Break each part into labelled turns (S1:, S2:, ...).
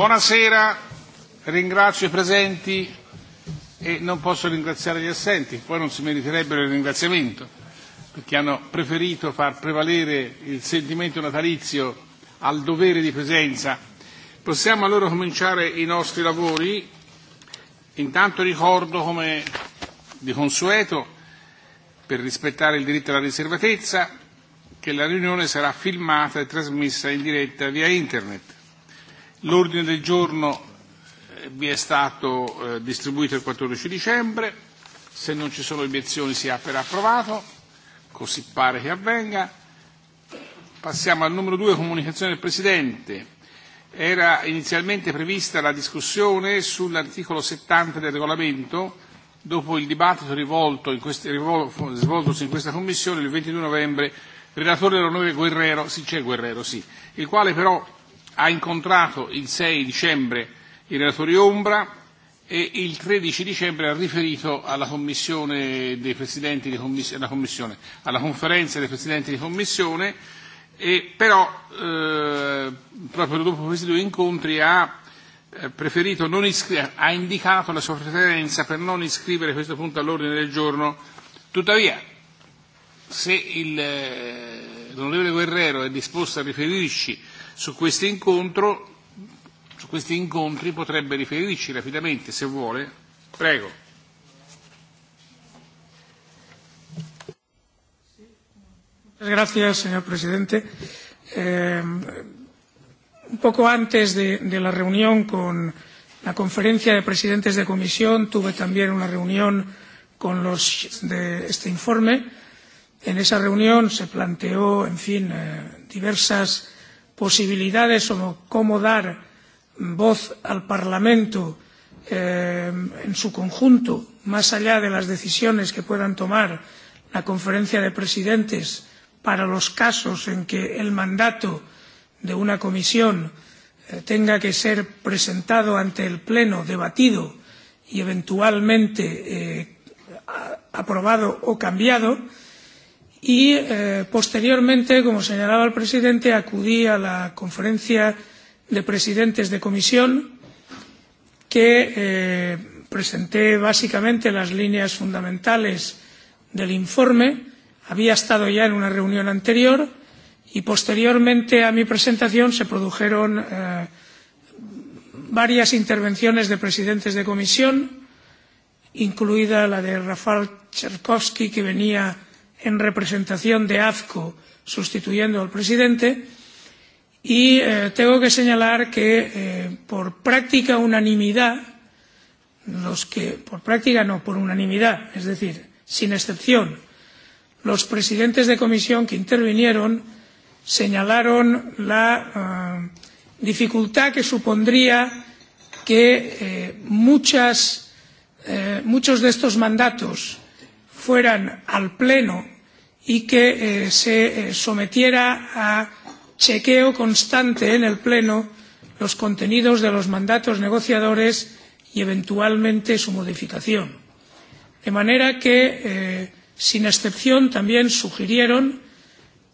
S1: Buonasera, ringrazio i presenti e non posso ringraziare gli assenti, poi non si meriterebbero il ringraziamento, perché hanno preferito far prevalere il sentimento natalizio al dovere di presenza. Possiamo allora cominciare i nostri lavori. Intanto ricordo come di consueto, per rispettare il diritto alla riservatezza, che la riunione sarà filmata e trasmessa in diretta via Internet. L'ordine del giorno vi è stato eh, distribuito il 14 dicembre, se non ci sono obiezioni si ha per approvato, così pare che avvenga. Passiamo al numero 2, comunicazione del Presidente. Era inizialmente prevista la discussione sull'articolo 70 del regolamento, dopo il dibattito rivolto in queste, rivolto, svoltosi in questa Commissione il 22 novembre, il relatore dell'onore Guerrero, sì c'è Guerrero, sì, il quale però ha incontrato il 6 dicembre i relatori Ombra e il 13 dicembre ha riferito alla Commissione dei Presidenti di commissione, alla, commissione, alla conferenza dei Presidenti di Commissione e però eh, proprio dopo questi due incontri ha preferito non ha indicato la sua preferenza per non iscrivere questo punto all'ordine del giorno. Tuttavia, se il, l'onorevole Guerrero è disposto a riferirci Su questo incontro su questi incontri potrebbe riferirci rapidamente, se vuole. Prego.
S2: Gracias, señor presidente. Eh, un poco antes de, de la reunión con la conferencia de presidentes de comisión, tuve también una reunión con los de este informe. En esa reunión se planteó, en fin, eh, diversas eh, posibilidades o cómo dar voz al Parlamento en su conjunto, más allá de las decisiones que puedan tomar la conferencia de presidentes para los casos en que el mandato de una comisión tenga que ser presentado ante el Pleno, debatido y eventualmente aprobado o cambiado, y posteriormente, como señalaba el presidente, acudí a la conferencia de presidentes de comisión que presenté básicamente las líneas fundamentales del informe. Había estado ya en una reunión anterior y posteriormente a mi presentación se produjeron varias intervenciones de presidentes de comisión, incluida la de Rafael Cherkovsky, que venía en representación de AFCO, sustituyendo al presidente. Y tengo que señalar que por práctica unanimidad, los que, por práctica no, por unanimidad, es decir, sin excepción, los presidentes de comisión que intervinieron señalaron la dificultad que supondría que muchos de estos mandatos fueran al Pleno y que se sometiera a chequeo constante en el Pleno los contenidos de los mandatos negociadores y eventualmente su modificación. De manera que, sin excepción, también sugirieron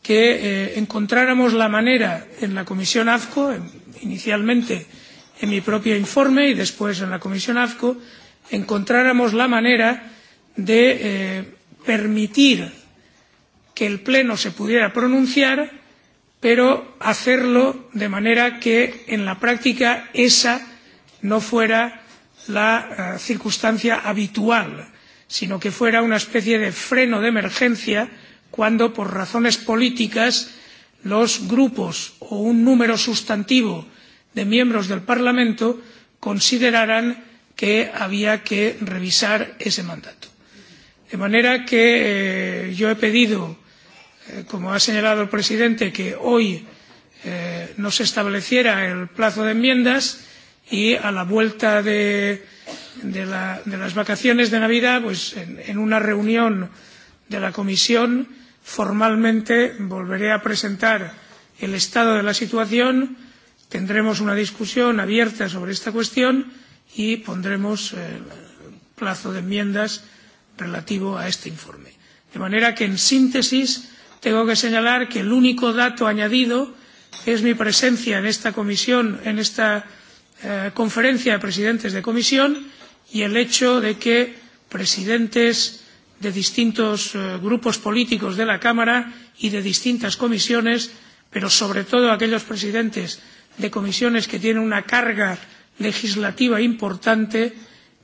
S2: que encontráramos la manera en la Comisión AFCO, inicialmente en mi propio informe y después en la Comisión AFCO, encontráramos la manera de permitir que el Pleno se pudiera pronunciar, pero hacerlo de manera que en la práctica esa no fuera la circunstancia habitual, sino que fuera una especie de freno de emergencia cuando, por razones políticas, los grupos o un número sustantivo de miembros del Parlamento consideraran que había que revisar ese mandato. De manera que yo he pedido, como ha señalado el presidente, que hoy no se estableciera el plazo de enmiendas y a la vuelta de, las vacaciones de Navidad, pues en, una reunión de la comisión, formalmente volveré a presentar el estado de la situación, tendremos una discusión abierta sobre esta cuestión y pondremos el plazo de enmiendas relativo a este informe. De manera que, en síntesis, tengo que señalar que el único dato añadido es mi presencia en esta comisión, en esta conferencia de presidentes de comisión y el hecho de que presidentes de distintos grupos políticos de la Cámara y de distintas comisiones, pero sobre todo aquellos presidentes de comisiones que tienen una carga legislativa importante,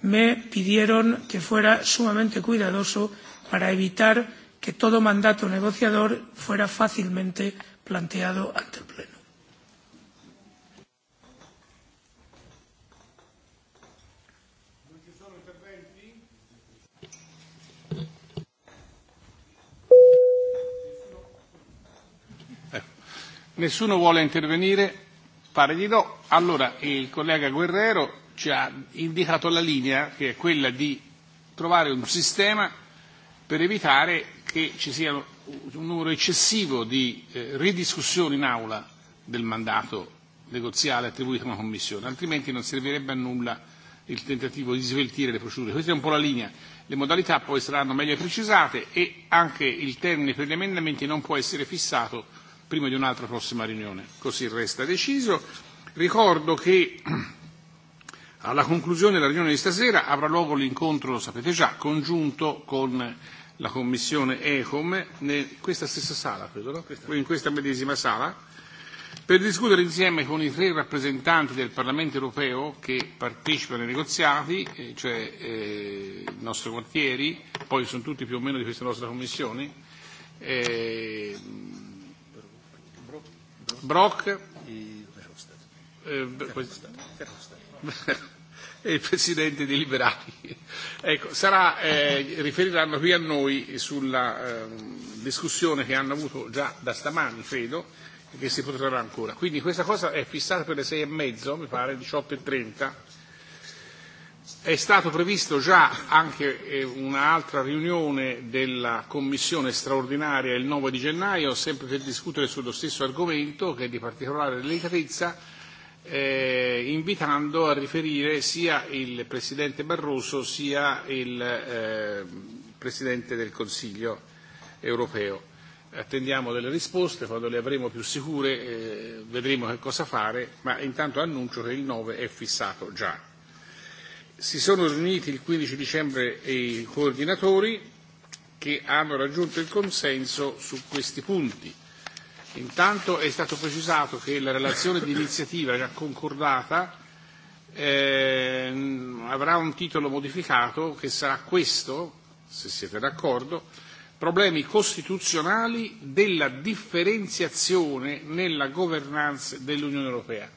S2: me pidieron que fuera sumamente cuidadoso para evitar que todo mandato negociador fuera fácilmente planteado ante el Pleno.
S1: Nessuno vuole intervenire? Pare di no. Allora il collega Guerrero ci ha indicato la linea che è quella di trovare un sistema per evitare che ci sia un numero eccessivo di eh, ridiscussioni in aula del mandato negoziale attribuito a una commissione, altrimenti non servirebbe a nulla il tentativo di sveltire le procedure. Questa è un po' la linea. Le modalità poi saranno meglio precisate e anche il termine per gli emendamenti non può essere fissato prima di un'altra prossima riunione. Così resta deciso. Ricordo che Alla conclusione della riunione di stasera avrà luogo l'incontro, lo sapete già, congiunto con la Commissione ECOM in questa stessa sala, credo, no? in questa medesima sala, per discutere insieme con i tre rappresentanti del Parlamento europeo che partecipano ai negoziati, cioè eh, i nostri quartieri, poi sono tutti più o meno di questa nostra Commissione, eh, Brock, eh, e il Presidente dei Liberali. Ecco, sarà, eh, riferiranno qui a noi sulla eh, discussione che hanno avuto già da stamani, credo, e che si potrà ancora. Quindi questa cosa è fissata per le sei e mezzo, mi pare, 18 e 30. È stato previsto già anche un'altra riunione della Commissione straordinaria il 9 di gennaio, sempre per discutere sullo stesso argomento, che è di particolare delicatezza, eh, invitando a riferire sia il Presidente Barroso sia il eh, Presidente del Consiglio europeo. Attendiamo delle risposte, quando le avremo più sicure eh, vedremo che cosa fare, ma intanto annuncio che il 9 è fissato già. Si sono riuniti il 15 dicembre i coordinatori che hanno raggiunto il consenso su questi punti Intanto è stato precisato che la relazione di iniziativa già concordata eh, avrà un titolo modificato che sarà questo, se siete d'accordo, problemi costituzionali della differenziazione nella governance dell'Unione Europea.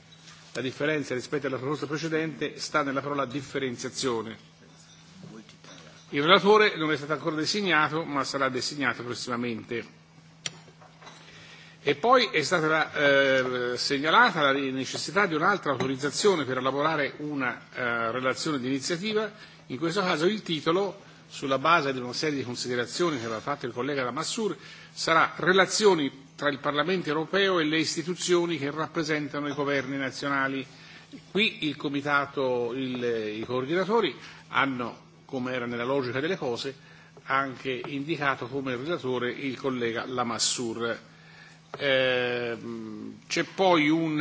S1: La differenza rispetto alla proposta precedente sta nella parola differenziazione. Il relatore non è stato ancora designato, ma sarà designato prossimamente. E poi è stata eh, segnalata la necessità di un'altra autorizzazione per elaborare una eh, relazione di iniziativa, in questo caso il titolo, sulla base di una serie di considerazioni che aveva fatto il collega Lamassur, sarà relazioni tra il Parlamento europeo e le istituzioni che rappresentano i governi nazionali. Qui il Comitato, il, i coordinatori hanno, come era nella logica delle cose, anche indicato come relatore il collega Lamassur C'è poi un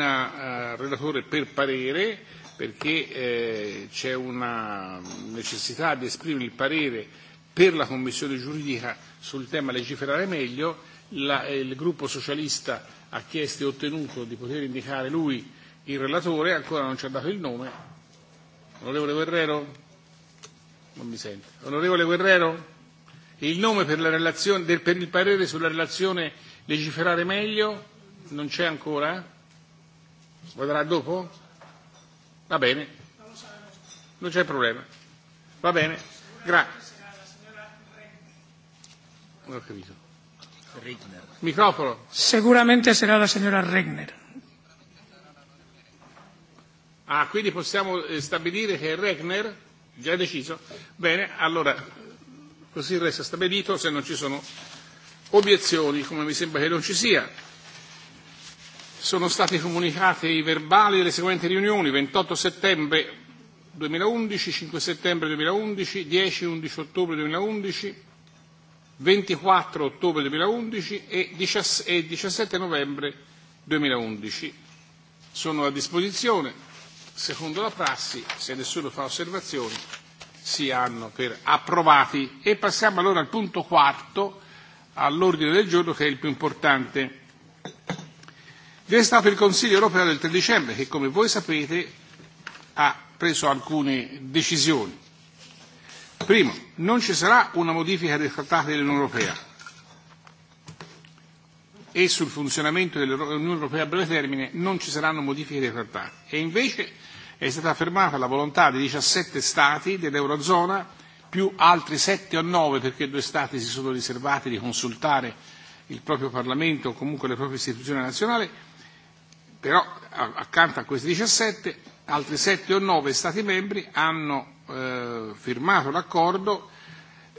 S1: relatore per parere perché c'è una necessità di esprimere il parere per la Commissione giuridica sul tema legiferare meglio. La, il gruppo socialista ha chiesto e ottenuto di poter indicare lui il relatore, ancora non ci ha dato il nome. Onorevole Guerrero? Non mi sente. Onorevole Guerrero? Il nome per, la relazione, del, per il parere sulla relazione Legiferare meglio? Non c'è ancora? Vedrà dopo? Va bene. Non c'è problema. Va bene. Grazie. Non ho capito. Microfono.
S2: Sicuramente sarà la signora Regner.
S1: Ah, quindi possiamo stabilire che Regner, già deciso, bene, allora così resta stabilito se non ci sono Obiezioni, come mi sembra che non ci sia. Sono stati comunicati i verbali delle seguenti riunioni, 28 settembre 2011, 5 settembre 2011, 10 e 11 ottobre 2011, 24 ottobre 2011 e 17 novembre 2011. Sono a disposizione, secondo la prassi, se nessuno fa osservazioni, si hanno per approvati. E passiamo allora al punto quarto, all'ordine del giorno che è il più importante. Vi è stato il Consiglio europeo del 3 dicembre che, come voi sapete, ha preso alcune decisioni. Primo, non ci sarà una modifica del Trattato dell'Unione Europea e sul funzionamento dell'Unione Europea a breve termine non ci saranno modifiche dei trattati. E invece è stata affermata la volontà dei 17 Stati dell'Eurozona più altri sette o nove perché due Stati si sono riservati di consultare il proprio Parlamento o comunque le proprie istituzioni nazionali, però accanto a questi 17 altri sette o nove Stati membri hanno eh, firmato l'accordo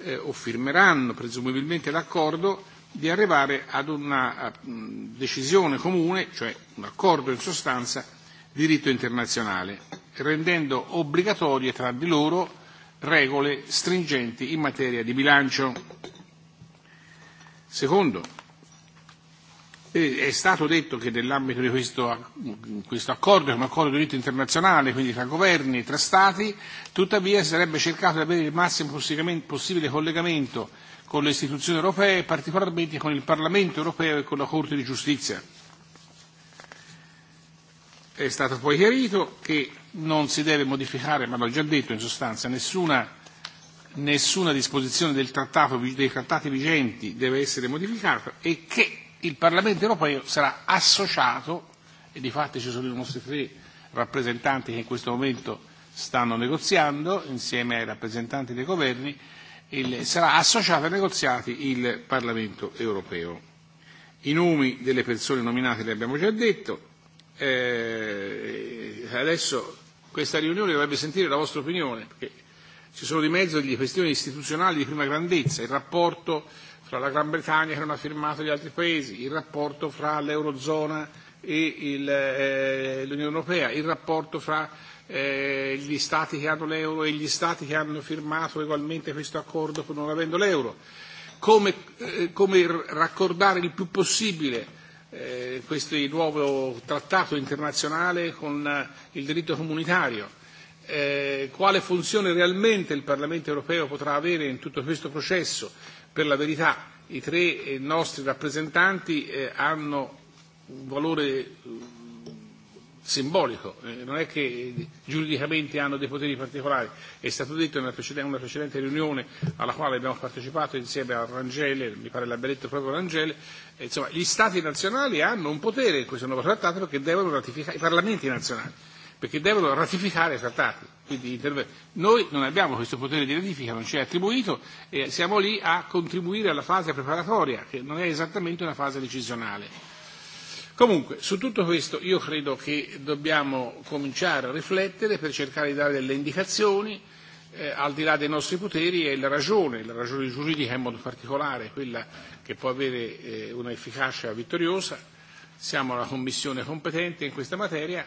S1: eh, o firmeranno presumibilmente l'accordo di arrivare ad una decisione comune, cioè un accordo in sostanza, diritto internazionale, rendendo obbligatorie tra di loro regole stringenti in materia di bilancio. Secondo, è stato detto che nell'ambito di questo, questo accordo, che è un accordo di diritto internazionale, quindi tra governi e tra Stati, tuttavia si sarebbe cercato di avere il massimo possibile collegamento con le istituzioni europee, particolarmente con il Parlamento europeo e con la Corte di giustizia. È stato poi chiarito che non si deve modificare, ma l'ho già detto in sostanza, nessuna, nessuna disposizione del trattato, dei trattati vigenti deve essere modificata e che il Parlamento europeo sarà associato, e di fatto ci sono i nostri tre rappresentanti che in questo momento stanno negoziando, insieme ai rappresentanti dei governi, il, sarà associato ai negoziati il Parlamento europeo. I nomi delle persone nominate li abbiamo già detto, eh, adesso questa riunione dovrebbe sentire la vostra opinione, perché ci sono di mezzo delle questioni istituzionali di prima grandezza, il rapporto fra la Gran Bretagna che non ha firmato gli altri paesi, il rapporto fra l'Eurozona e il, eh, l'Unione Europea, il rapporto fra eh, gli Stati che hanno l'euro e gli Stati che hanno firmato ugualmente questo accordo non avendo l'euro, come, eh, come raccordare il più possibile eh, questo nuovo trattato internazionale con il diritto comunitario, eh, quale funzione realmente il Parlamento europeo potrà avere in tutto questo processo. Per la verità i tre nostri rappresentanti eh, hanno un valore simbolico, eh, non è che giuridicamente hanno dei poteri particolari, è stato detto nella precedente, una precedente riunione alla quale abbiamo partecipato insieme a Rangele, mi pare l'abbia detto proprio Rangele, eh, insomma gli Stati nazionali hanno un potere in questo nuovo trattato perché devono ratificare, i Parlamenti nazionali, perché devono ratificare i trattati. Quindi Noi non abbiamo questo potere di ratifica, non ci è attribuito e siamo lì a contribuire alla fase preparatoria, che non è esattamente una fase decisionale Comunque, su tutto questo io credo che dobbiamo cominciare a riflettere per cercare di dare delle indicazioni eh, al di là dei nostri poteri e la ragione, la ragione giuridica in modo particolare, quella che può avere eh, un'efficacia vittoriosa. Siamo la Commissione competente in questa materia.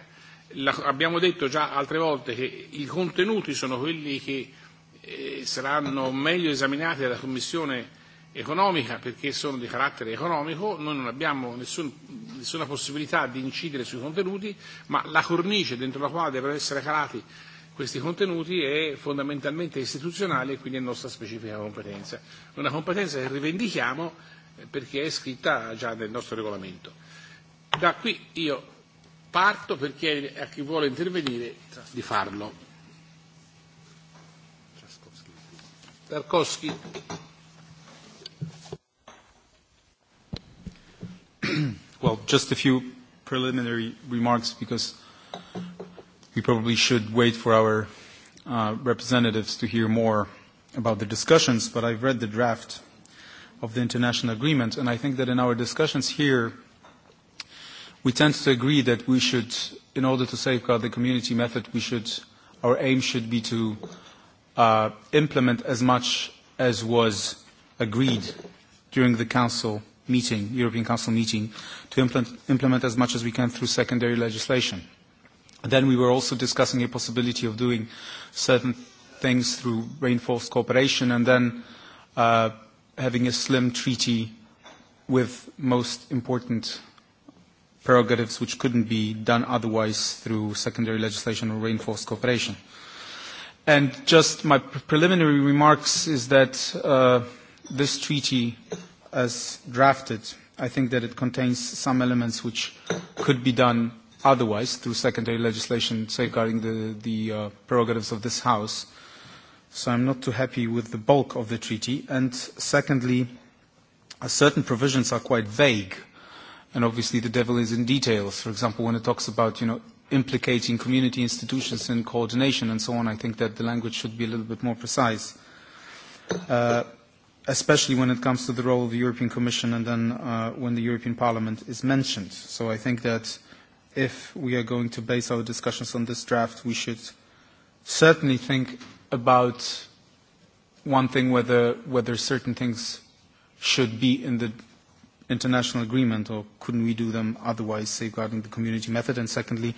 S1: La, abbiamo detto già altre volte che i contenuti sono quelli che eh, saranno meglio esaminati dalla Commissione economica, perché sono di carattere economico, noi non abbiamo nessun, nessuna possibilità di incidere sui contenuti, ma la cornice dentro la quale devono essere calati questi contenuti è fondamentalmente istituzionale e quindi è nostra specifica competenza. Una competenza che rivendichiamo perché è scritta già nel nostro regolamento. Da qui io parto per chiedere a chi vuole intervenire di farlo. Tarkovsky.
S3: well, just a few preliminary remarks because we probably should wait for our uh, representatives to hear more about the discussions, but I've read the draft of the international agreement, and I think that in our discussions here, we tend to agree that we should, in order to safeguard the community method, we should, our aim should be to uh, implement as much as was agreed during the Council meeting, European Council meeting, to implement, implement as much as we can through secondary legislation. Then we were also discussing a possibility of doing certain things through reinforced cooperation and then uh, having a slim treaty with most important prerogatives which couldn't be done otherwise through secondary legislation or reinforced cooperation. And just my preliminary remarks is that uh, this treaty as drafted, I think that it contains some elements which could be done otherwise through secondary legislation safeguarding the, the uh, prerogatives of this House. So I'm not too happy with the bulk of the treaty. And secondly, certain provisions are quite vague. And obviously the devil is in details. For example, when it talks about, you know, implicating community institutions in coordination and so on, I think that the language should be a little bit more precise. Uh, especially when it comes to the role of the European Commission and then uh, when the European Parliament is mentioned. So I think that if we are going to base our discussions on this draft, we should certainly think about one thing, whether, whether certain things should be in the international agreement or couldn't we do them otherwise, safeguarding the community method, and secondly,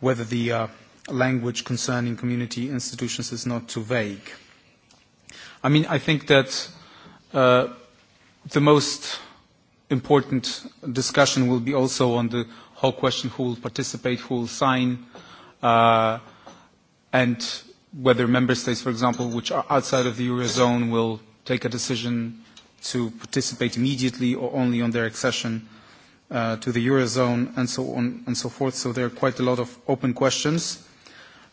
S3: whether the uh, language concerning community institutions is not too vague. I mean, I think that Uh, the most important discussion will be also on the whole question who will participate, who will sign, uh, and whether member states, for example, which are outside of the Eurozone will take a decision to participate immediately or only on their accession uh, to the Eurozone and so on and so forth. So there are quite a lot of open questions.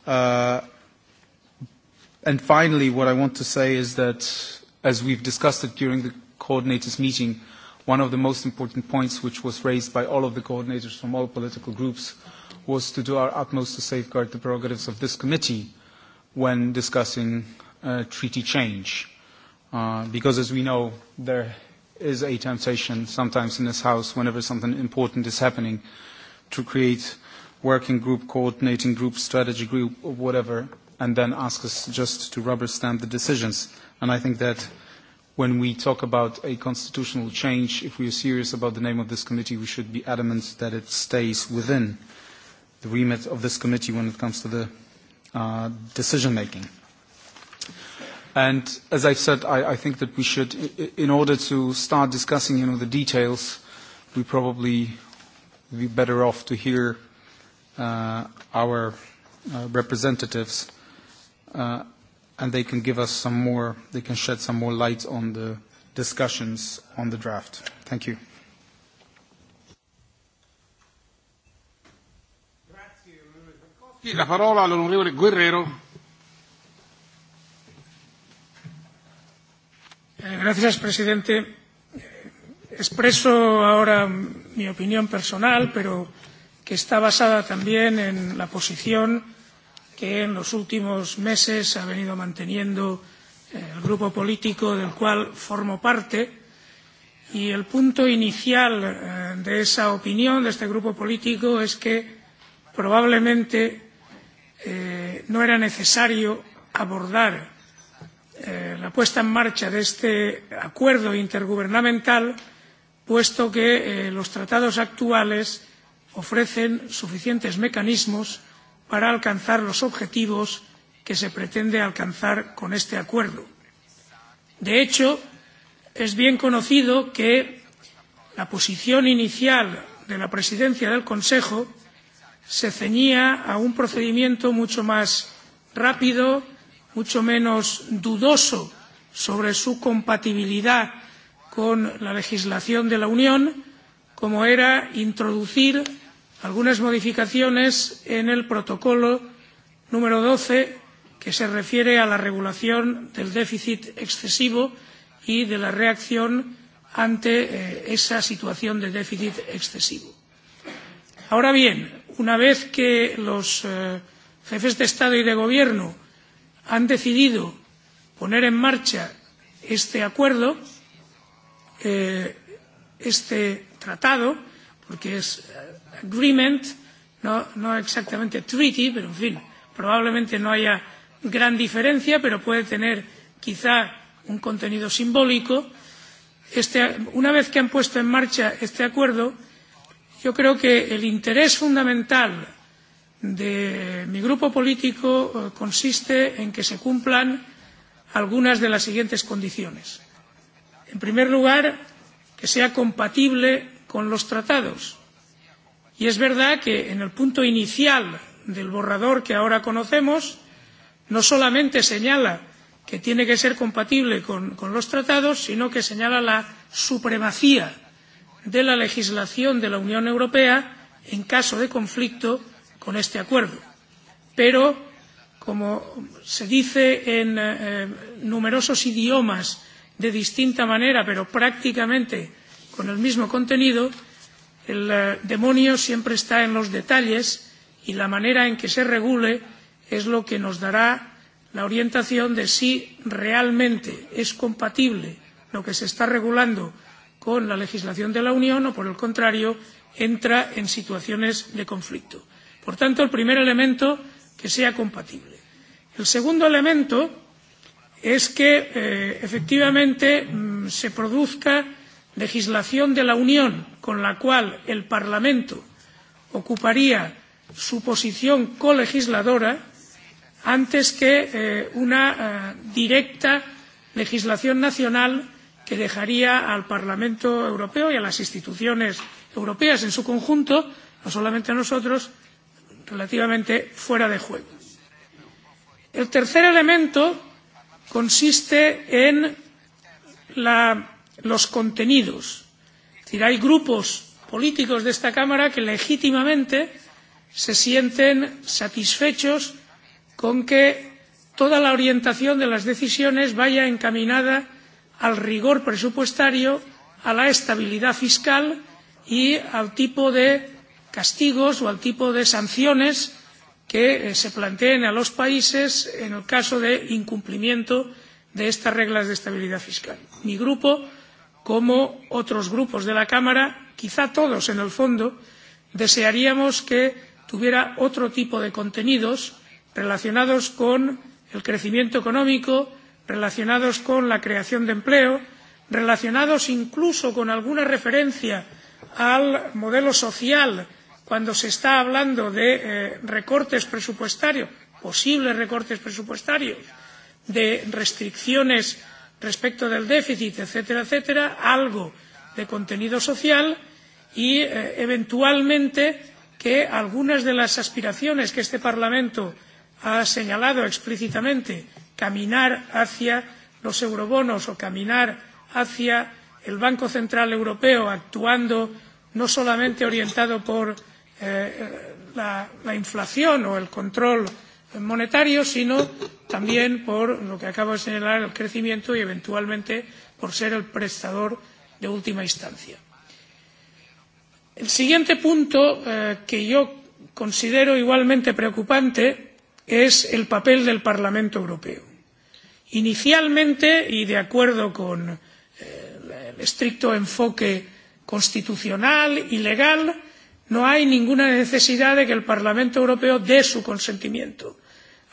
S3: Uh, and finally, what I want to say is that as we've discussed it during the coordinators' meeting, one of the most important points which was raised by all of the coordinators from all political groups was to do our utmost to safeguard the prerogatives of this committee when discussing uh, treaty change. Uh, because as we know, there is a temptation sometimes in this House, whenever something important is happening, to create working group, coordinating group, strategy group, or whatever, and then ask us just to rubber stamp the decisions. And I think that when we talk about a constitutional change, if we are serious about the name of this committee, we should be adamant that it stays within the remit of this committee when it comes to the uh, decision making. And as I've said, I, I think that we should, in order to start discussing, you know, the details, we probably would be better off to hear uh, our uh, representatives uh, and they can give us some more, they can shed some more light on the discussions on the
S1: draft. Thank you. La parola all'onorevole Guerrero.
S2: Gracias, presidente. Expreso ahora mi opinión personal, pero que está basada también en la posición que en los últimos meses ha venido manteniendo el grupo político del cual formo parte y el punto inicial de esa opinión de este grupo político es que probablemente no era necesario abordar la puesta en marcha de este acuerdo intergubernamental puesto que los tratados actuales ofrecen suficientes mecanismos para alcanzar los objetivos que se pretende alcanzar con este acuerdo. De hecho, es bien conocido que la posición inicial de la presidencia del Consejo se ceñía a un procedimiento mucho más rápido, mucho menos dudoso sobre su compatibilidad con la legislación de la Unión, como era introducir algunas modificaciones en el protocolo número doce que se refiere a la regulación del déficit excesivo y de la reacción ante esa situación de déficit excesivo. Ahora bien, una vez que los jefes de Estado y de Gobierno han decidido poner en marcha este acuerdo, este tratado, porque es agreement, no, no exactamente treaty, pero en fin, probablemente no haya gran diferencia, pero puede tener quizá un contenido simbólico. Este, una vez que han puesto en marcha este acuerdo, yo creo que el interés fundamental de mi grupo político consiste en que se cumplan algunas de las siguientes condiciones. En primer lugar, que sea compatible con los tratados y es verdad que en el punto inicial del borrador que ahora conocemos no solamente señala que tiene que ser compatible con, los tratados, sino que señala la supremacía de la legislación de la Unión Europea en caso de conflicto con este acuerdo. Pero, como se dice en numerosos idiomas de distinta manera, pero prácticamente con el mismo contenido, El demonio siempre está en los detalles y la manera en que se regule es lo que nos dará la orientación de si realmente es compatible lo que se está regulando con la legislación de la Unión o, por el contrario, entra en situaciones de conflicto. Por tanto, el primer elemento, que sea compatible. El segundo elemento es que efectivamente se produzca legislación de la Unión con la cual el Parlamento ocuparía su posición colegisladora antes que una directa legislación nacional que dejaría al Parlamento Europeo y a las instituciones europeas en su conjunto, no solamente a nosotros, relativamente fuera de juego. El tercer elemento consiste en la los contenidos. Es decir, hay grupos políticos de esta Cámara que legítimamente se sienten satisfechos con que toda la orientación de las decisiones vaya encaminada al rigor presupuestario, a la estabilidad fiscal y al tipo de castigos o al tipo de sanciones que se planteen a los países en el caso de incumplimiento de estas reglas de estabilidad fiscal. Mi grupo como otros grupos de la Cámara, quizá todos en el fondo, desearíamos que tuviera otro tipo de contenidos relacionados con el crecimiento económico, relacionados con la creación de empleo, relacionados incluso con alguna referencia al modelo social cuando se está hablando de recortes presupuestarios, posibles recortes presupuestarios, de restricciones respecto del déficit, etcétera, etcétera, algo de contenido social y, eventualmente, que algunas de las aspiraciones que este Parlamento ha señalado explícitamente, caminar hacia los eurobonos o caminar hacia el Banco Central Europeo actuando no solamente orientado por la, inflación o el control monetario sino también por lo que acabo de señalar el crecimiento y eventualmente por ser el prestador de última instancia. El siguiente punto que yo considero igualmente preocupante es el papel del Parlamento Europeo. Inicialmente, y de acuerdo con el estricto enfoque constitucional y legal, no hay ninguna necesidad de que el Parlamento Europeo dé su consentimiento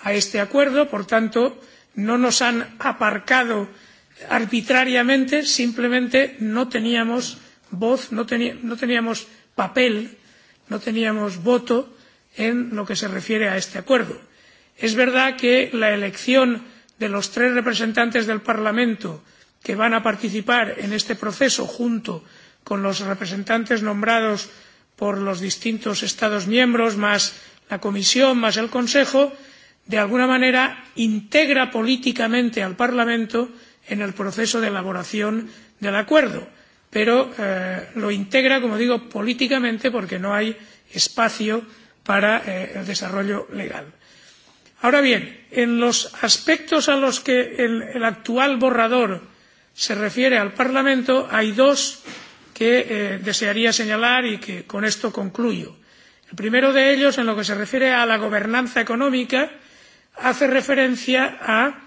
S2: a este acuerdo por tanto no nos han aparcado arbitrariamente simplemente no teníamos voz no teníamos papel no teníamos voto en lo que se refiere a este acuerdo. es verdad que la elección de los tres representantes del parlamento que van a participar en este proceso junto con los representantes nombrados por los distintos estados miembros más la comisión más el consejo de alguna manera integra políticamente al Parlamento en el proceso de elaboración del acuerdo, pero lo integra, como digo, políticamente porque no hay espacio para el desarrollo legal. Ahora bien, en los aspectos a los que el, actual borrador se refiere al Parlamento, hay dos que desearía señalar y que con esto concluyo. El primero de ellos, en lo que se refiere a la gobernanza económica, hace referencia a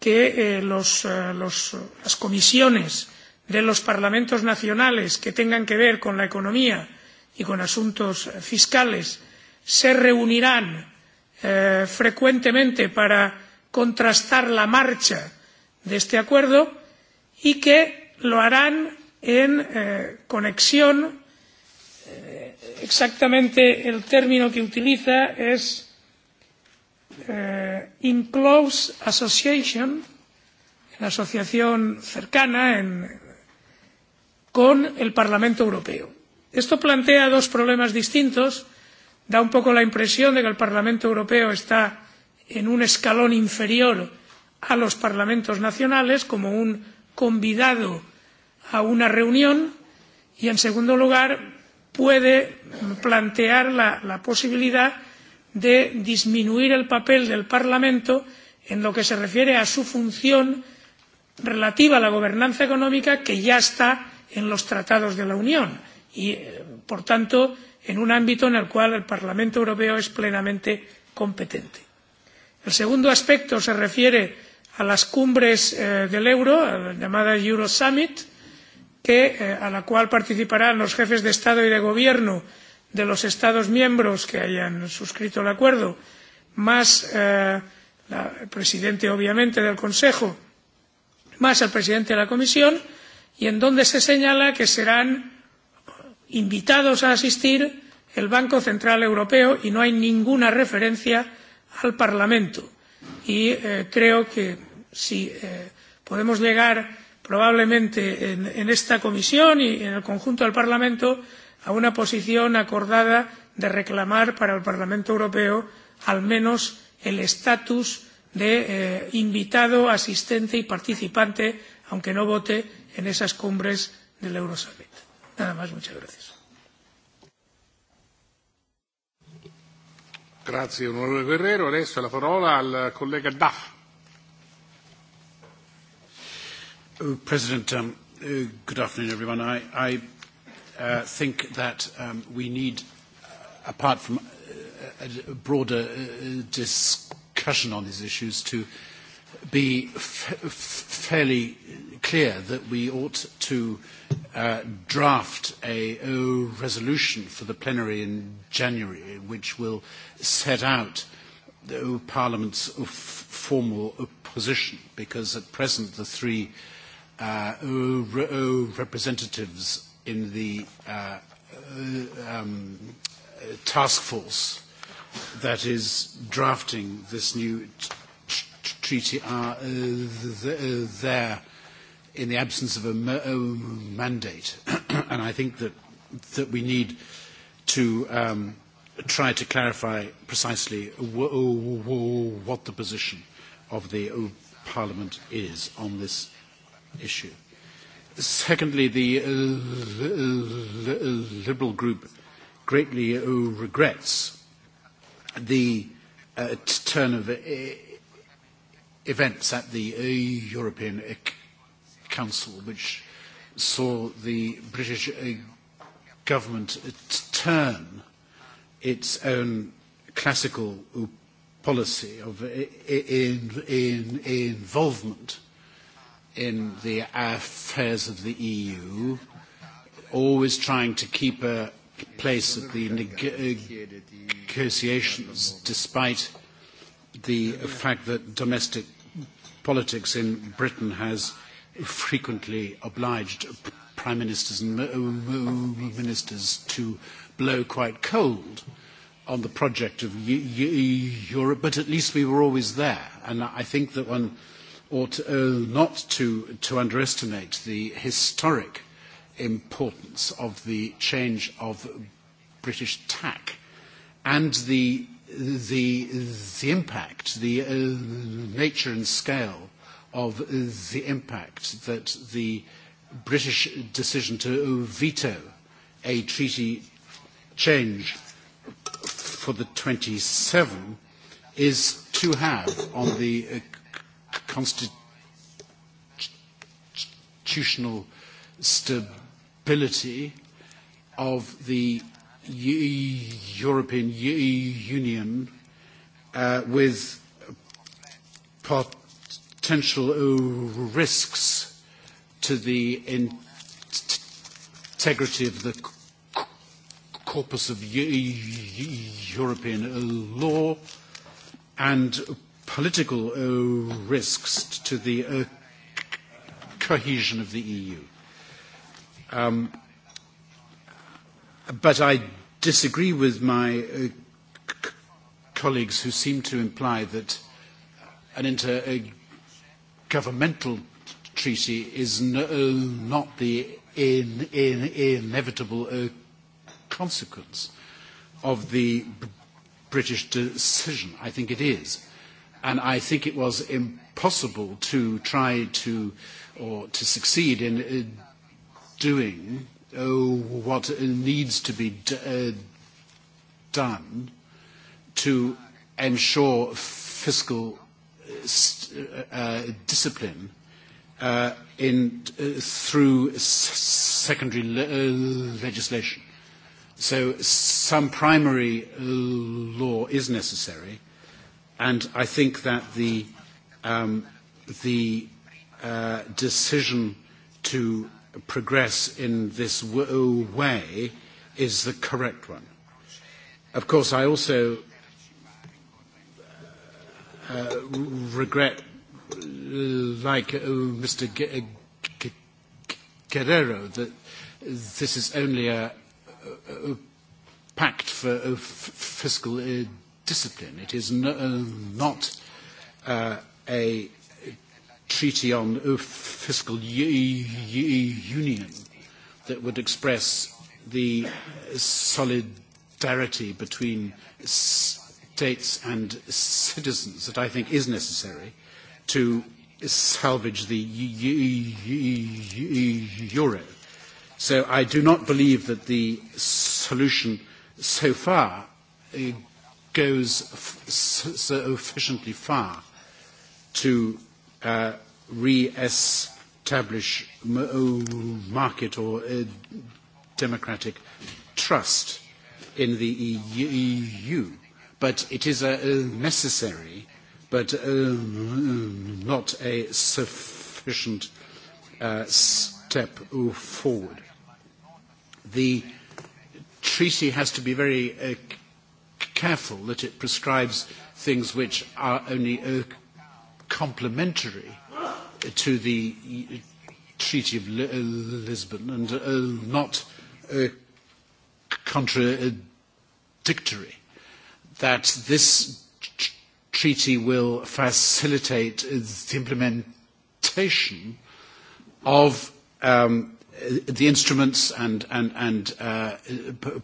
S2: que las comisiones de los parlamentos nacionales que tengan que ver con la economía y con asuntos fiscales se reunirán frecuentemente para contrastar la marcha de este acuerdo y que lo harán en conexión exactamente el término que utiliza es in close association, en asociación cercana en, con el Parlamento Europeo. Esto plantea dos problemas distintos. Da un poco la impresión de que el Parlamento Europeo está en un escalón inferior a los parlamentos nacionales, como un convidado a una reunión. Y, en segundo lugar, puede plantear la, la posibilidad de disminuir el papel del Parlamento en lo que se refiere a su función relativa a la gobernanza económica que ya está en los tratados de la Unión y, por tanto, en un ámbito en el cual el Parlamento Europeo es plenamente competente. El segundo aspecto se refiere a las cumbres del euro, a la llamada Euro Summit, a la cual participarán los jefes de Estado y de Gobierno de los Estados miembros que hayan suscrito el acuerdo, más el presidente, obviamente, del Consejo, más el presidente de la Comisión, y en donde se señala que serán invitados a asistir el Banco Central Europeo y no hay ninguna referencia al Parlamento. Y creo que si podemos llegar probablemente en, esta comisión y en el conjunto del Parlamento a una posición acordada de reclamar para el Parlamento Europeo al menos el estatus de invitado, asistente y participante, aunque no vote en esas cumbres del Eurosummit. Nada más, muchas gracias.
S1: Grazie onorevole Guerrero. Adesso la parola al collega Duff.
S4: President, um, uh, good afternoon everyone. I, I uh, think that um, we need, apart from a broader uh, discussion on these issues, to be f- fairly clear that we ought to uh, draft a resolution for the plenary in January, which will set out Parliament's formal position, because at present the three representatives in the uh, um, task force that is drafting this new treaty are there in the absence of a mandate. and I think that, that we need to um, try to clarify precisely what the position of the Parliament is on this issue. Secondly, the Liberal group greatly regrets the turn of events at the European Council, which saw the British government turn its own classical policy of involvement in the affairs of the EU, always trying to keep a place at the negotiations despite the fact that domestic politics in Britain has frequently obliged prime ministers and ministers to blow quite cold on the project of Europe, but at least we were always there. And I think that one ought not to, underestimate the historic importance of the change of British tack and the, impact, the nature and scale of the impact that the British decision to veto a treaty change for the twenty seven is to have on the constitutional stability of the European Union with potential risks to the integrity of the corpus of European law and political risks to the cohesion of the EU. but I disagree with my colleagues who seem to imply that an intergovernmental treaty is not the inevitable consequence of the British decision. I think it is and I think it was impossible to try to or to succeed in doing what needs to be done to ensure fiscal uh discipline in through secondary uh legislation. So some primary law is necessary And I think that the, um, the uh, decision to progress in this w- way is the correct one. Of course, I also uh, regret, like uh, Mr. G- G- Guerrero, that this is only a, a pact for a f- fiscal uh, discipline. It is no, uh, not uh, a treaty on uh, fiscal union that would express the solidarity between states and citizens that I think is necessary to salvage the euro. So I do not believe that the solution so far goes sufficiently far to uh, re-establish market or democratic trust in the EU, but it is a necessary but not a sufficient step forward. The treaty has to be very careful that it prescribes things which are only uh, complementary to the Treaty of Lisbon and uh, not uh, contradictory. That this treaty will facilitate the implementation of um, the instruments and, and, and uh,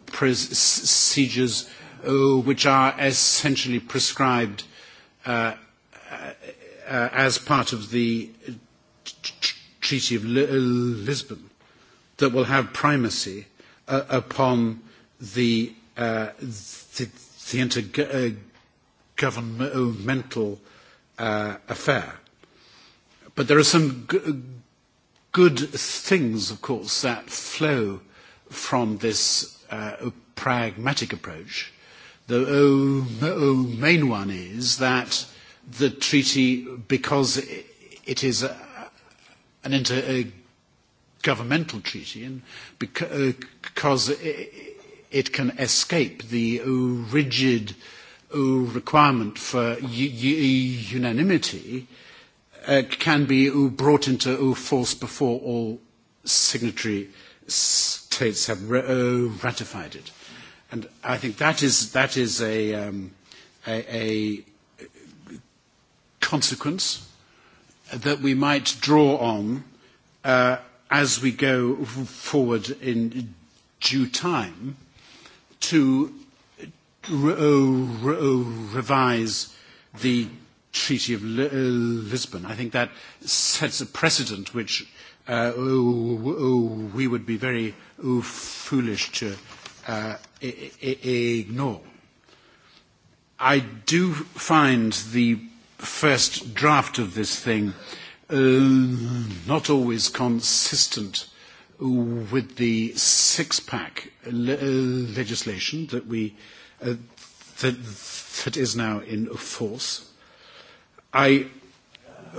S4: procedures which are essentially prescribed as part of the Treaty of Lisbon that will have primacy upon the, uh, the, the intergovernmental uh, affair. But there are some g- good things, of course, that flow from this uh, pragmatic approach The main one is that the treaty, because it is an intergovernmental treaty, and because it can escape the rigid requirement for unanimity, can be brought into force before all signatory states have ratified it. And I think that is, that is a, um, a, a consequence that we might draw on uh, as we go forward in due time to re- re- revise the Treaty of Lisbon. I think that sets a precedent which uh, we would be very foolish to uh, ignore. I do find the first draft of this thing uh, not always consistent with the six-pack le- legislation that we uh, that, that is now in force. I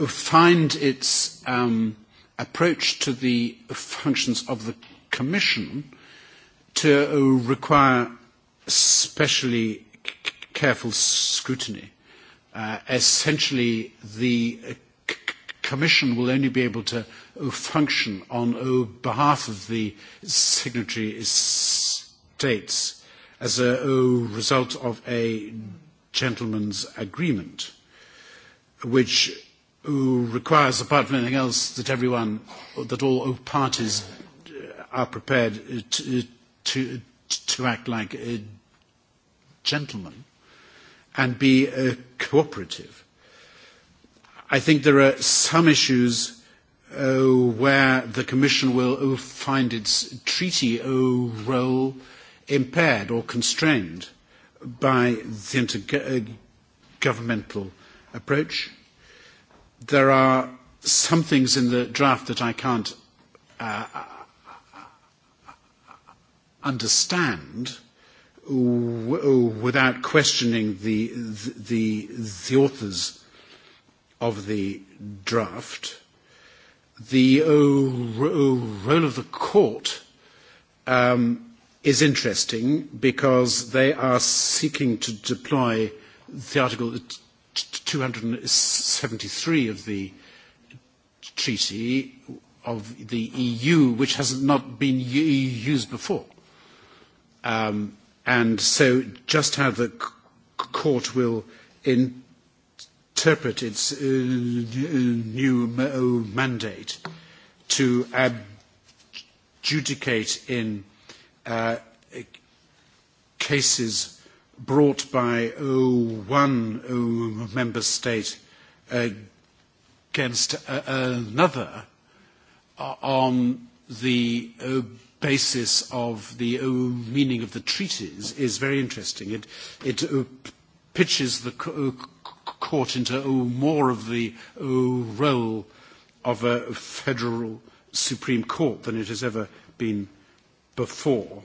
S4: find its um, approach to the functions of the Commission to require specially careful scrutiny. essentially, the Commission will only be able to function on behalf of the signatory states as a result of a gentleman's agreement, which requires, apart from anything else, that everyone, that all parties are prepared to, to act like a gentleman and be cooperative. I think there are some issues uh, where the Commission will find its treaty role impaired or constrained by the intergovernmental approach. There are some things in the draft that I can't uh, understand without questioning the, the, the authors of the draft, the role of the court um, is interesting because they are seeking to deploy the Article 273 of the Treaty of the EU, which has not been used before and so just how the court will interpret its new mandate to adjudicate in cases brought by one member state against another on the basis of the meaning of the treaties is very interesting. It, it pitches the court into more of the role of a federal Supreme Court than it has ever been before.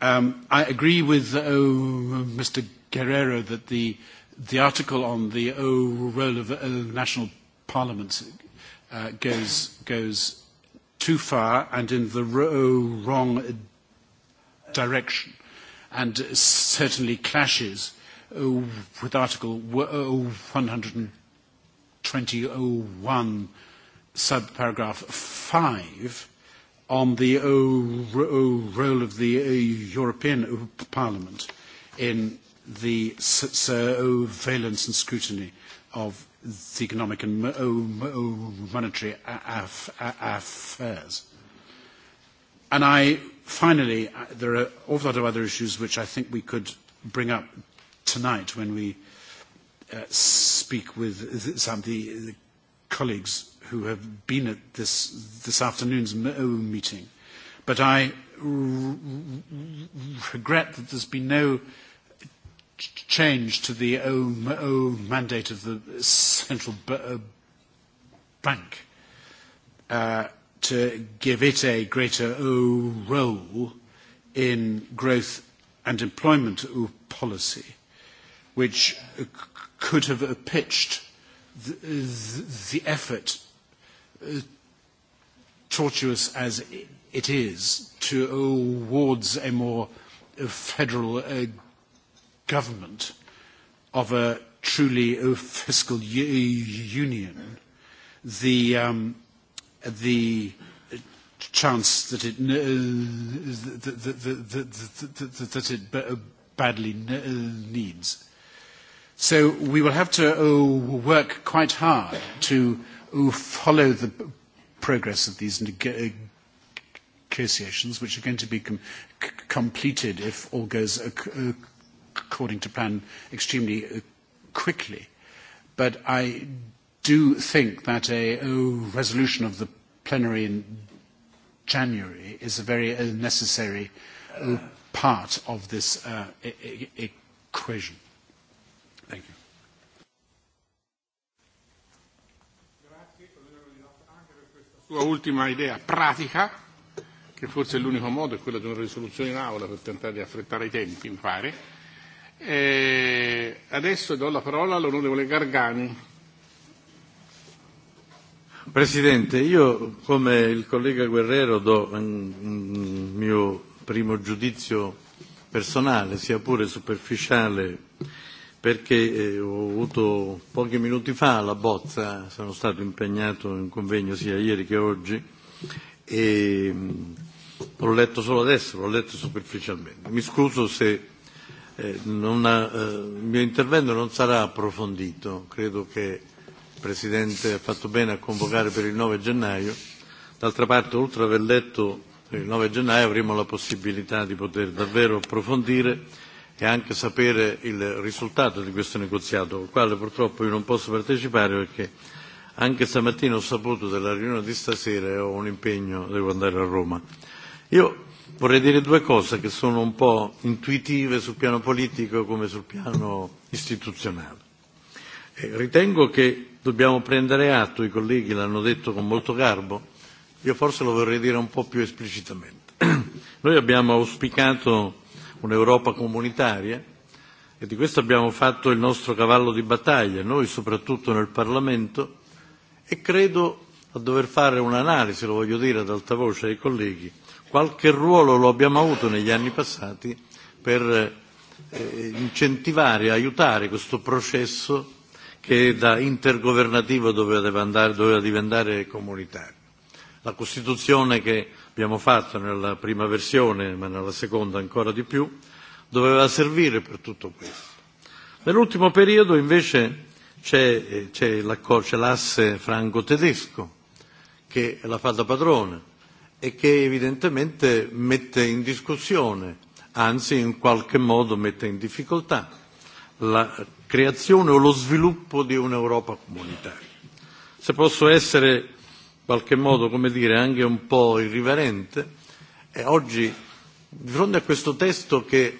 S4: Um, I agree with uh, Mr. Guerrero that the, the article on the uh, role of uh, national parliaments uh, goes, goes too far and in the wrong direction and certainly clashes with Article 121, subparagraph 5, on the role of the European Parliament in the surveillance and scrutiny of its economic and monetary affairs. And I finally, there are a lot of other issues which I think we could bring up tonight when we speak with some of the colleagues who have been at this, this afternoon's meeting. But I regret that there's been no change to the mandate of the central bank to give it a greater role in growth and employment policy, which could have pitched the the effort, tortuous as it is, towards a more federal government of a truly fiscal union, the, um, the chance that it, that it badly needs. So we will have to work quite hard to follow the progress of these negotiations, which are going to be completed, if all goes according to plan extremely quickly. But I do think that a resolution of the plenary in January is a very necessary part of this
S1: equation. Thank you. sua ultima idea pratica, che forse è l'unico modo, è quella di una risoluzione in aula per tentare di affrettare i tempi, mi pare Eh, adesso do la parola all'onorevole Gargani.
S5: Presidente, io come il collega Guerrero do il mio primo giudizio personale, sia pure superficiale, perché ho avuto pochi minuti fa la bozza, sono stato impegnato in un convegno sia ieri che oggi e l'ho letto solo adesso, l'ho letto superficialmente. Mi scuso se non ha, il mio intervento non sarà approfondito, credo che il Presidente ha fatto bene a convocare per il 9 gennaio. D'altra parte, oltre ad aver letto il 9 gennaio, avremo la possibilità di poter davvero approfondire e anche sapere il risultato di questo negoziato, al quale purtroppo io non posso partecipare perché anche stamattina ho saputo della riunione di stasera e ho un impegno, devo andare a Roma. Io Vorrei dire due cose che sono un po' intuitive sul piano politico come sul piano istituzionale. Ritengo che dobbiamo prendere atto, i colleghi l'hanno detto con molto garbo, io forse lo vorrei dire un po' più esplicitamente. Noi abbiamo auspicato un'Europa comunitaria e di questo abbiamo fatto il nostro cavallo di battaglia, noi soprattutto nel Parlamento, e credo a dover fare un'analisi, lo voglio dire ad alta voce ai colleghi, qualche ruolo lo abbiamo avuto negli anni passati per eh, incentivare, aiutare questo processo che da intergovernativo doveva, andare, doveva diventare comunitario. La Costituzione che abbiamo fatto nella prima versione, ma nella seconda ancora di più, doveva servire per tutto questo. Nell'ultimo periodo invece c'è, l'asse franco-tedesco che la fa da padrone e che evidentemente mette in discussione, anzi in qualche modo mette in difficoltà, la creazione o lo sviluppo di un'Europa comunitaria. Se posso essere in qualche modo, come dire, anche un po' irriverente, eh, oggi di fronte a questo testo che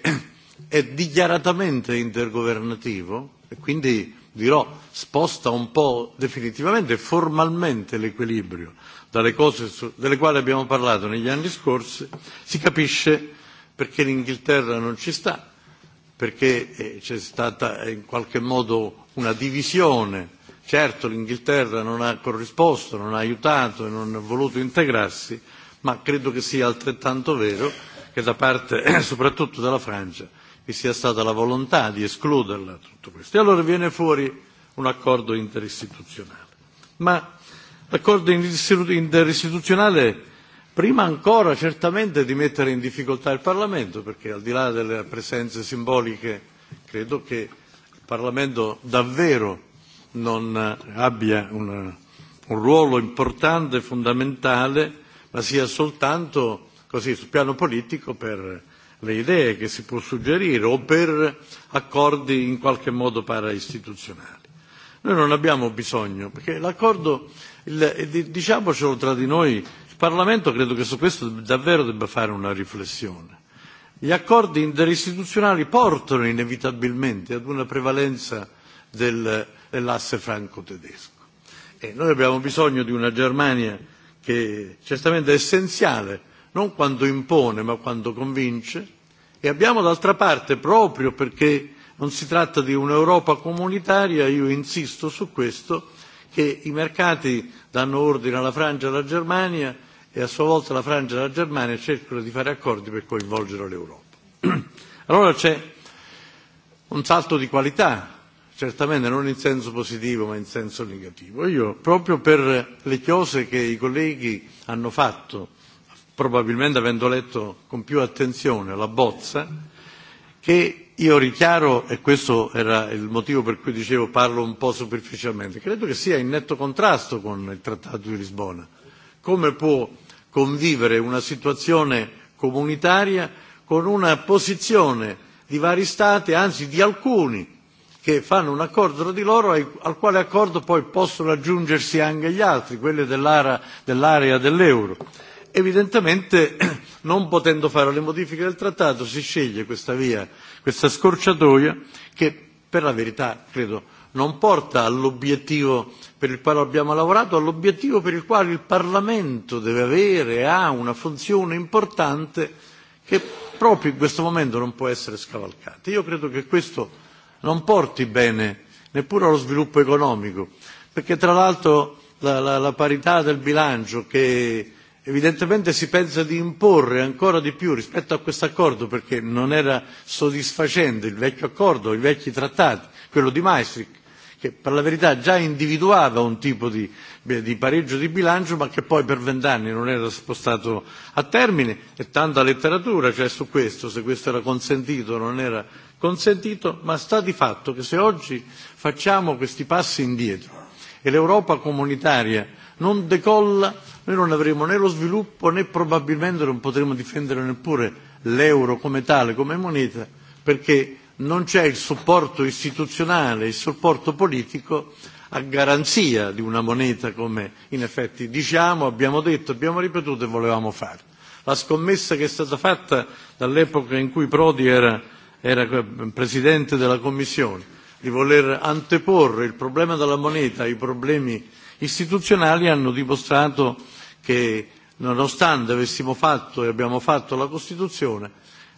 S5: è dichiaratamente intergovernativo e quindi dirò sposta un po' definitivamente e formalmente l'equilibrio dalle cose delle quali abbiamo parlato negli anni scorsi, si capisce perché l'Inghilterra non ci sta, perché c'è stata in qualche modo una divisione. Certo l'Inghilterra non ha corrisposto, non ha aiutato e non ha voluto integrarsi, ma credo che sia altrettanto vero che da parte soprattutto della Francia vi sia stata la volontà di escluderla da tutto questo. E allora viene fuori un accordo interistituzionale. Ma d'accordo in interistituzionale prima ancora certamente di mettere in difficoltà il Parlamento, perché al di là delle presenze simboliche credo che il Parlamento davvero non abbia un, un ruolo importante, fondamentale, ma sia soltanto così sul piano politico per le idee che si può suggerire o per accordi in qualche modo paraistituzionali. Noi non abbiamo bisogno, perché l'accordo il, diciamocelo tra di noi, il Parlamento credo che su questo davvero debba fare una riflessione. Gli accordi interistituzionali portano inevitabilmente ad una prevalenza del, dell'asse franco-tedesco. E noi abbiamo bisogno di una Germania che certamente è essenziale, non quando impone ma quando convince, e abbiamo d'altra parte, proprio perché non si tratta di un'Europa comunitaria, io insisto su questo, che i mercati danno ordine alla Francia e alla Germania e a sua volta la Francia e la Germania cercano di fare accordi per coinvolgere l'Europa. Allora c'è un salto di qualità, certamente non in senso positivo ma in senso negativo. Io, proprio per le chiose che i colleghi hanno fatto, probabilmente avendo letto con più attenzione la bozza, che io richiaro, e questo era il motivo per cui dicevo parlo un po' superficialmente, credo che sia in netto contrasto con il Trattato di Lisbona. Come può convivere una situazione comunitaria con una posizione di vari Stati, anzi di alcuni, che fanno un accordo tra di loro al quale accordo poi possono aggiungersi anche gli altri, quelli dell'area dell'euro. Evidentemente, non potendo fare le modifiche del trattato, si sceglie questa via, questa scorciatoia che per la verità credo non porta all'obiettivo per il quale abbiamo lavorato, all'obiettivo per il quale il Parlamento deve avere e ha una funzione importante che proprio in questo momento non può essere scavalcata. Io credo che questo non porti bene neppure allo sviluppo economico, perché tra l'altro la, la, la parità del bilancio che evidentemente si pensa di imporre ancora di più rispetto a questo accordo perché non era soddisfacente il vecchio accordo, i vecchi trattati, quello di Maastricht, che per la verità già individuava un tipo di, di pareggio di bilancio ma che poi per vent'anni non era spostato a termine e tanta letteratura c'è su questo, se questo era consentito o non era consentito, ma sta di fatto che se oggi facciamo questi passi indietro e l'Europa comunitaria non decolla noi non avremo né lo sviluppo né probabilmente non potremo difendere neppure l'euro come tale, come moneta, perché non c'è il supporto istituzionale, il supporto politico a garanzia di una moneta come in effetti diciamo, abbiamo detto, abbiamo ripetuto e volevamo fare. La scommessa che è stata fatta dall'epoca in cui Prodi era, era Presidente della Commissione di voler anteporre il problema della moneta ai problemi istituzionali hanno dimostrato che nonostante avessimo fatto e abbiamo fatto la Costituzione,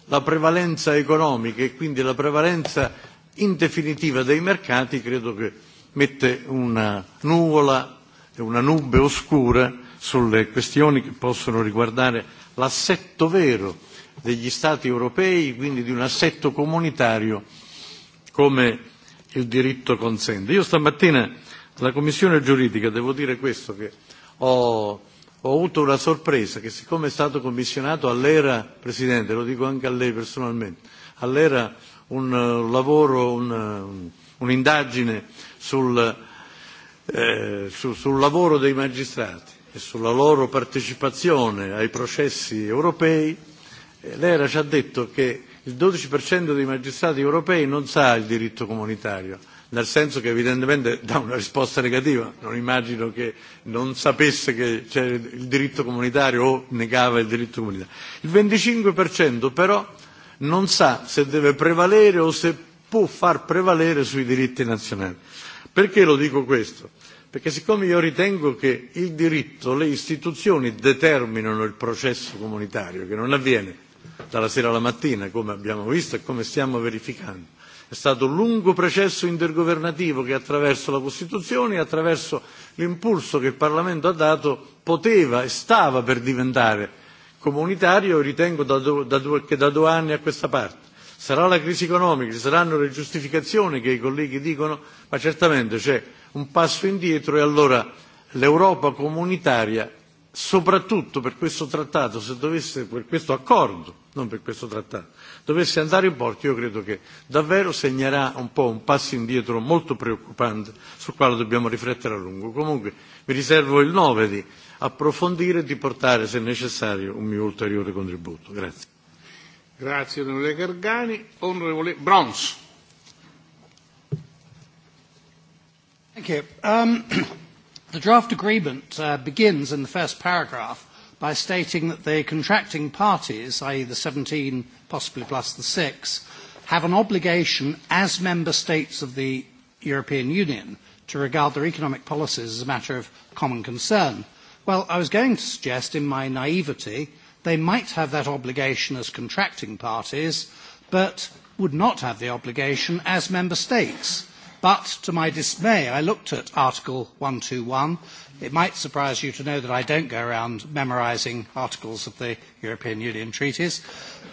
S5: la prevalenza economica e quindi la prevalenza in definitiva dei mercati credo che mette una nuvola e una nube oscura sulle questioni che possono riguardare l'assetto vero degli Stati europei, quindi di un assetto comunitario come il diritto consente. Io stamattina alla Commissione giuridica devo dire questo, che ho ho avuto una sorpresa che siccome è stato commissionato all'era, Presidente, lo dico anche a lei personalmente, all'era un lavoro, un, un'indagine sul, eh, su, sul lavoro dei magistrati e sulla loro partecipazione ai processi europei, l'ERA ci ha detto che il 12% dei magistrati europei non sa il diritto comunitario nel senso che evidentemente dà una risposta negativa, non immagino che non sapesse che c'era il diritto comunitario o negava il diritto comunitario. Il 25% però non sa se deve prevalere o se può far prevalere sui diritti nazionali. Perché lo dico questo? Perché siccome io ritengo che il diritto, le istituzioni determinano il processo comunitario, che non avviene dalla sera alla mattina, come abbiamo visto e come stiamo verificando, È stato un lungo processo intergovernativo che attraverso la Costituzione e attraverso l'impulso che il Parlamento ha dato poteva e stava per diventare comunitario, ritengo che da due anni a questa parte. Sarà la crisi economica, ci saranno le giustificazioni che i colleghi dicono, ma certamente c'è un passo indietro e allora l'Europa comunitaria, soprattutto per questo trattato, se dovesse, per questo accordo, non per questo trattato, dovesse andare in porto, io credo che davvero segnerà un po' un passo indietro molto preoccupante sul quale dobbiamo riflettere a lungo. Comunque mi riservo il 9 di approfondire e di portare, se necessario, un mio ulteriore contributo. Grazie.
S1: Grazie onorevole Gargani. Onorevole Brons. Thank you. Um,
S6: the draft agreement uh, begins in the first paragraph by stating that the contracting parties, i.e. the 17, possibly plus the 6, have an obligation as member states of the European Union to regard their economic policies as a matter of common concern. Well, I was going to suggest in my naivety they might have that obligation as contracting parties, but would not have the obligation as member states. But to my dismay, I looked at Article one hundred and It might surprise you to know that I don't go around memorising articles of the European Union treaties.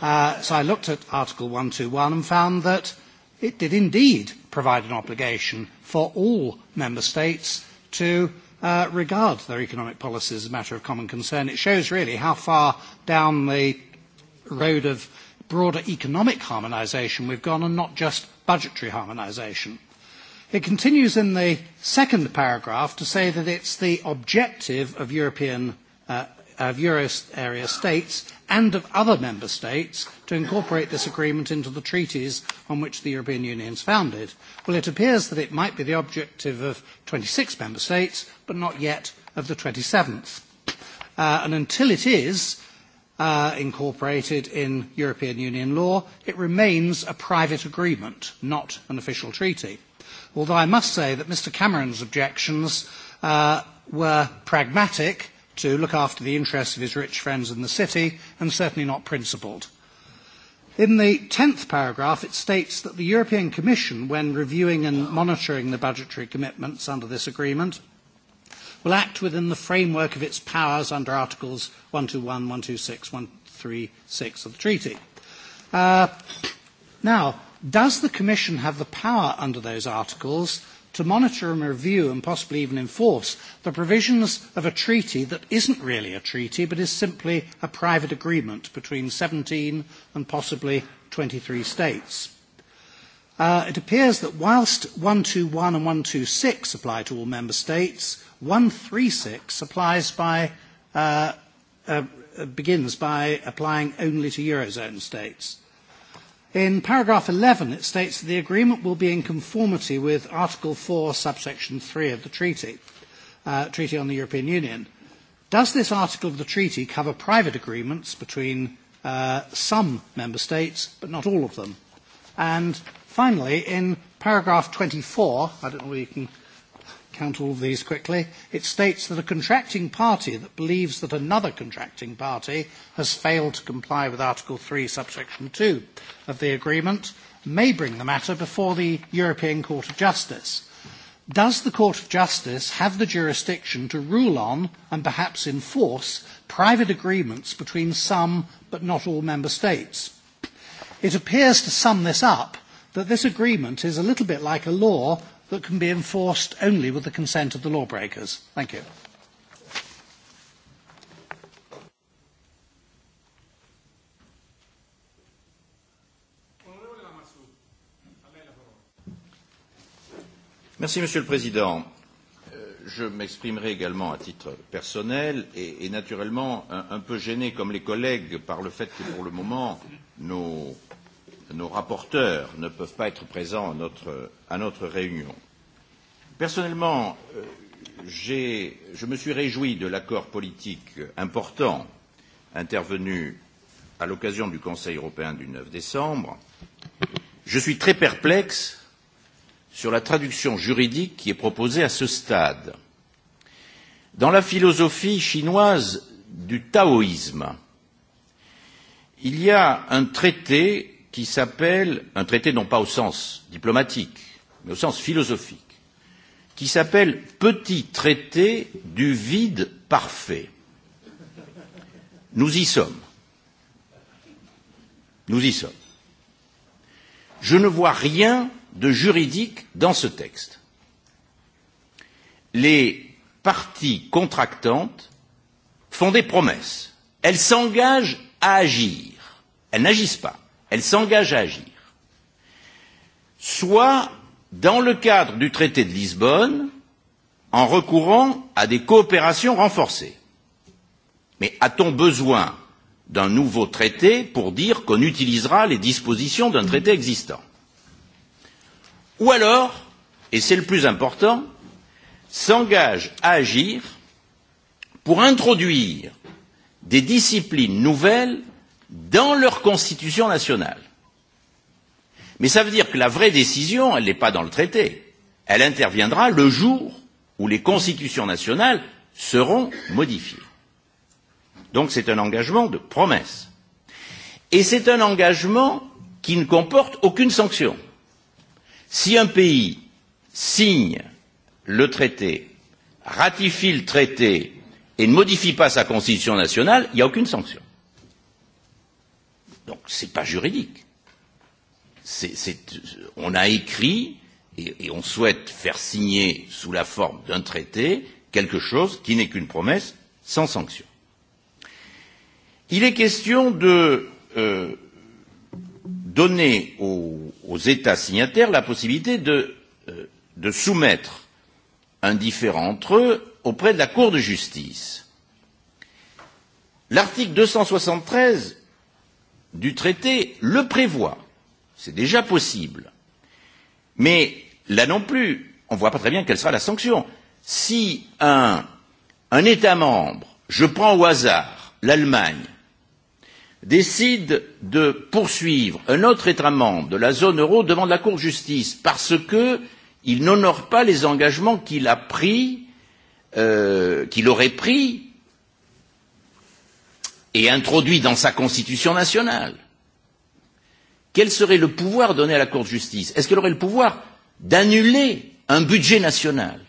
S6: Uh, so I looked at Article 121 and found that it did indeed provide an obligation for all member states to uh, regard their economic policies as a matter of common concern. It shows really how far down the road of broader economic harmonisation we've gone and not just budgetary harmonisation. It continues in the second paragraph to say that it's the objective of European uh, of Euro area states and of other member states to incorporate this agreement into the treaties on which the European Union is founded. Well, it appears that it might be the objective of 26 member states, but not yet of the 27th. Uh, and until it is uh, incorporated in European Union law, it remains a private agreement, not an official treaty. Although I must say that Mr Cameron's objections uh, were pragmatic to look after the interests of his rich friends in the city and certainly not principled. In the tenth paragraph, it states that the European Commission, when reviewing and monitoring the budgetary commitments under this agreement, will act within the framework of its powers under Articles 121, 126, 136 of the Treaty. Uh, now, Does the Commission have the power under those articles to monitor and review and possibly even enforce the provisions of a treaty that isn't really a treaty but is simply a private agreement between 17 and possibly 23 states? Uh, it appears that whilst 121 and 126 apply to all member states, 136 applies by, uh, uh, begins by applying only to Eurozone states. In paragraph 11, it states that the agreement will be in conformity with Article 4, subsection 3 of the treaty, uh, Treaty on the European Union. Does this article of the treaty cover private agreements between uh, some member states, but not all of them? And finally, in paragraph 24, I don't know whether you can count all of these quickly, it states that a contracting party that believes that another contracting party has failed to comply with Article 3, subsection 2 of the agreement may bring the matter before the European Court of Justice. Does the Court of Justice have the jurisdiction to rule on and perhaps enforce private agreements between some but not all member states? It appears to sum this up that this agreement is a little bit like a law that can be enforced only with the consent of the lawbreakers. Thank you.
S7: Merci, Monsieur le Président. Je m'exprimerai également à titre personnel et, et naturellement un, un peu gêné comme les collègues par le fait que pour le moment nos nos rapporteurs ne peuvent pas être présents à notre, à notre réunion. Personnellement, je me suis réjoui de l'accord politique important intervenu à l'occasion du Conseil européen du 9 décembre. Je suis très perplexe sur la traduction juridique qui est proposée à ce stade. Dans la philosophie chinoise du taoïsme, il y a un traité qui s'appelle un traité non pas au sens diplomatique, mais au sens philosophique, qui s'appelle Petit traité du vide parfait. Nous y sommes. Nous y sommes. Je ne vois rien de juridique dans ce texte. Les parties contractantes font des promesses. Elles s'engagent à agir. Elles n'agissent pas elle s'engage à agir, soit dans le cadre du traité de Lisbonne, en recourant à des coopérations renforcées. Mais a-t-on besoin d'un nouveau traité pour dire qu'on utilisera les dispositions d'un traité existant Ou alors, et c'est le plus important, s'engage à agir pour introduire des disciplines nouvelles dans leur constitution nationale. Mais ça veut dire que la vraie décision, elle n'est pas dans le traité. Elle interviendra le jour où les constitutions nationales seront modifiées. Donc c'est un engagement de promesse. Et c'est un engagement qui ne comporte aucune sanction. Si un pays signe le traité, ratifie le traité et ne modifie pas sa constitution nationale, il n'y a aucune sanction. Donc ce n'est pas juridique. c est, on a écrit et, et on souhaite faire signer sous la forme d'un traité quelque chose qui n'est qu'une promesse sans sanction. Il est question de euh, donner aux, aux États signataires la possibilité de, euh, de soumettre un différend entre eux auprès de la Cour de justice. L'article 273 du traité le prévoit. C'est déjà possible. Mais là non plus, on ne voit pas très bien quelle sera la sanction. Si un, un État membre, je prends au hasard l'Allemagne, décide de poursuivre un autre État membre de la zone euro devant la Cour de justice parce qu'il n'honore pas les engagements qu'il a pris, euh, qu'il aurait pris et introduit dans sa constitution nationale, quel serait le pouvoir donné à la Cour de justice Est-ce qu'elle aurait le pouvoir d'annuler un budget national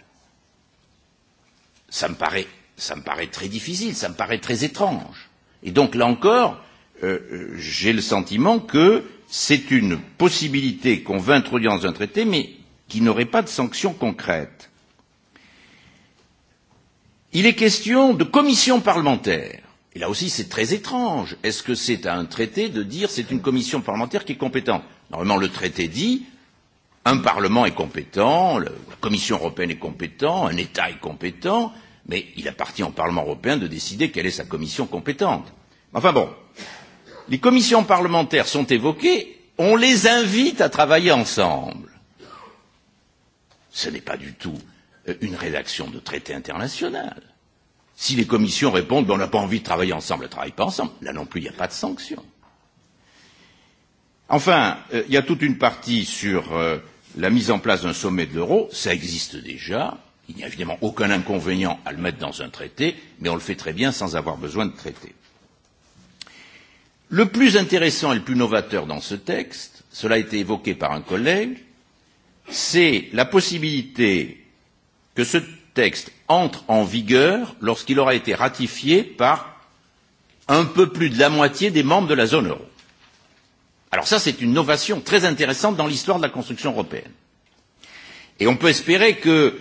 S7: ça me, paraît, ça me paraît très difficile, ça me paraît très étrange. Et donc là encore, euh, j'ai le sentiment que c'est une possibilité qu'on veut introduire dans un traité, mais qui n'aurait pas de sanctions concrètes. Il est question de commissions parlementaires. Et là aussi, c'est très étrange. Est-ce que c'est à un traité de dire c'est une commission parlementaire qui est compétente Normalement, le traité dit un Parlement est compétent, la Commission européenne est compétente, un État est compétent, mais il appartient au Parlement européen de décider quelle est sa commission compétente. Enfin bon, les commissions parlementaires sont évoquées, on les invite à travailler ensemble. Ce n'est pas du tout une rédaction de traité international. Si les commissions répondent, ben, on n'a pas envie de travailler ensemble, on ne travaille pas ensemble. Là non plus, il n'y a pas de sanction. Enfin, il euh, y a toute une partie sur euh, la mise en place d'un sommet de l'euro. Ça existe déjà. Il n'y a évidemment aucun inconvénient à le mettre dans un traité, mais on le fait très bien sans avoir besoin de traité. Le plus intéressant et le plus novateur dans ce texte, cela a été évoqué par un collègue, c'est la possibilité que ce texte entre en vigueur lorsqu'il aura été ratifié par un peu plus de la moitié des membres de la zone euro. Alors ça, c'est une novation très intéressante dans l'histoire de la construction européenne. Et on peut espérer que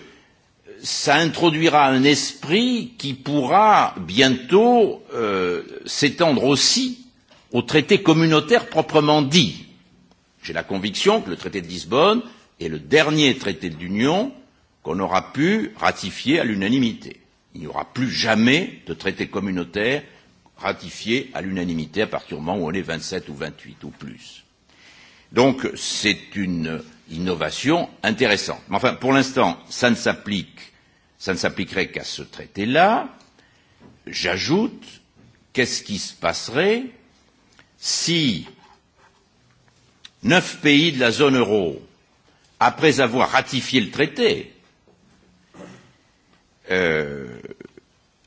S7: ça introduira un esprit qui pourra bientôt euh, s'étendre aussi au traité communautaire proprement dit. J'ai la conviction que le traité de Lisbonne est le dernier traité de l'Union qu'on aura pu ratifier à l'unanimité. Il n'y aura plus jamais de traité communautaire ratifié à l'unanimité à partir du moment où on est 27 ou 28 ou plus. Donc c'est une innovation intéressante. Mais enfin, pour l'instant, ça ne s'applique, ça ne s'appliquerait qu'à ce traité-là. J'ajoute, qu'est-ce qui se passerait si neuf pays de la zone euro, après avoir ratifié le traité, euh,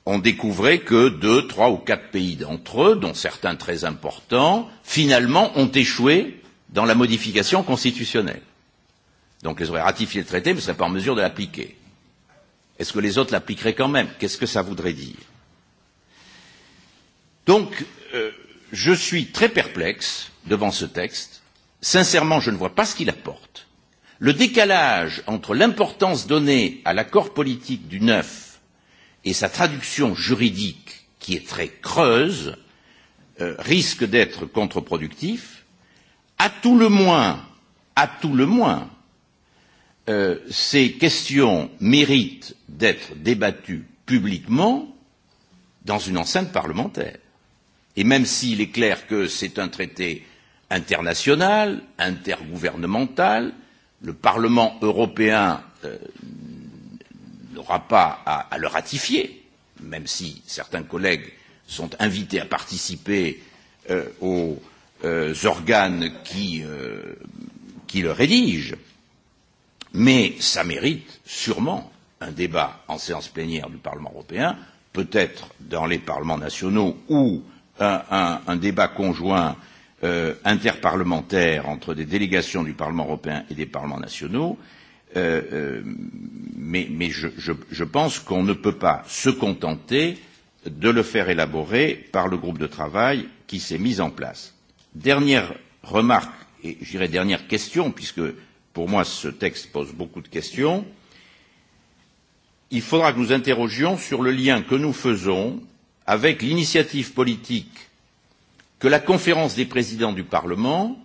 S7: on découvrait que deux, trois ou quatre pays d'entre eux, dont certains très importants, finalement ont échoué dans la modification constitutionnelle. Donc ils auraient ratifié le traité, mais ne seraient pas en mesure de l'appliquer. Est-ce que les autres l'appliqueraient quand même Qu'est-ce que ça voudrait dire Donc, euh, je suis très perplexe devant ce texte. Sincèrement, je ne vois pas ce qu'il apporte. Le décalage entre l'importance donnée à l'accord politique du neuf et sa traduction juridique, qui est très creuse, euh, risque d'être contre-productif. À tout le moins, à tout le moins, euh, ces questions méritent d'être débattues publiquement dans une enceinte parlementaire. Et même s'il est clair que c'est un traité international, intergouvernemental, le Parlement européen euh, n'aura pas à, à le ratifier, même si certains collègues sont invités à participer euh, aux euh, organes qui, euh, qui le rédigent, mais ça mérite sûrement un débat en séance plénière du Parlement européen, peut-être dans les parlements nationaux ou un, un, un débat conjoint euh, interparlementaire entre des délégations du Parlement européen et des parlements nationaux, euh, euh, mais, mais je, je, je pense qu'on ne peut pas se contenter de le faire élaborer par le groupe de travail qui s'est mis en place. Dernière remarque, et je dirais dernière question, puisque pour moi ce texte pose beaucoup de questions, il faudra que nous interrogions sur le lien que nous faisons avec l'initiative politique que la conférence des présidents du Parlement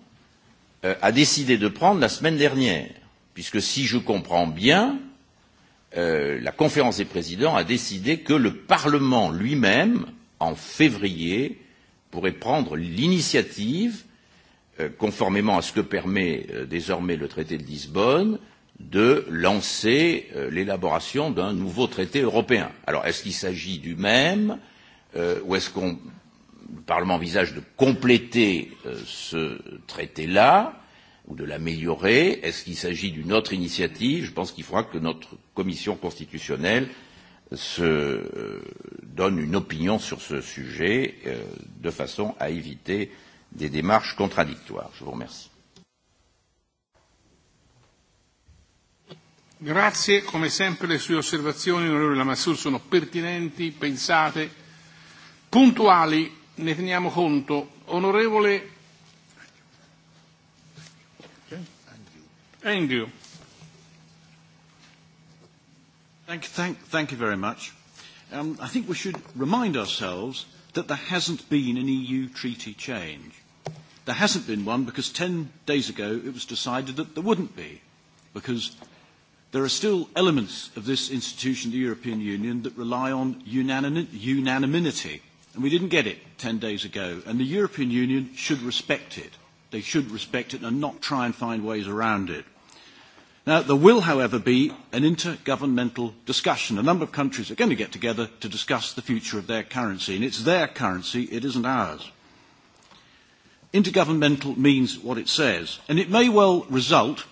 S7: euh, a décidé de prendre la semaine dernière, puisque si je comprends bien, euh, la conférence des présidents a décidé que le Parlement lui-même, en février, pourrait prendre l'initiative, euh, conformément à ce que permet euh, désormais le traité de Lisbonne, de lancer euh, l'élaboration d'un nouveau traité européen. Alors, est-ce qu'il s'agit du même euh, ou est-ce qu'on le Parlement envisage de compléter euh, ce traité-là ou de l'améliorer. Est-ce qu'il s'agit d'une autre initiative Je pense qu'il faudra que notre commission constitutionnelle se euh, donne une opinion sur ce sujet euh, de façon à éviter des démarches contradictoires. Je vous remercie.
S1: Grazie, come sempre le sue osservazioni, onorevole Lamassur, sono pertinenti, pensate, puntuali ne teniamo conto. Onorevole Andrew.
S8: Thank, thank, thank you very much. Um, I think we should remind ourselves that there hasn't been an EU treaty change. There hasn't been one because 10 days ago it was decided that there wouldn't be, because there are still elements of this institution, the European Union, that rely on unanimity, and we didn't get it. 10 days ago, and the European Union should respect it. They should respect it and not try and find ways around it. Now, there will, however, be an intergovernmental discussion. A number of countries are going to get together to discuss the future of their currency, and it's their currency, it isn't ours. Intergovernmental means what it says, and it may well result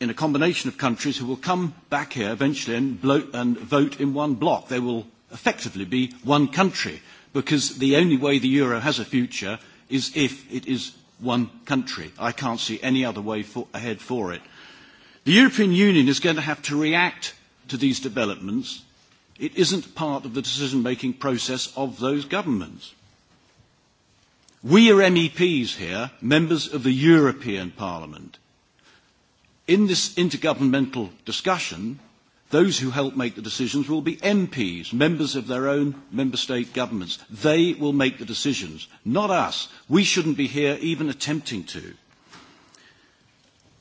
S8: in a combination of countries who will come back here eventually and, bloat and vote in one block. They will effectively be one country because the only way the euro has a future is if it is one country. I can't see any other way for, ahead for it. The European Union is going to have to react to these developments. It isn't part of the decision-making process of those governments. We are MEPs here, members of the European Parliament. In this intergovernmental discussion, Those who help make the decisions will be MPs, members of their own member state governments. They will make the decisions, not us. We shouldn't be here even attempting to.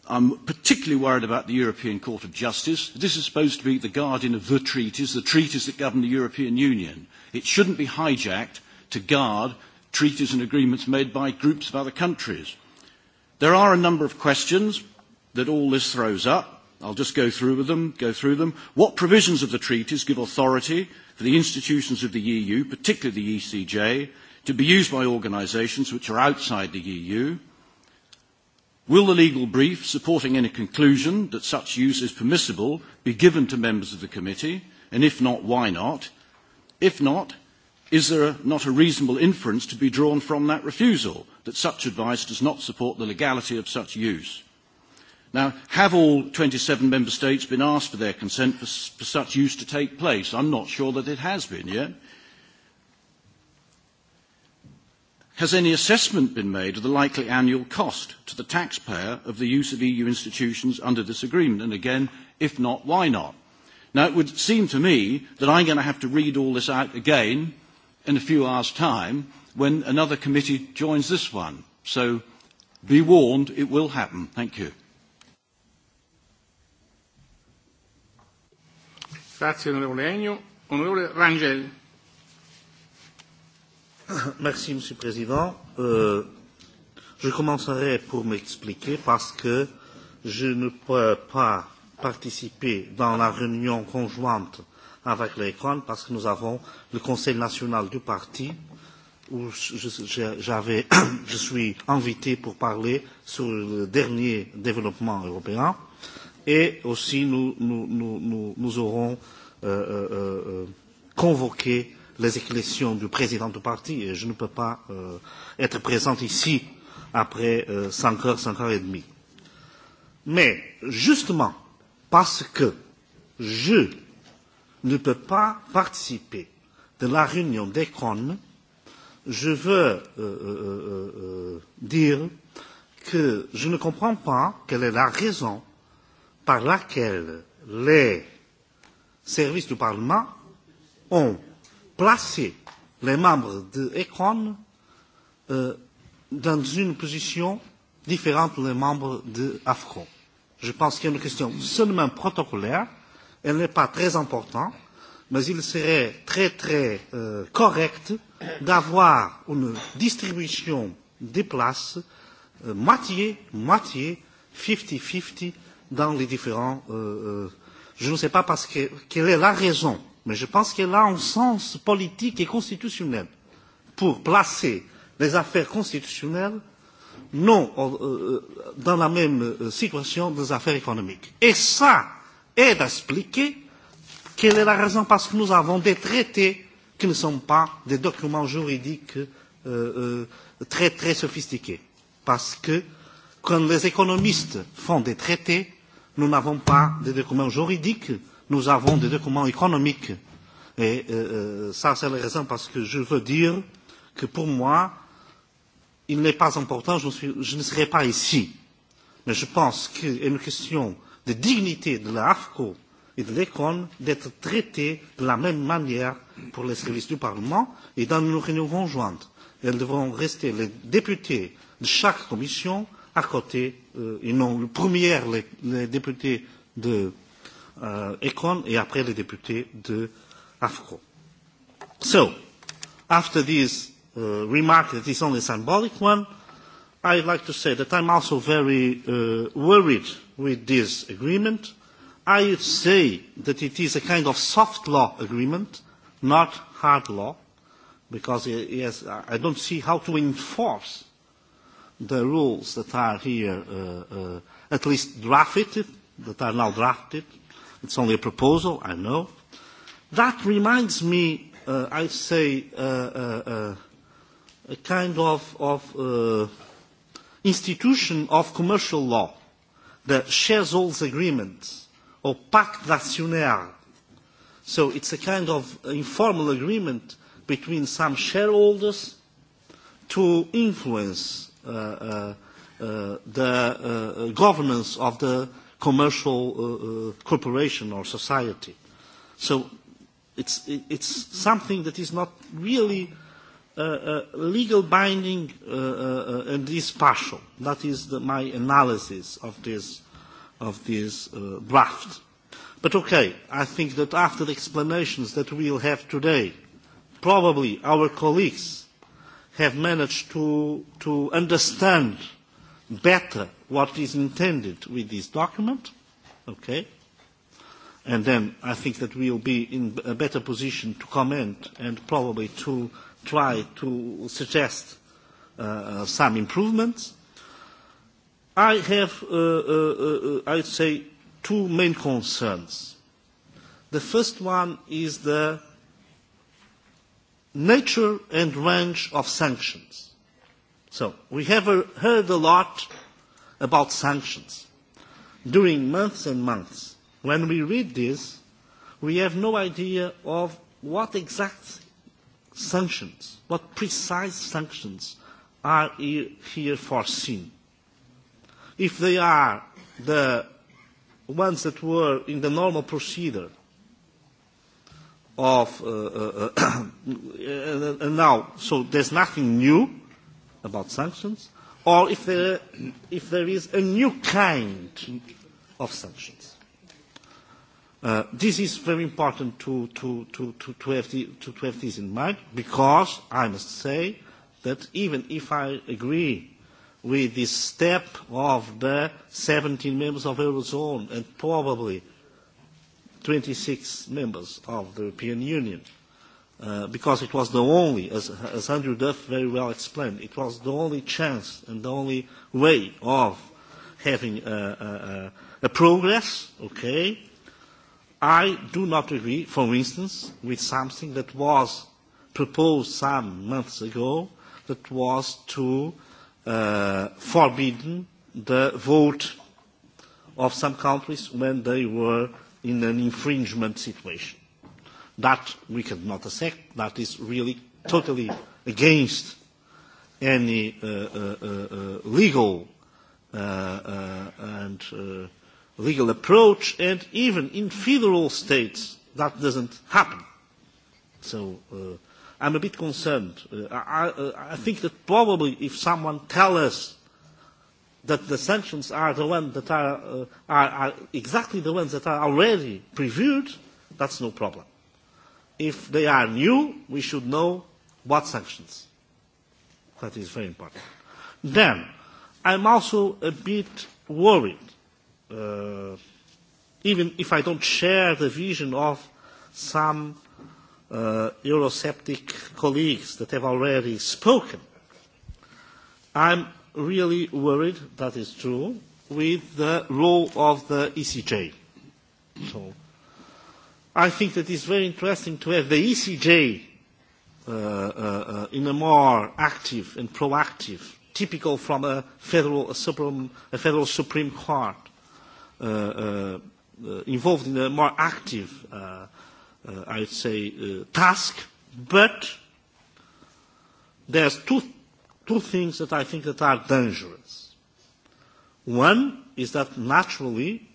S8: I'm particularly worried about the European Court of Justice. This is supposed to be the guardian of the treaties, the treaties that govern the European Union. It shouldn't be hijacked to guard treaties and agreements made by groups of other countries. There are a number of questions that all this throws up. I'll just go through with them, go through them. What provisions of the treaties give authority for the institutions of the EU, particularly the ECJ, to be used by organisations which are outside the EU? Will the legal brief supporting any conclusion that such use is permissible be given to members of the committee? And if not, why not? If not, is there a, not a reasonable inference to be drawn from that refusal that such advice does not support the legality of such use? Now, have all 27 member states been asked for their consent for, for such use to take place? I'm not sure that it has been yet. Has any assessment been made of the likely annual cost to the taxpayer of the use of EU institutions under this agreement? And again, if not, why not? Now, it would seem to me that I'm going to have to read all this out again in a few hours' time when another committee joins this one. So be warned, it will happen. Thank you.
S1: Grazie onorevole Onorevole Rangel.
S9: Merci Monsieur le Président. Euh, je commencerai pour m'expliquer parce que je ne peux pas participer dans la réunion conjointe avec l'ECON parce que nous avons le Conseil national du parti où je, je suis invité pour parler sur le dernier développement européen et aussi nous, nous, nous, nous, nous aurons euh, euh, convoqué les élections du président du parti et je ne peux pas euh, être présent ici après euh, cinq heures, cinq heures et demie. Mais justement, parce que je ne peux pas participer de la réunion des CON, je veux euh, euh, euh, dire que je ne comprends pas quelle est la raison par laquelle les services du Parlement ont placé les membres de ECON euh, dans une position différente des membres de AFCO. Je pense qu'il y a une question seulement protocolaire, elle n'est pas très importante, mais il serait très très euh, correct d'avoir une distribution des places euh, moitié, moitié, 50-50 dans les différents. Euh, euh, je ne sais pas parce que, quelle est la raison, mais je pense qu'elle a un sens politique et constitutionnel pour placer les affaires constitutionnelles non euh, dans la même situation des affaires économiques. Et ça aide à expliquer quelle est la raison parce que nous avons des traités qui ne sont pas des documents juridiques euh, euh, très très sophistiqués. Parce que quand les économistes font des traités, nous n'avons pas de documents juridiques, nous avons des documents économiques. Et euh, ça, c'est la raison parce que je veux dire que pour moi, il n'est pas important, je, suis, je ne serai pas ici. Mais je pense qu'il est une question de dignité de l'AFCO et de l'ECON d'être traité de la même manière pour les services du Parlement et dans une réunion conjointe. Elles devront rester les députés de chaque commission à côté, euh, et non, le premier, les, les députés de euh, Econ et après les députés de AFCO. So, after this uh, remark that is only a symbolic one, I'd like to say that I'm also very uh, worried with this agreement. I would say that it is a kind of soft law agreement, not hard law, because yes, I don't see how to enforce the rules that are here uh, uh, at least drafted, that are now drafted. It's only a proposal, I know. That reminds me, uh, I say, uh, uh, uh, a kind of, of uh, institution of commercial law, the shareholders agreement, or pacte d'actionnaire. So it's a kind of informal agreement between some shareholders to influence uh, uh, the uh, governance of the commercial uh, uh, corporation or society. So it's, it's something that is not really uh, uh, legal binding uh, uh, and is partial. That is the, my analysis of this, of this uh, draft. But okay, I think that after the explanations that we will have today, probably our colleagues have managed to, to understand better what is intended with this document. Okay? And then I think that we will be in a better position to comment and probably to try to suggest uh, some improvements. I have, uh, uh, uh, I'd say, two main concerns. The first one is the nature and range of sanctions. So we have heard a lot about sanctions during months and months. When we read this, we have no idea of what exact sanctions, what precise sanctions are here foreseen. If they are the ones that were in the normal procedure of uh, uh, uh, now, so there's nothing new about sanctions, or if there, if there is a new kind of sanctions. Uh, this is very important to, to, to, to, to, have the, to, to have this in mind because I must say that even if I agree with this step of the 17 members of Eurozone and probably 26 members of the European Union, uh, because it was the only, as, as Andrew Duff very well explained, it was the only chance and the only way of having a, a, a progress, okay? I do not agree, for instance, with something that was proposed some months ago that was to uh, forbidden the vote of some countries when they were in an infringement situation. That we cannot accept. That is really totally against any uh, uh, uh, legal uh, uh, and uh, legal approach, and even in federal states that doesn't happen. So uh, I'm a bit concerned. Uh, I, uh, I think that probably if someone tells us that the sanctions are the ones that are, uh, are, are exactly the ones that are already previewed, that's no problem. If they are new, we should know what sanctions. That is very important. Then, I'm also a bit worried, uh, even if I don't share the vision of some uh, Eurosceptic colleagues that have already spoken. I'm really worried, that is true, with the role of the ECJ. So I think that it's very interesting to have the ECJ uh, uh, uh, in a more active and proactive, typical from a federal, a supreme, a federal Supreme Court, uh, uh, involved in a more active, uh, uh, I would say, uh, task. But there's two two things that I think that are dangerous. One is that naturally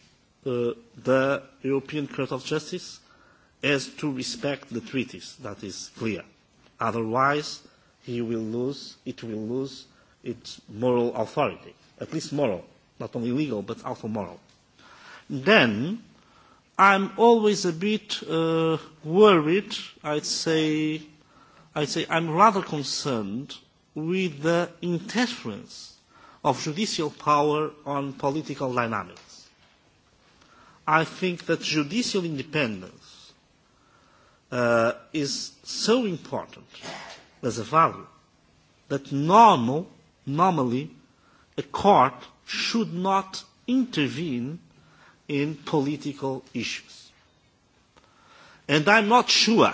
S9: uh, the European Court of Justice has to respect the treaties. That is clear. Otherwise, he will lose, it will lose its moral authority, at least moral, not only legal, but also moral. Then, I'm always a bit uh, worried, I'd say, I'd say I'm rather concerned with the interference of judicial power on political dynamics. I think that judicial independence uh, is so important as a value that normal, normally a court should not intervene in political issues. And I'm not sure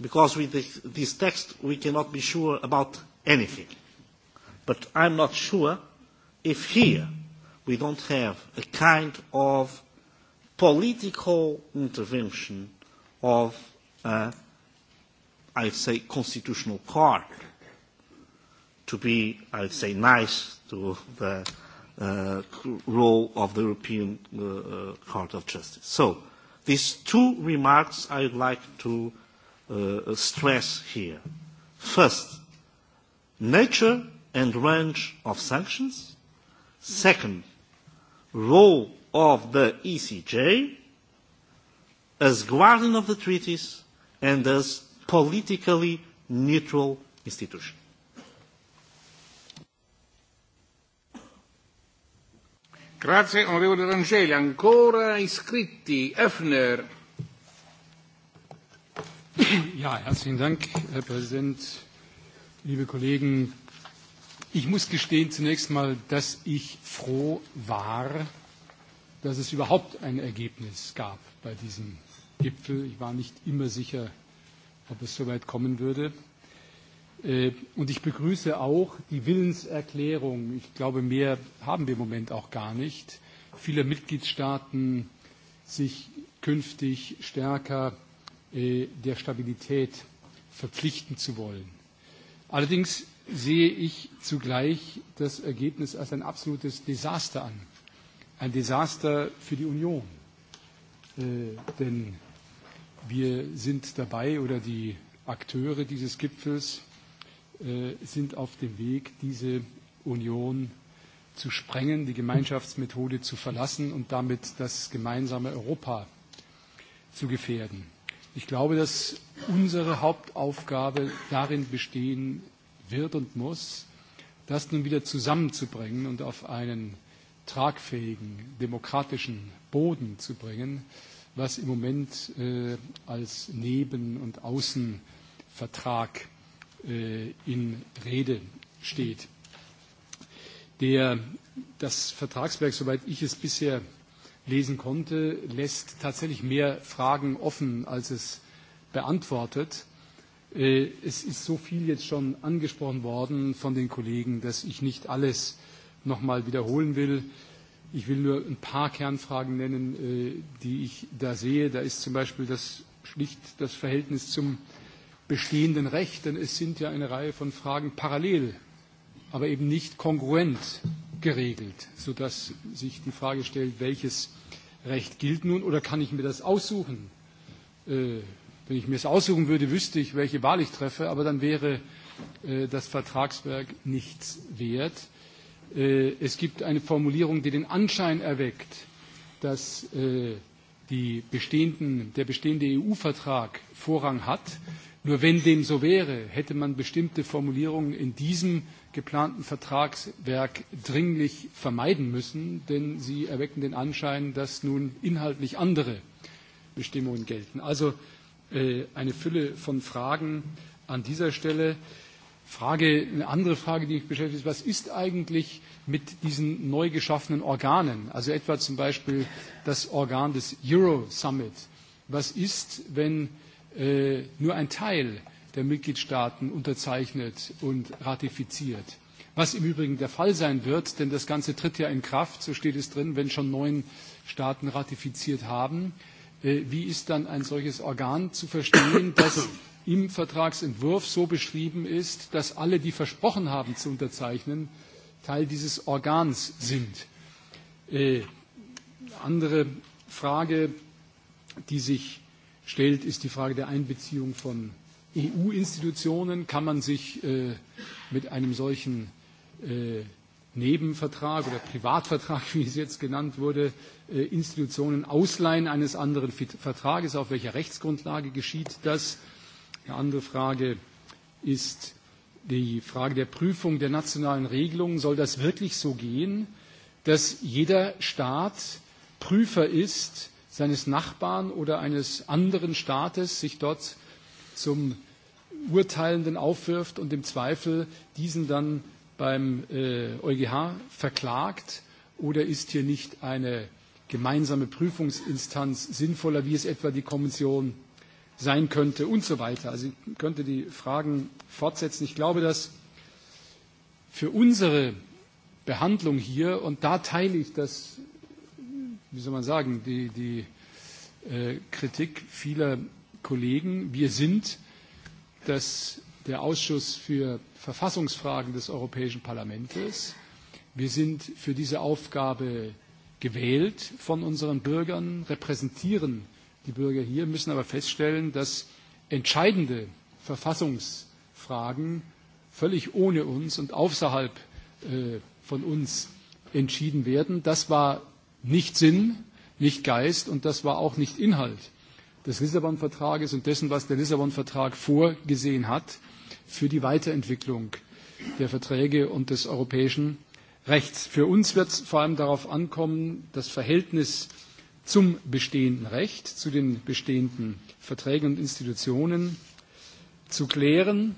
S9: because with this, this text we cannot be sure about anything. But I'm not sure if here we don't have a kind of political intervention of, uh, I'd say, constitutional court to be, I'd say, nice to the uh, role of the European uh, Court of Justice. So, these two remarks I'd like to uh, stress here. First, nature and range of sanctions. Second, role of the ECJ as guardian of the treaties and as politically neutral institution.
S1: Grazie onorevole Rangeli, ancora iscritti Efner
S10: Ja, herzlichen Dank, Herr Präsident, liebe Kollegen. Ich muss gestehen zunächst mal, dass ich froh war, dass es überhaupt ein Ergebnis gab bei diesem Gipfel. Ich war nicht immer sicher, ob es so weit kommen würde. Und ich begrüße auch die Willenserklärung. Ich glaube, mehr haben wir im Moment auch gar nicht. Viele Mitgliedstaaten sich künftig stärker der Stabilität verpflichten zu wollen. Allerdings sehe ich zugleich das Ergebnis als ein absolutes Desaster an. Ein Desaster für die Union. Denn wir sind dabei oder die Akteure dieses Gipfels sind auf dem Weg, diese Union zu sprengen, die Gemeinschaftsmethode zu verlassen und damit das gemeinsame Europa zu gefährden. Ich glaube, dass unsere Hauptaufgabe darin bestehen wird und muss, das nun wieder zusammenzubringen und auf einen tragfähigen, demokratischen Boden zu bringen, was im Moment äh, als Neben- und Außenvertrag äh, in Rede steht. Der, das Vertragswerk, soweit ich es bisher lesen konnte, lässt tatsächlich mehr Fragen offen, als es beantwortet. Es ist so viel jetzt schon angesprochen worden von den Kollegen, dass ich nicht alles noch mal wiederholen will. Ich will nur ein paar Kernfragen nennen, die ich da sehe. Da ist zum Beispiel das schlicht das Verhältnis zum bestehenden Recht, denn es sind ja eine Reihe von Fragen parallel, aber eben nicht kongruent geregelt, sodass sich die Frage stellt, welches Recht gilt nun oder kann ich mir das aussuchen? Wenn ich mir es aussuchen würde, wüsste ich, welche Wahl ich treffe, aber dann wäre das Vertragswerk nichts wert. Es gibt eine Formulierung, die den Anschein erweckt, dass die bestehenden, der bestehende EU-Vertrag Vorrang hat. Nur wenn dem so wäre, hätte man bestimmte Formulierungen in diesem geplanten Vertragswerk dringlich vermeiden müssen, denn sie erwecken den Anschein, dass nun inhaltlich andere Bestimmungen gelten. Also eine Fülle von Fragen an dieser Stelle. Frage, eine andere Frage, die mich beschäftigt, ist, was ist eigentlich mit diesen neu geschaffenen Organen? Also etwa zum Beispiel das Organ des Euro Summit. Was ist, wenn nur ein Teil der Mitgliedstaaten unterzeichnet und ratifiziert. Was im Übrigen der Fall sein wird, denn das Ganze tritt ja in Kraft, so steht es drin, wenn schon neun Staaten ratifiziert haben. Wie ist dann ein solches Organ zu verstehen, das im Vertragsentwurf so beschrieben ist, dass alle, die versprochen haben zu unterzeichnen, Teil dieses Organs sind? Eine andere Frage, die sich stellt, ist die Frage der Einbeziehung von EU-Institutionen kann man sich mit einem solchen Nebenvertrag oder Privatvertrag, wie es jetzt genannt wurde, Institutionen ausleihen eines anderen Vertrages. Auf welcher Rechtsgrundlage geschieht das? Eine andere Frage ist die Frage der Prüfung der nationalen Regelungen. Soll das wirklich so gehen, dass jeder Staat Prüfer ist seines Nachbarn oder eines anderen Staates, sich dort zum Urteilenden aufwirft und im Zweifel diesen dann beim EuGH verklagt? Oder ist hier nicht eine gemeinsame Prüfungsinstanz sinnvoller, wie es etwa die Kommission sein könnte und so weiter? Also ich könnte die Fragen fortsetzen. Ich glaube, dass für unsere Behandlung hier, und da teile ich das, wie soll man sagen, die, die Kritik vieler Kollegen. Wir sind das, der Ausschuss für Verfassungsfragen des Europäischen Parlaments. Wir sind für diese Aufgabe gewählt von unseren Bürgern, repräsentieren die Bürger hier, müssen aber feststellen, dass entscheidende Verfassungsfragen völlig ohne uns und außerhalb von uns entschieden werden. Das war nicht Sinn, nicht Geist und das war auch nicht Inhalt des Lissabon-Vertrages und dessen, was der Lissabon-Vertrag vorgesehen hat, für die Weiterentwicklung der Verträge und des europäischen Rechts. Für uns wird es vor allem darauf ankommen, das Verhältnis zum bestehenden Recht, zu den bestehenden Verträgen und Institutionen zu klären.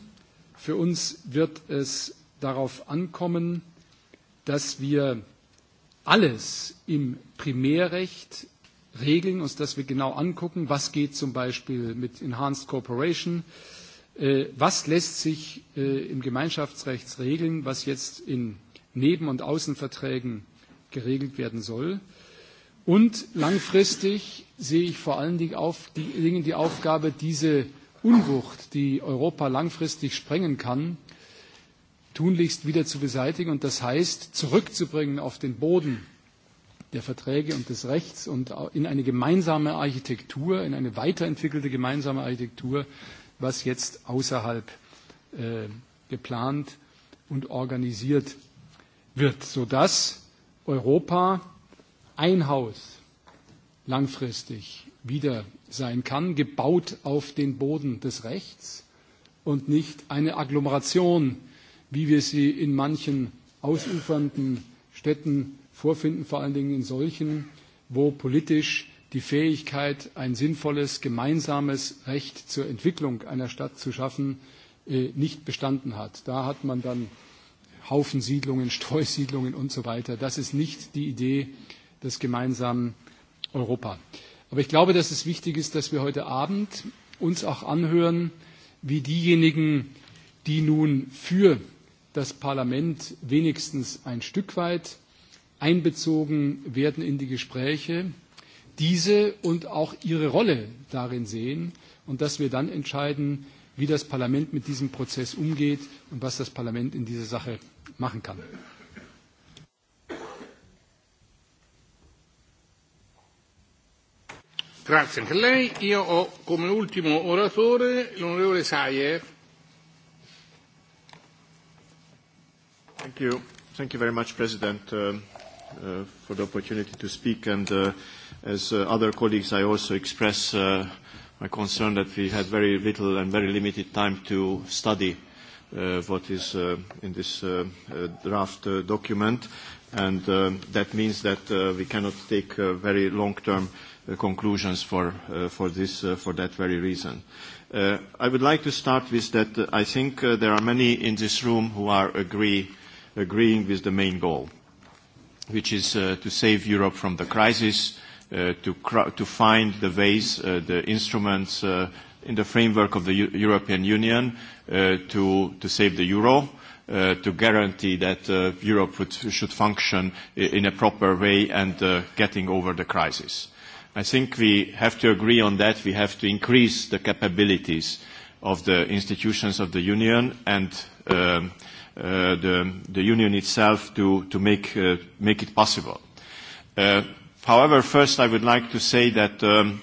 S10: Für uns wird es darauf ankommen, dass wir alles im Primärrecht regeln, uns das wir genau angucken, was geht zum Beispiel mit Enhanced Cooperation, was lässt sich im Gemeinschaftsrecht regeln, was jetzt in Neben- und Außenverträgen geregelt werden soll. Und langfristig sehe ich vor allen Dingen die Aufgabe, diese Unwucht, die Europa langfristig sprengen kann, tunlichst wieder zu beseitigen und das heißt zurückzubringen auf den Boden der Verträge und des Rechts und in eine gemeinsame Architektur, in eine weiterentwickelte gemeinsame Architektur, was jetzt außerhalb geplant und organisiert wird, sodass Europa ein Haus langfristig wieder sein kann, gebaut auf den Boden des Rechts und nicht eine Agglomeration, wie wir sie in manchen ausufernden Städten vorfinden, vor allen Dingen in solchen, wo politisch die Fähigkeit, ein sinnvolles gemeinsames Recht zur Entwicklung einer Stadt zu schaffen, nicht bestanden hat. Da hat man dann Haufensiedlungen, Streusiedlungen und so weiter. Das ist nicht die Idee des gemeinsamen Europa. Aber ich glaube, dass es wichtig ist, dass wir heute Abend uns auch anhören, wie diejenigen, die nun für das Parlament wenigstens ein Stück weit einbezogen werden in die Gespräche, diese und auch ihre Rolle darin sehen und dass wir dann entscheiden, wie das Parlament mit diesem Prozess umgeht und was das Parlament in dieser Sache machen kann. Grazie anche
S1: a lei. Io ho come ultimo oratore l'onorevole Sayer.
S11: Thank you. Thank you very much, President for the opportunity to speak. And uh, as uh, other colleagues, I also express uh, my concern that we had very little and very limited time to study uh, what is uh, in this uh, uh, draft uh, document. And uh, that means that uh, we cannot take uh, very long-term uh, conclusions for, uh, for, this, uh, for that very reason. Uh, I would like to start with that I think uh, there are many in this room who are agree, agreeing with the main goal which is uh, to save Europe from the crisis, uh, to, cr- to find the ways, uh, the instruments uh, in the framework of the U- European Union uh, to, to save the euro, uh, to guarantee that uh, Europe would, should function in a proper way and uh, getting over the crisis. I think we have to agree on that. We have to increase the capabilities of the institutions of the Union and uh, uh, the, the Union itself to, to make, uh, make it possible. Uh, however, first I would like to say that um,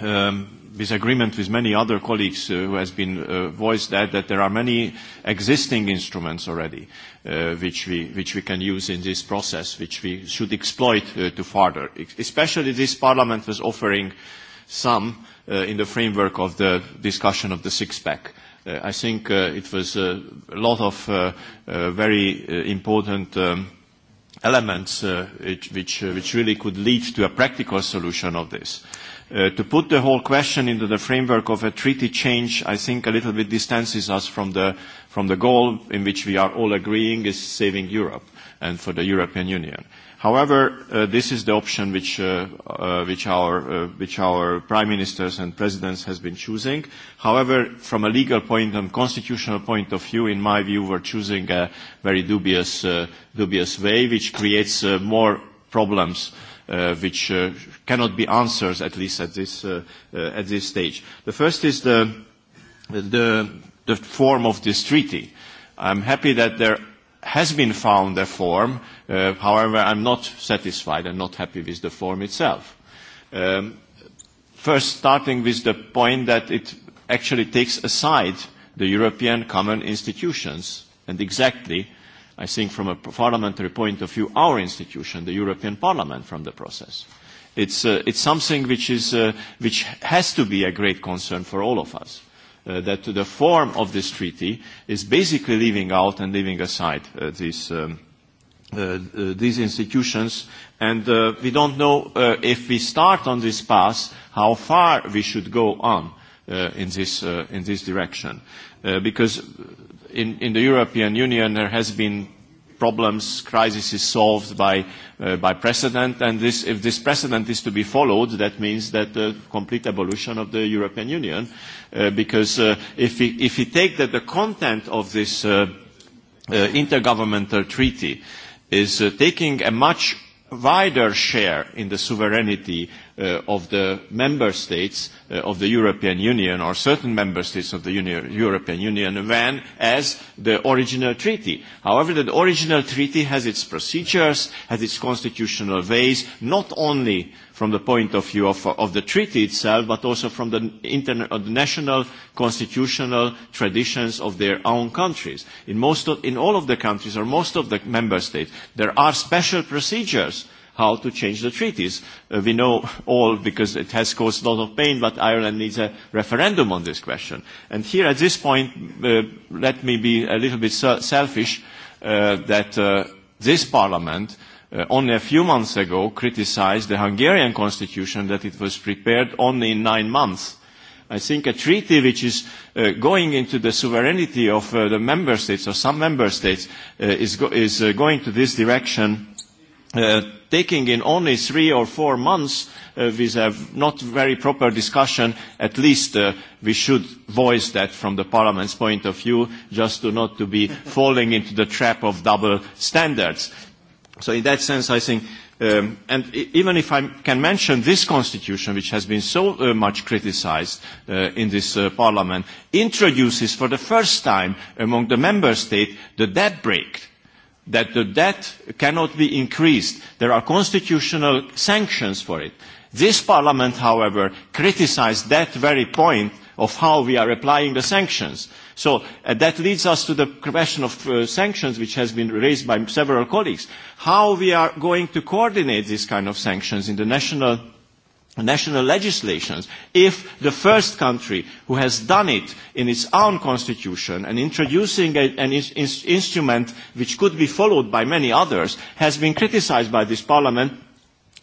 S11: um, this agreement with many other colleagues uh, who has been uh, voiced that, that there are many existing instruments already uh, which, we, which we can use in this process, which we should exploit uh, to further. Especially this Parliament was offering some uh, in the framework of the discussion of the six-pack. Uh, I think uh, it was a lot of uh, uh, very uh, important um, elements uh, which, which, uh, which really could lead to a practical solution of this. Uh, to put the whole question into the framework of a treaty change, I think a little bit distances us from the, from the goal in which we are all agreeing is saving Europe and for the European Union. Uh, However, this is the option which our prime ministers and presidents has been choosing. However, from a legal point and constitutional point of view, in my view, we're choosing a very dubious way, which creates more problems which cannot be answered, at least at this stage. The first is the form of this treaty. I'm happy that there has been found a form however, I'm not satisfied and not happy with the form itself. Um, first, starting with the point that it actually takes aside the European common institutions and exactly, I think from a parliamentary point of view, our institution, the European Parliament, from the process. It's, uh, it's something which, is, uh, which has to be a great concern for all of us that the form of this treaty is basically leaving out and leaving aside uh, these, um, uh, these institutions, and uh, we don't know uh, if we start on this path how far we should go on uh, in this uh, in this direction, uh, because in in the European Union there has been problems, crises solved by, uh, by precedent, and this, if this precedent is to be followed, that means that uh, complete abolition of the European Union, uh, because uh, if, we, if we take that the content of this uh, uh, intergovernmental treaty is uh, taking a much wider share in the sovereignty of the member states of the European Union or certain member states of the European Union than as the original treaty. However, the original treaty has its procedures, has its constitutional ways, not only from the point of view of, of the treaty itself, but also from the, interna- the national constitutional traditions of their own countries. In, most of, in all of the countries or most of the member states, there are special procedures how to change the treaties. Uh, we know all because it has caused a lot of pain, but Ireland needs a referendum on this question. And here at this point, uh, let me be a little bit selfish uh, that uh, this parliament uh, only a few months ago criticized the Hungarian constitution that it was prepared only in nine months. I think a treaty which is uh, going into the sovereignty of uh, the member states or some member states uh, is, go- is uh, going to this direction taking in only three or four months uh, with a not very proper discussion, at least uh, we should voice that from the parliament's point of view, just to not to be falling into the trap of double standards. So in that sense, I think, um, and even if I can mention this constitution, which has been so uh, much criticized uh, in this uh, parliament, introduces for the first time among the member states the debt break that the debt cannot be increased. There are constitutional sanctions for it. This parliament, however, criticised that very point of how we are applying the sanctions. So uh, that leads us to the question of uh, sanctions, which has been raised by several colleagues. How we are going to coordinate these kind of sanctions in the national national legislations if the first country who has done it in its own constitution and introducing a, an is, instrument which could be followed by many others has been criticized by this parliament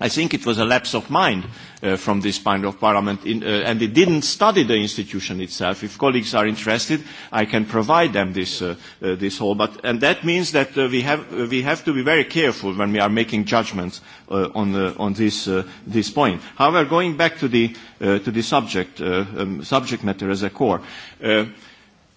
S11: I think it was a lapse of mind uh, from this kind of parliament, in, uh, and it didn't study the institution itself. If colleagues are interested, I can provide them this, uh, uh, this whole. But, and that means that uh, we, have, uh, we have to be very careful when we are making judgments uh, on, uh, on this, uh, this point. However, going back to the, uh, to the subject, uh, um, subject matter as a core, uh,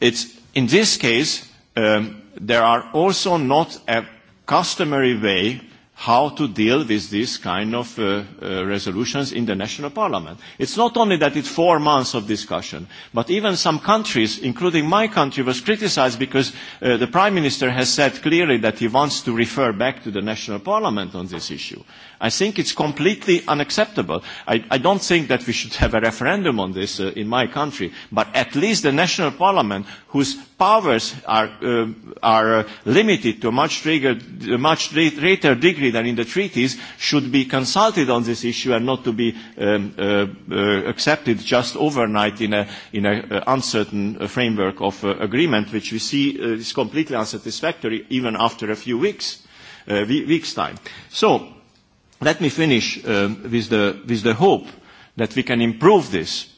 S11: it's, in this case, um, there are also not a customary way how to deal with these kind of uh, uh, resolutions in the national parliament. It's not only that it's four months of discussion, but even some countries, including my country, was criticized because uh, the prime minister has said clearly that he wants to refer back to the national parliament on this issue. I think it's completely unacceptable. I, I don't think that we should have a referendum on this uh, in my country, but at least the national parliament, whose powers are, uh, are uh, limited to a much, much greater degree agree that in the treaties should be consulted on this issue and not to be um, uh, uh, accepted just overnight in an in a, uh, uncertain framework of uh, agreement, which we see uh, is completely unsatisfactory even after a few weeks, uh, weeks' time. So let me finish um, with, the, with the hope that we can improve this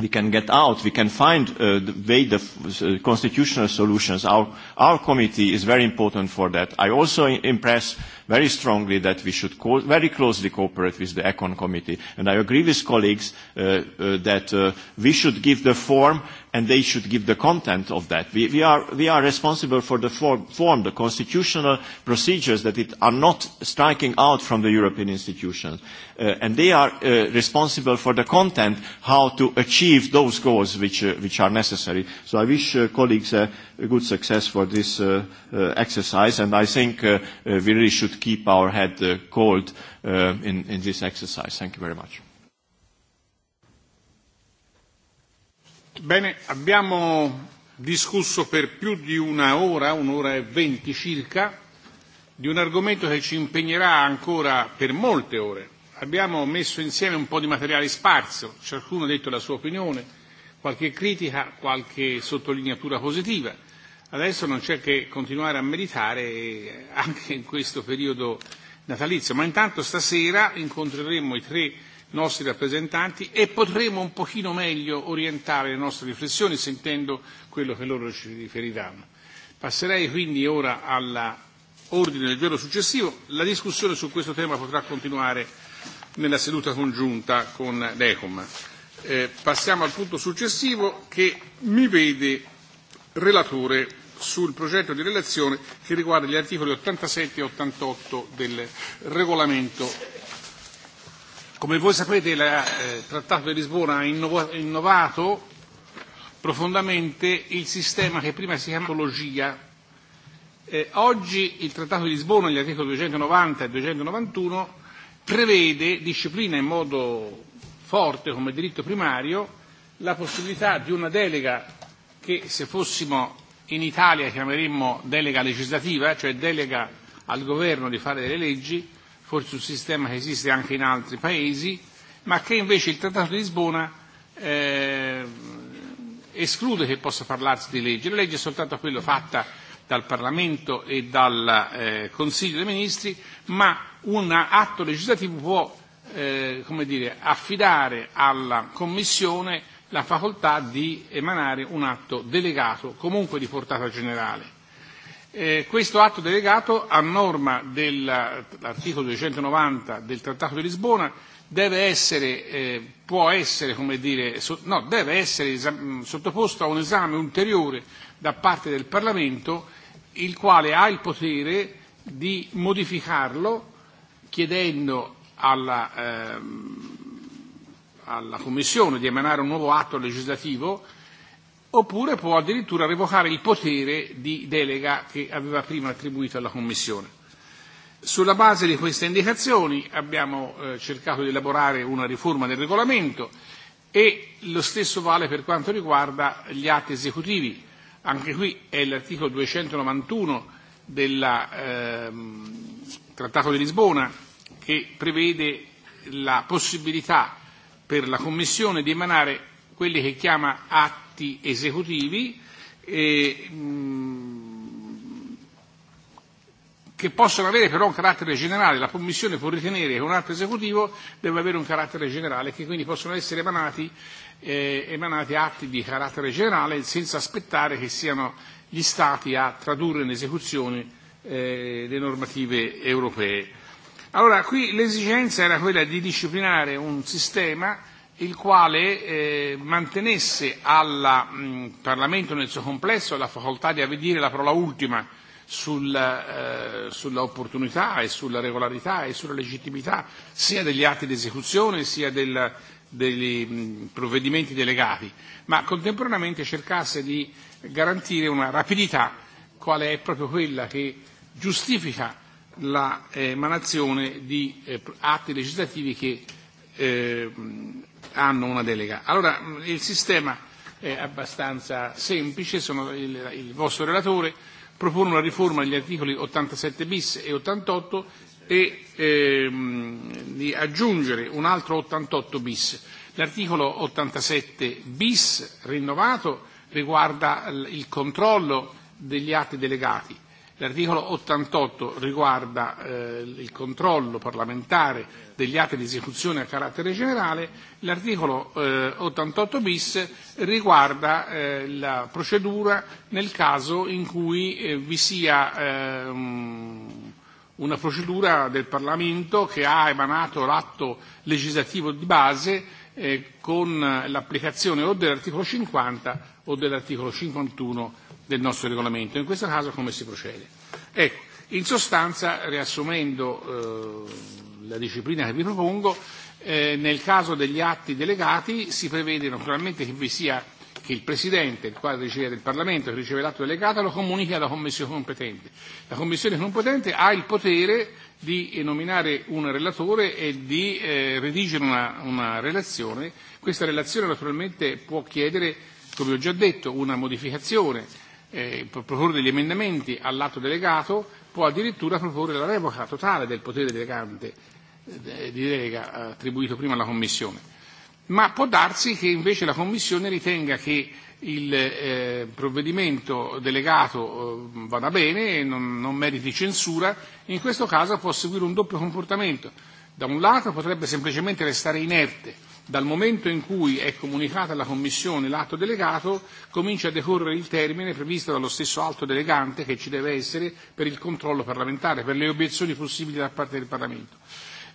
S11: we can get out, we can find uh, the way the constitutional solutions. Our, our committee is very important for that. I also impress very strongly that we should co- very closely cooperate with the ECON committee. And I agree with colleagues uh, uh, that uh, we should give the form and they should give the content of that. We, we, are, we are responsible for the form, form, the constitutional procedures that it are not striking out from the European institutions. Uh, and they are uh, responsible for the content, how to achieve those goals which, uh, which are necessary. So I wish uh, colleagues uh, a good success for this uh, uh, exercise, and I think uh, uh, we really should keep our head uh, cold uh, in, in this exercise. Thank you very much.
S1: Bene, abbiamo discusso per più di una ora, un'ora e venti circa, di un argomento che ci impegnerà ancora per molte ore. Abbiamo messo insieme un po' di materiale sparso, ciascuno ha detto la sua opinione, qualche critica, qualche sottolineatura positiva. Adesso non c'è che continuare a meditare anche in questo periodo natalizio, ma intanto stasera incontreremo i tre nostri rappresentanti e potremo un pochino meglio orientare le nostre riflessioni sentendo quello che loro ci riferiranno. Passerei quindi ora all'ordine del giorno successivo. La discussione su questo tema potrà continuare nella seduta congiunta con l'ECOM. Eh, passiamo al punto successivo che mi vede relatore sul progetto di relazione che riguarda gli articoli 87 e 88 del regolamento Come voi sapete il eh, Trattato di Lisbona ha innovato profondamente il sistema che prima si chiamava ecologia. Eh, oggi il Trattato di Lisbona, gli articoli 290 e 291, prevede, disciplina in modo forte come diritto primario, la possibilità di una delega che se fossimo in Italia chiameremmo delega legislativa, cioè delega al governo di fare delle leggi, forse un sistema che esiste anche in altri paesi, ma che invece il Trattato di Lisbona eh, esclude che possa parlarsi di legge. La legge è soltanto quella fatta dal Parlamento e dal eh, Consiglio dei Ministri, ma un atto legislativo può eh, come dire, affidare alla Commissione la facoltà di emanare un atto delegato, comunque di portata generale. Eh, questo atto delegato, a norma dell'articolo 290 del Trattato di Lisbona, deve essere, eh, può essere, come dire, so, no, deve essere sottoposto a un esame ulteriore da parte del Parlamento, il quale ha il potere di modificarlo chiedendo alla, ehm, alla Commissione di emanare un nuovo atto legislativo oppure può addirittura revocare il potere di delega che aveva prima attribuito alla Commissione. Sulla base di queste indicazioni abbiamo eh, cercato di elaborare una riforma del regolamento e lo stesso vale per quanto riguarda gli atti esecutivi. Anche qui è l'articolo 291 del eh, Trattato di Lisbona che prevede la possibilità per la Commissione di emanare quelli che chiama atti atti esecutivi e, che possono avere però un carattere generale. La Commissione può ritenere che un atto esecutivo deve avere un carattere generale e che quindi possono essere emanati, eh, emanati atti di carattere generale senza aspettare che siano gli Stati a tradurre in esecuzione eh, le normative europee. Allora, qui l'esigenza era quella di disciplinare un sistema il quale eh, mantenesse al Parlamento nel suo complesso la facoltà di avvedire la parola ultima sul, eh, sull'opportunità e sulla regolarità e sulla legittimità sia degli atti di esecuzione sia del, degli mh, provvedimenti delegati, ma contemporaneamente cercasse di garantire una rapidità quale è proprio quella che giustifica l'emanazione di eh, atti legislativi che eh, hanno una delega. Allora il sistema è abbastanza semplice, sono il, il vostro relatore propone una riforma degli articoli 87 bis e 88 e ehm, di aggiungere un altro 88 bis. L'articolo 87 bis rinnovato riguarda il controllo degli atti delegati L'articolo 88 riguarda eh, il controllo parlamentare degli atti di esecuzione a carattere generale, l'articolo eh, 88 bis riguarda eh, la procedura nel caso in cui eh, vi sia eh, una procedura del Parlamento che ha emanato l'atto legislativo di base eh, con l'applicazione o dell'articolo 50 o dell'articolo 51 del nostro regolamento. In questo caso come si procede? Ecco, in sostanza, riassumendo eh, la disciplina che vi propongo, eh, nel caso degli atti delegati si prevede naturalmente che vi sia che il Presidente, il quale riceve del Parlamento, che riceve l'atto delegato, lo comunichi alla Commissione competente. La Commissione competente ha il potere di nominare un relatore e di eh, redigere una, una relazione. Questa relazione naturalmente può chiedere, come ho già detto, una modificazione eh, proporre degli emendamenti all'atto delegato può addirittura proporre la revoca totale del potere delegante eh, di delega attribuito prima alla Commissione. Ma può darsi che invece la Commissione ritenga che il eh, provvedimento delegato eh, vada bene e non, non meriti censura, in questo caso può seguire un doppio comportamento. Da un lato potrebbe semplicemente restare inerte Dal momento in cui è comunicata alla Commissione l'atto delegato, comincia a decorrere il termine previsto dallo stesso alto delegante che ci deve essere per il controllo parlamentare, per le obiezioni possibili da parte del Parlamento.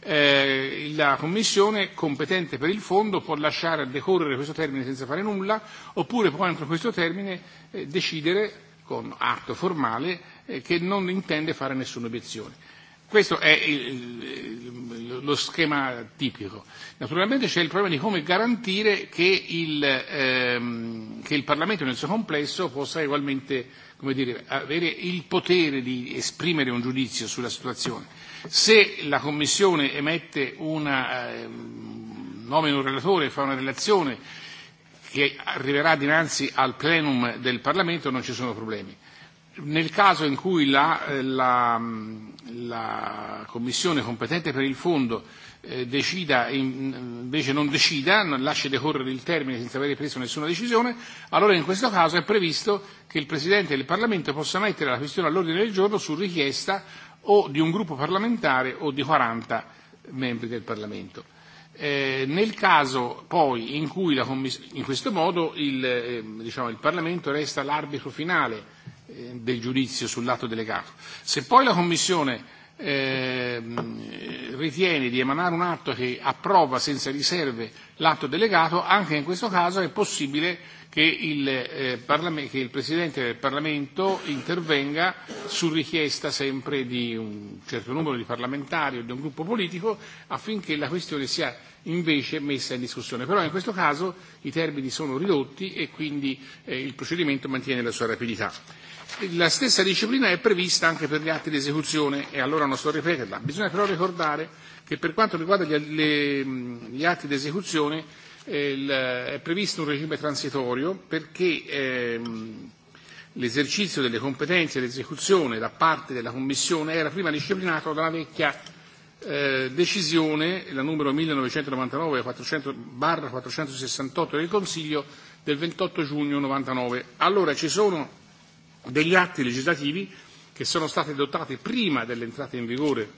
S1: Eh, la Commissione competente per il fondo può lasciare decorrere questo termine senza fare nulla, oppure può entro questo termine eh, decidere con atto formale eh, che non intende fare nessuna obiezione. Questo è il, lo schema tipico. Naturalmente c'è il problema di come garantire che il, ehm, che il Parlamento nel suo complesso possa ugualmente come dire, avere il potere di esprimere un giudizio sulla situazione. Se la Commissione emette una, ehm, nomina un relatore, fa una relazione che arriverà dinanzi al plenum del Parlamento non ci sono problemi nel caso in cui la, la, la commissione competente per il fondo eh, decida, in, invece non decida, non lascia decorrere il termine senza aver preso nessuna decisione, allora in questo caso è previsto che il Presidente del Parlamento possa mettere la questione all'ordine del giorno su richiesta o di un gruppo parlamentare o di 40 membri del Parlamento. Eh, nel caso poi in cui la in questo modo il, eh, diciamo, il Parlamento resta l'arbitro finale del giudizio sull'atto delegato. Se poi la Commissione eh, ritiene di emanare un atto che approva senza riserve l'atto delegato, anche in questo caso è possibile che il, eh, che il Presidente del Parlamento intervenga su richiesta sempre di un certo numero di parlamentari o di un gruppo politico affinché la questione sia invece messa in discussione. Però in questo caso i termini sono ridotti e quindi eh, il procedimento mantiene la sua rapidità. La stessa disciplina è prevista anche per gli atti di esecuzione e allora non sto a ripeterla. Bisogna però ricordare che per quanto riguarda gli, le, gli atti di esecuzione è previsto un regime transitorio perché l'esercizio delle competenze e l'esecuzione da parte della Commissione era prima disciplinato dalla vecchia decisione, la numero 1999-468 del Consiglio del 28 giugno 99. Allora ci sono degli atti legislativi che sono stati adottati prima dell'entrata in vigore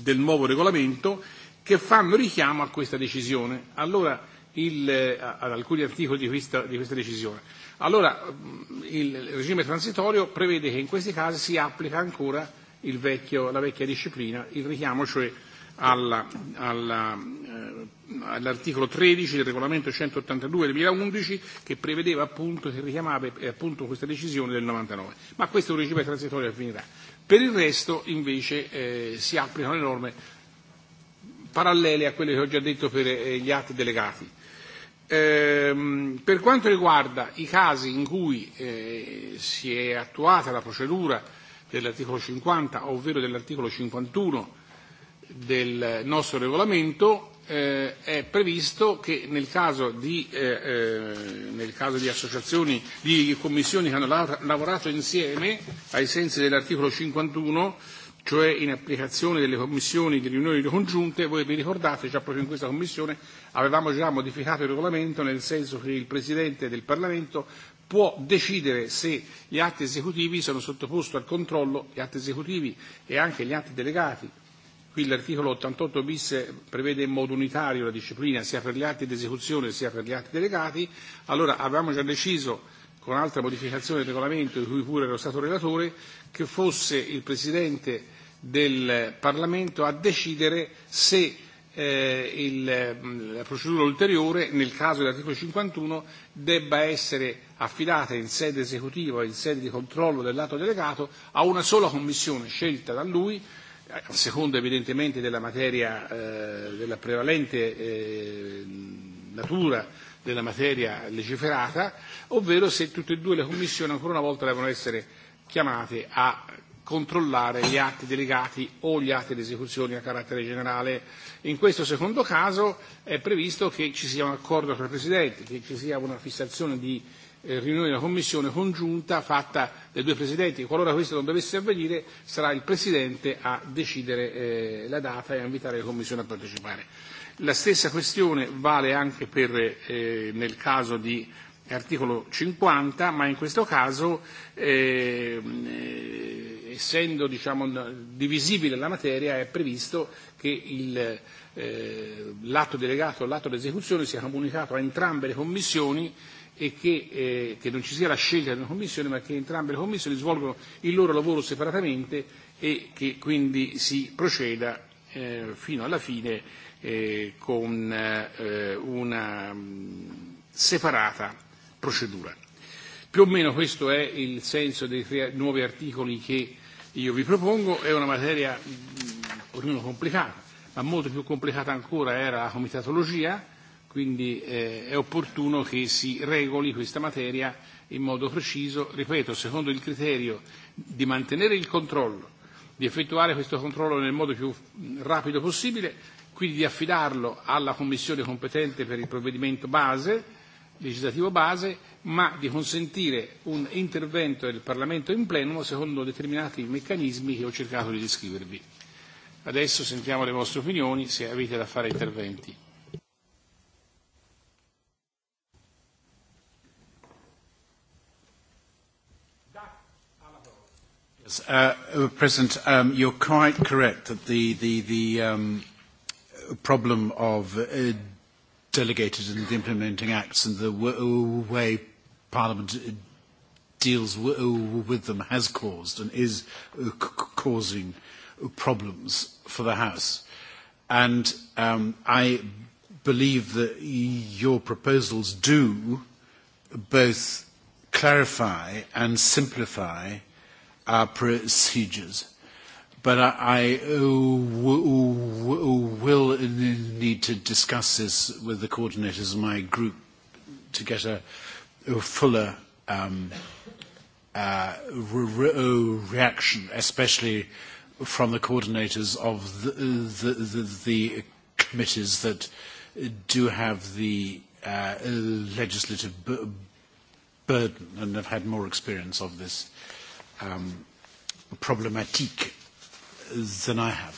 S1: del nuovo regolamento che fanno richiamo a questa decisione. Allora il, ad alcuni articoli di questa, di questa decisione. Allora, il regime transitorio prevede che in questi casi si applica ancora il vecchio, la vecchia disciplina, il richiamo cioè alla, alla, eh, all'articolo 13 del regolamento 182 del 2011 che prevedeva appunto, che richiamava eh, appunto questa decisione del 99. Ma questo è un regime transitorio che finirà. Per il resto invece eh, si applicano le norme parallele a quelle che ho già detto per eh, gli atti delegati per quanto riguarda i casi in cui eh, si è attuata la procedura dell'articolo 50, ovvero dell'articolo 51 del nostro regolamento, eh, è previsto che nel caso di, eh, nel caso di associazioni, di commissioni che hanno lavorato insieme, ai sensi dell'articolo 51, cioè in applicazione delle commissioni di riunioni congiunte, voi vi ricordate già proprio in questa commissione avevamo già modificato il regolamento nel senso che il Presidente del Parlamento può decidere se gli atti esecutivi sono sottoposti al controllo, gli atti esecutivi e anche gli atti delegati. Qui l'articolo 88 bis prevede in modo unitario la disciplina sia per gli atti di esecuzione sia per gli atti delegati, allora avevamo già deciso con altra modificazione del regolamento di cui pure ero stato relatore, che fosse il Presidente del Parlamento a decidere se eh, il, la procedura ulteriore, nel caso dell'articolo 51, debba essere affidata in sede esecutiva o in sede di controllo dell'atto delegato a una sola commissione scelta da lui, a seconda evidentemente della materia, eh, della prevalente eh, natura della materia legiferata, ovvero se tutte e due le commissioni ancora una volta devono essere chiamate a controllare gli atti delegati o gli atti di esecuzione a carattere generale. In questo secondo caso è previsto che ci sia un accordo tra i Presidenti, che ci sia una fissazione di riunione della Commissione congiunta fatta dai due Presidenti. Qualora questo non dovesse avvenire sarà il Presidente a decidere la data e a invitare la Commissione a partecipare. La stessa questione vale anche per, nel caso di articolo 50, ma in questo caso, eh, essendo diciamo, divisibile la materia, è previsto che il, eh, l'atto delegato e l'atto d'esecuzione sia comunicato a entrambe le commissioni e che, eh, che non ci sia la scelta di una commissione, ma che entrambe le commissioni svolgono il loro lavoro separatamente e che quindi si proceda eh, fino alla fine eh, con eh, una separata procedura. Più o meno questo è il senso dei tre nuovi articoli che io vi propongo, è una materia ognuno complicata, ma molto più complicata ancora era la comitatologia, quindi eh, è opportuno che si regoli questa materia in modo preciso, ripeto, secondo il criterio di mantenere il controllo, di effettuare questo controllo nel modo più rapido possibile, quindi di affidarlo alla Commissione competente per il provvedimento base, legislativo base, ma di consentire un intervento del Parlamento in plenum secondo determinati meccanismi che ho cercato di descrivervi. Adesso sentiamo le vostre opinioni, se avete da fare interventi.
S4: Yes, uh, President, um, you're quite correct that the, the, the um, problem of uh, delegated in the implementing acts and the way Parliament deals with them has caused and is causing problems for the House. And um, I believe that your proposals do both clarify and simplify our procedures but I, I will need to discuss this with the coordinators of my group to get a, a fuller um, uh, re- reaction, especially from the coordinators of the, the, the, the committees that do have the uh, legislative b- burden and have had more experience of this um, problematique than I have.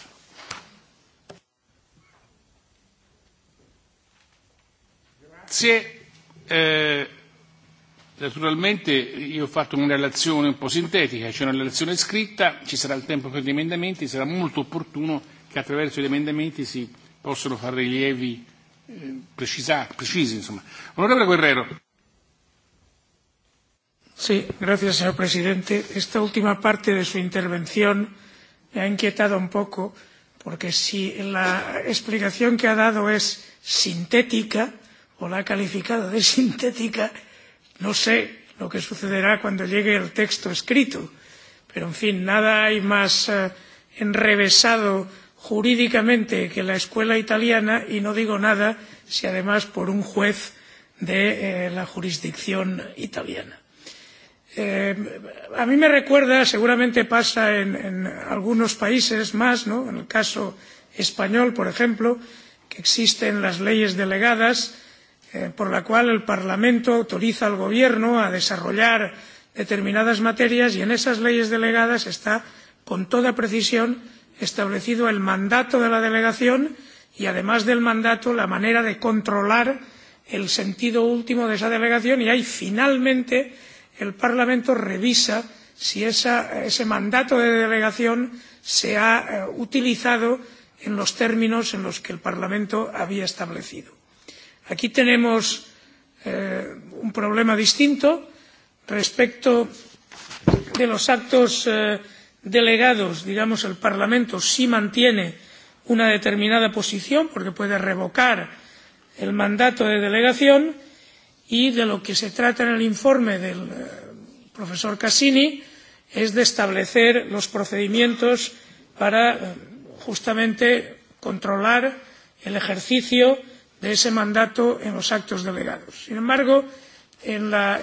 S1: Grazie. Eh, naturalmente io ho fatto una relazione un po' sintetica, c'è una relazione scritta, ci sarà il tempo per gli emendamenti, sarà molto opportuno che attraverso gli emendamenti si possano fare rilievi eh, precisi. Insomma. Onorevole Guerrero.
S2: Sí, gracias, señor presidente. Esta última parte de su intervención me ha inquietado un poco porque si la explicación que ha dado es sintética o la ha calificado de sintética, no sé lo que sucederá cuando llegue el texto escrito. Pero, en fin, nada hay más enrevesado jurídicamente que la escuela italiana y no digo nada si además por un juez de la jurisdicción italiana a mí me recuerda, seguramente pasa en, algunos países más, ¿no? en el caso español, por ejemplo, que existen las leyes delegadas por la cual el Parlamento autoriza al Gobierno a desarrollar determinadas materias y en esas leyes delegadas está con toda precisión establecido el mandato de la delegación y además del mandato la manera de controlar el sentido último de esa delegación y hay finalmente el Parlamento revisa si ese mandato de delegación se ha utilizado en los términos en los que el Parlamento había establecido. Aquí tenemos un problema distinto respecto de los actos delegados, digamos, el Parlamento sí mantiene una determinada posición porque puede revocar el mandato de delegación y de lo que se trata en el informe del profesor Cassini es de establecer los procedimientos para justamente controlar el ejercicio de ese mandato en los actos delegados. Sin embargo, en la,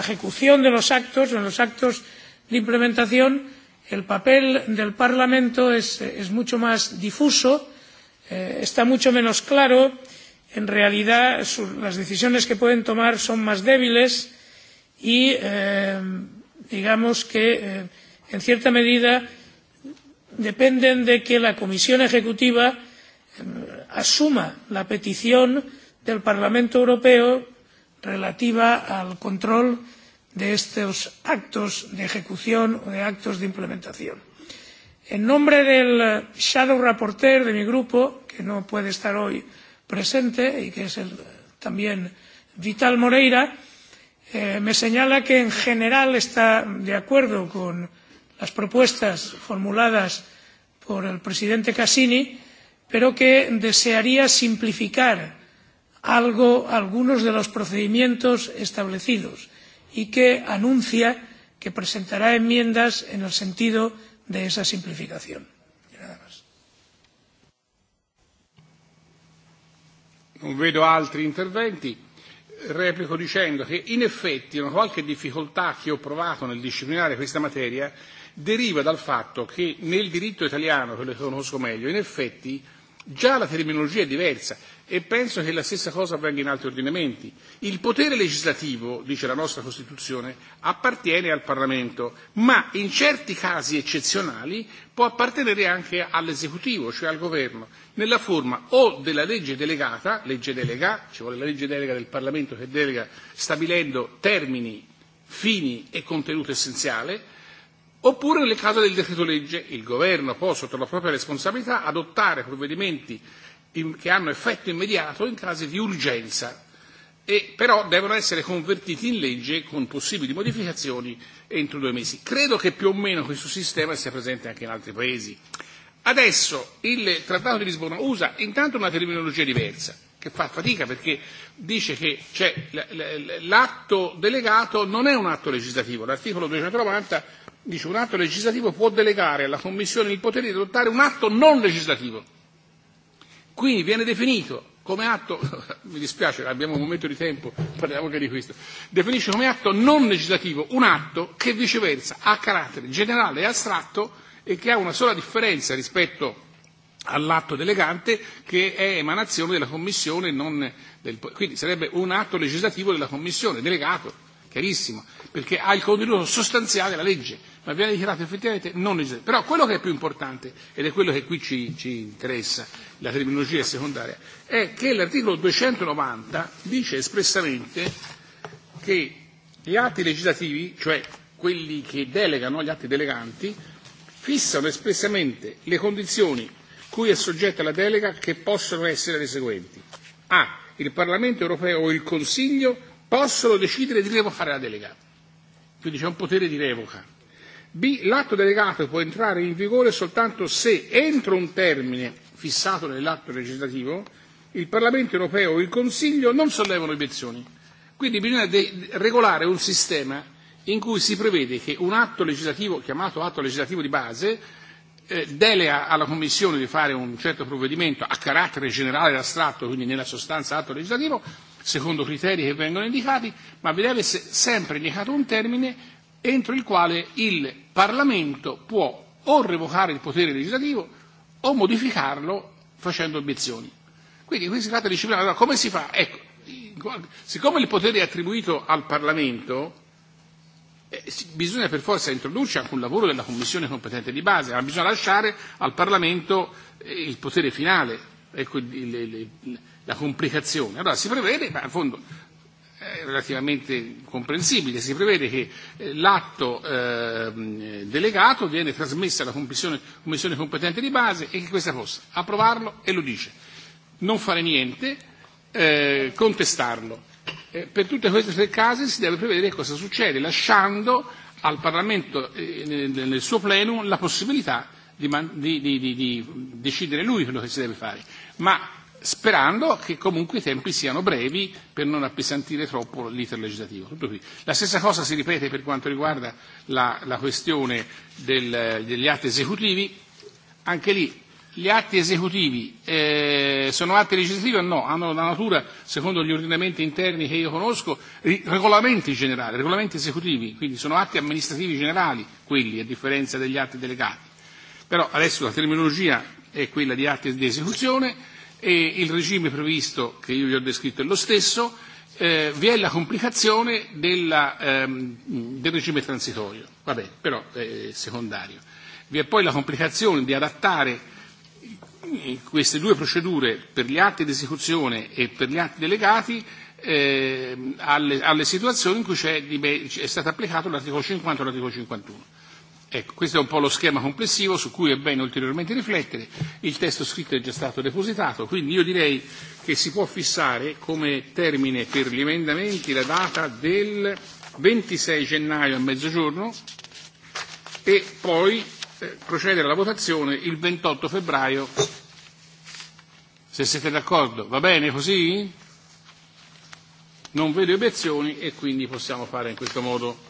S2: ejecución de los actos, en los actos de implementación, el papel del Parlamento es, mucho más difuso, está mucho menos claro en realidad las decisiones que pueden tomar son más débiles y digamos que en cierta medida dependen de que la comisión ejecutiva asuma la petición del parlamento europeo relativa al control de estos actos de ejecución o de actos de implementación. en nombre del ponente alternativo de mi grupo que no puede estar hoy presente y que es también Vital Moreira, me señala que en general está de acuerdo con las propuestas formuladas por el presidente Cassini, pero que desearía simplificar algo algunos de los procedimientos establecidos y que anuncia que presentará enmiendas en el sentido de esa simplificación. nada más.
S1: non vedo altri interventi, replico dicendo che in effetti una qualche difficoltà che ho provato nel disciplinare questa materia deriva dal fatto che nel diritto italiano, che lo conosco meglio, in effetti Già la terminologia è diversa e penso che la stessa cosa avvenga in altri ordinamenti. Il potere legislativo, dice la nostra Costituzione, appartiene al Parlamento, ma in certi casi eccezionali può appartenere anche all'esecutivo, cioè al governo, nella forma o della legge delegata, legge delega, ci vuole la legge delega del Parlamento che delega stabilendo termini, fini e contenuto essenziale, Oppure nel caso del decreto legge il governo può, sotto la propria responsabilità, adottare provvedimenti in, che hanno effetto immediato in casi di urgenza e però devono essere convertiti in legge con possibili modificazioni entro due mesi. Credo che più o meno questo sistema sia presente anche in altri paesi. Adesso il Trattato di Lisbona usa intanto una terminologia diversa, che fa fatica perché dice che cioè, l'atto delegato non è un atto legislativo. L'articolo 290 dice un atto legislativo può delegare alla Commissione il potere di adottare un atto non legislativo. quindi viene definito come atto, mi dispiace, abbiamo un momento di tempo, parliamo anche di questo, definisce come atto non legislativo un atto che viceversa ha carattere generale e astratto e che ha una sola differenza rispetto all'atto delegante che è emanazione della Commissione, non del, quindi sarebbe un atto legislativo della Commissione, delegato chiarissimo, perché ha il contenuto sostanziale della legge, ma viene dichiarato effettivamente non legislativo. Però quello che è più importante, ed è quello che qui ci, ci interessa, la terminologia secondaria, è che l'articolo 290 dice espressamente che gli atti legislativi, cioè quelli che delegano gli atti deleganti, fissano espressamente le condizioni cui è soggetta la delega che possono essere le seguenti. A. Il Parlamento europeo o il Consiglio possono decidere di revocare la delega, quindi c'è un potere di revoca. B. L'atto delegato può entrare in vigore soltanto se, entro un termine fissato nell'atto legislativo, il Parlamento europeo o il Consiglio non sollevano obiezioni. Quindi bisogna regolare un sistema in cui si prevede che un atto legislativo, chiamato atto legislativo di base, delega alla Commissione di fare un certo provvedimento a carattere generale e astratto, quindi nella sostanza atto legislativo, secondo criteri che vengono indicati, ma vi deve essere sempre indicato un termine entro il quale il Parlamento può o revocare il potere legislativo o modificarlo facendo obiezioni. Quindi qui si tratta di disciplina. Allora, come si fa? Ecco, siccome il potere è attribuito al Parlamento, bisogna per forza introdurci anche un lavoro della Commissione competente di base, ma bisogna lasciare al Parlamento il potere finale, ecco, il, il, il, la complicazione. Allora si prevede, ma in fondo è relativamente comprensibile, si prevede che l'atto eh, delegato viene trasmesso alla commissione, commissione competente di base e che questa possa approvarlo e lo dice. Non fare niente, eh, contestarlo. Eh, per tutte queste tre case si deve prevedere cosa succede, lasciando al Parlamento eh, nel, suo plenum la possibilità di, di, di, di, di decidere lui quello che si deve fare. Ma sperando che comunque i tempi siano brevi per non appesantire troppo l'iter legislativo. Tutto qui. La stessa cosa si ripete per quanto riguarda la, la questione del, degli atti esecutivi, anche lì gli atti esecutivi eh, sono atti legislativi o no? Hanno la natura, secondo gli ordinamenti interni che io conosco, regolamenti generali, regolamenti esecutivi, quindi sono atti amministrativi generali quelli, a differenza degli atti delegati. Però adesso la terminologia è quella di atti di esecuzione e il regime previsto che io vi ho descritto è lo stesso, eh, vi è la complicazione della, ehm, del regime transitorio, vabbè, però è secondario. Vi è poi la complicazione di adattare queste due procedure per gli atti di esecuzione e per gli atti delegati eh, alle, alle situazioni in cui c'è, è stato applicato l'articolo 50 e l'articolo 51. Ecco, questo è un po' lo schema complessivo su cui è bene ulteriormente riflettere. Il testo scritto è già stato depositato, quindi io direi che si può fissare come termine per gli emendamenti la data del 26 gennaio a mezzogiorno e poi procedere alla votazione il 28 febbraio, se siete d'accordo. Va bene così? Non vedo obiezioni e quindi possiamo fare in questo modo.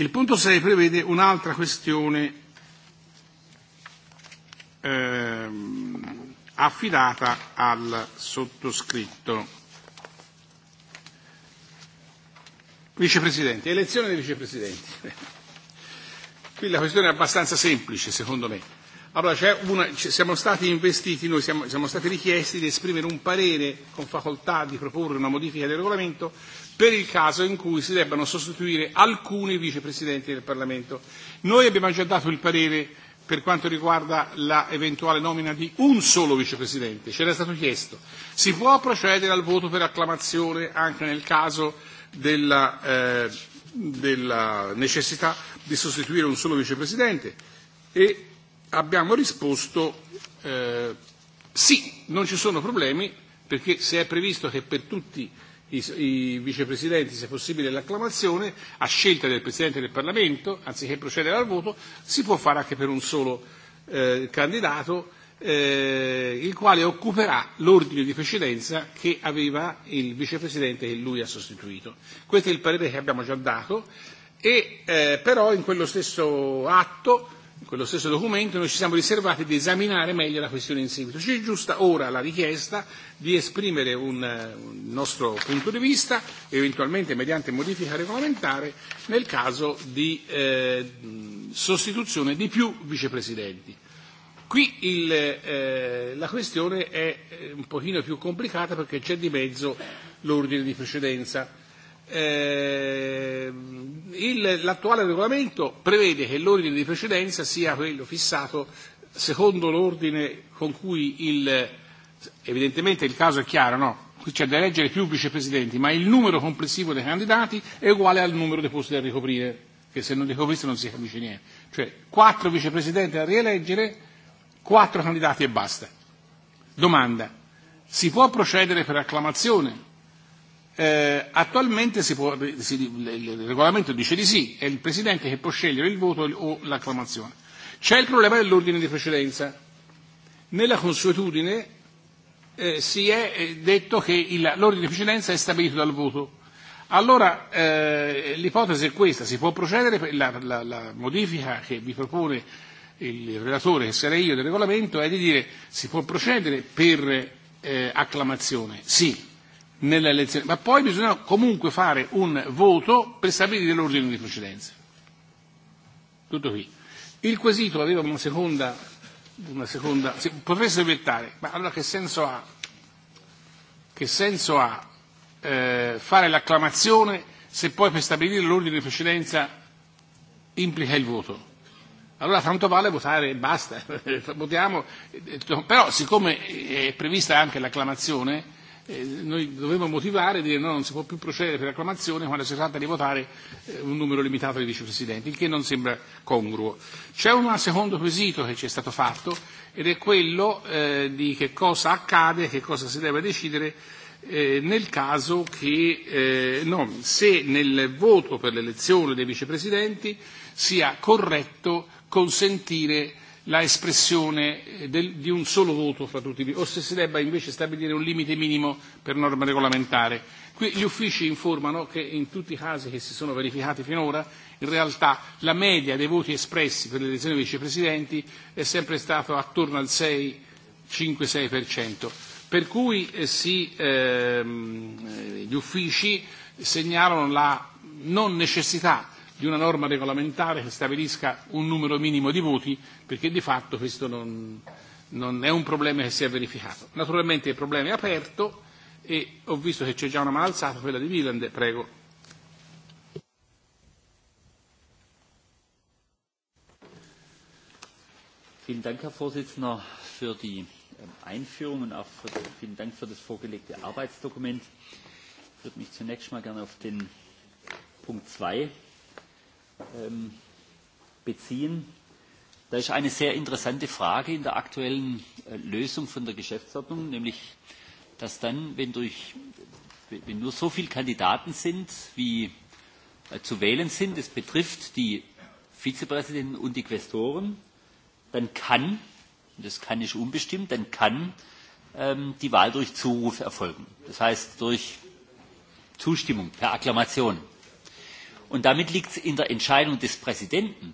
S1: Il punto 6 prevede un'altra questione ehm, affidata al sottoscritto. Vicepresidente, elezione dei vicepresidenti. Qui la questione è abbastanza semplice, secondo me Allora, cioè una, siamo stati investiti, noi siamo, siamo stati richiesti di esprimere un parere con facoltà di proporre una modifica del regolamento per il caso in cui si debbano sostituire alcuni vicepresidenti del Parlamento. Noi abbiamo già dato il parere per quanto riguarda l'eventuale nomina di un solo vicepresidente, ce l'è stato chiesto. Si può procedere al voto per acclamazione anche nel caso della, eh, della necessità di sostituire un solo vicepresidente e abbiamo risposto eh, sì, non ci sono problemi, perché se è previsto che per tutti i, i vicepresidenti sia possibile l'acclamazione, a scelta del Presidente del Parlamento, anziché procedere al voto, si può fare anche per un solo eh, candidato, eh, il quale occuperà l'ordine di precedenza che aveva il vicepresidente che lui ha sostituito. Questo è il parere che abbiamo già dato e eh, però in quello stesso atto quello stesso documento, noi ci siamo riservati di esaminare meglio la questione in seguito. C'è giusta ora la richiesta di esprimere un, un nostro punto di vista, eventualmente mediante modifica regolamentare, nel caso di eh, sostituzione di più vicepresidenti. Qui il, eh, la questione è un pochino più complicata perché c'è di mezzo l'ordine di precedenza eh, l'attuale regolamento prevede che l'ordine di precedenza sia quello fissato secondo l'ordine con cui il evidentemente il caso è chiaro, no? Qui c'è da eleggere più vicepresidenti, ma il numero complessivo dei candidati è uguale al numero dei posti da ricoprire, che se non ricoprisse non si capisce niente. Cioè quattro vicepresidenti da rieleggere, quattro candidati e basta. Domanda. Si può procedere per acclamazione? Eh, attualmente si può, si, il regolamento dice di sì, è il Presidente che può scegliere il voto o l'acclamazione. C'è il problema dell'ordine di precedenza. Nella consuetudine eh, si è detto che l'ordine di precedenza è stabilito dal voto. Allora eh, l'ipotesi è questa, si può procedere, la, la, la modifica che vi propone il relatore, che sarei io del regolamento, è di dire si può procedere per eh, acclamazione, sì, nella elezione, ma poi bisogna comunque fare un voto per stabilire l'ordine di precedenza. Tutto qui. Il quesito aveva una seconda, una seconda sì, potreste obiettare, ma allora che senso ha, che senso ha eh, fare l'acclamazione se poi per stabilire l'ordine di precedenza implica il voto? Allora tanto vale votare e basta, votiamo, però siccome è prevista anche l'acclamazione, noi dovremmo motivare e dire no, non si può più procedere per acclamazione quando si tratta di votare un numero limitato di vicepresidenti, il che non sembra congruo. C'è un secondo quesito che ci è stato fatto ed è quello eh, di che cosa accade, che cosa si deve decidere eh, nel caso che, eh, no, se nel voto per l'elezione dei vicepresidenti sia corretto consentire la espressione del, di un solo voto fra tutti, o se si debba invece stabilire un limite minimo per norma regolamentare. Qui gli uffici informano che in tutti i casi che si sono verificati finora, in realtà la media dei voti espressi per le elezioni dei vicepresidenti è sempre stata attorno al 6-5-6%, per cui eh, sì, ehm, gli uffici segnalano la non necessità di una norma regolamentare che stabilisca un numero minimo di voti, perché di fatto questo non, non è un problema che si è verificato. Naturalmente il problema è aperto e ho visto che c'è già una mano alzata, quella di Wieland, prego.
S12: Vielen Dank, Herr Vorsitzender, für die Einführung und auch für, vielen Dank für das vorgelegte Arbeitsdokument. Ich würde mich zunächst mal gerne auf den Punkt 2 beziehen. Da ist eine sehr interessante Frage in der aktuellen Lösung von der Geschäftsordnung, nämlich, dass dann, wenn, durch, wenn nur so viele Kandidaten sind, wie zu wählen sind, das betrifft die Vizepräsidenten und die Questoren, dann kann, und das kann nicht unbestimmt, dann kann die Wahl durch Zuruf erfolgen. Das heißt durch Zustimmung per Akklamation. Und damit liegt es in der Entscheidung des Präsidenten,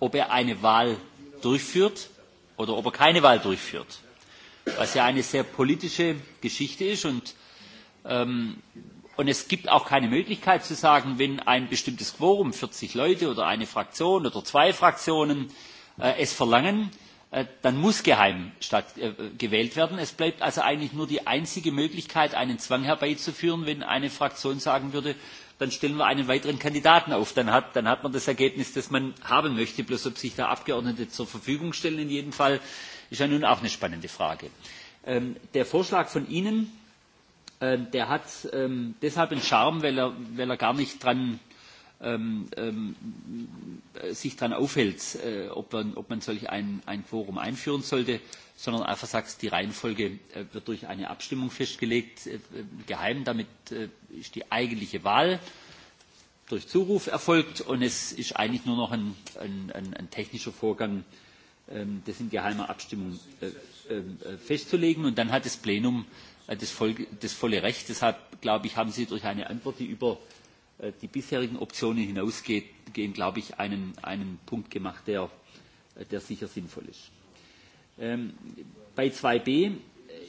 S12: ob er eine Wahl durchführt oder ob er keine Wahl durchführt. Was ja eine sehr politische Geschichte ist und, ähm, und es gibt auch keine Möglichkeit zu sagen, wenn ein bestimmtes Quorum, 40 Leute oder eine Fraktion oder zwei Fraktionen äh, es verlangen, äh, dann muss geheim statt, äh, gewählt werden. Es bleibt also eigentlich nur die einzige Möglichkeit, einen Zwang herbeizuführen, wenn eine Fraktion sagen würde, dann stellen wir einen weiteren Kandidaten auf. Dann hat, dann hat man das Ergebnis, das man haben möchte. Bloß ob sich da Abgeordnete zur Verfügung stellen in jedem Fall, ist ja nun auch eine spannende Frage. der Vorschlag von Ihnen, der hat deshalb einen Charme, weil er, weil er gar nicht dran sich daran aufhält, ob, man, solch ein, Quorum einführen sollte, sondern einfach sagt, die Reihenfolge wird durch eine Abstimmung festgelegt, geheim. Damit ist die eigentliche Wahl durch Zuruf erfolgt und es ist eigentlich nur noch ein, technischer Vorgang, das in geheimer Abstimmung festzulegen. Und dann hat das Plenum das, volle Recht. Deshalb, glaube ich, haben Sie durch eine Antwort, die über die bisherigen Optionen hinausgehen, glaube ich, einen, einen Punkt gemacht, der, der sicher sinnvoll ist. bei 2b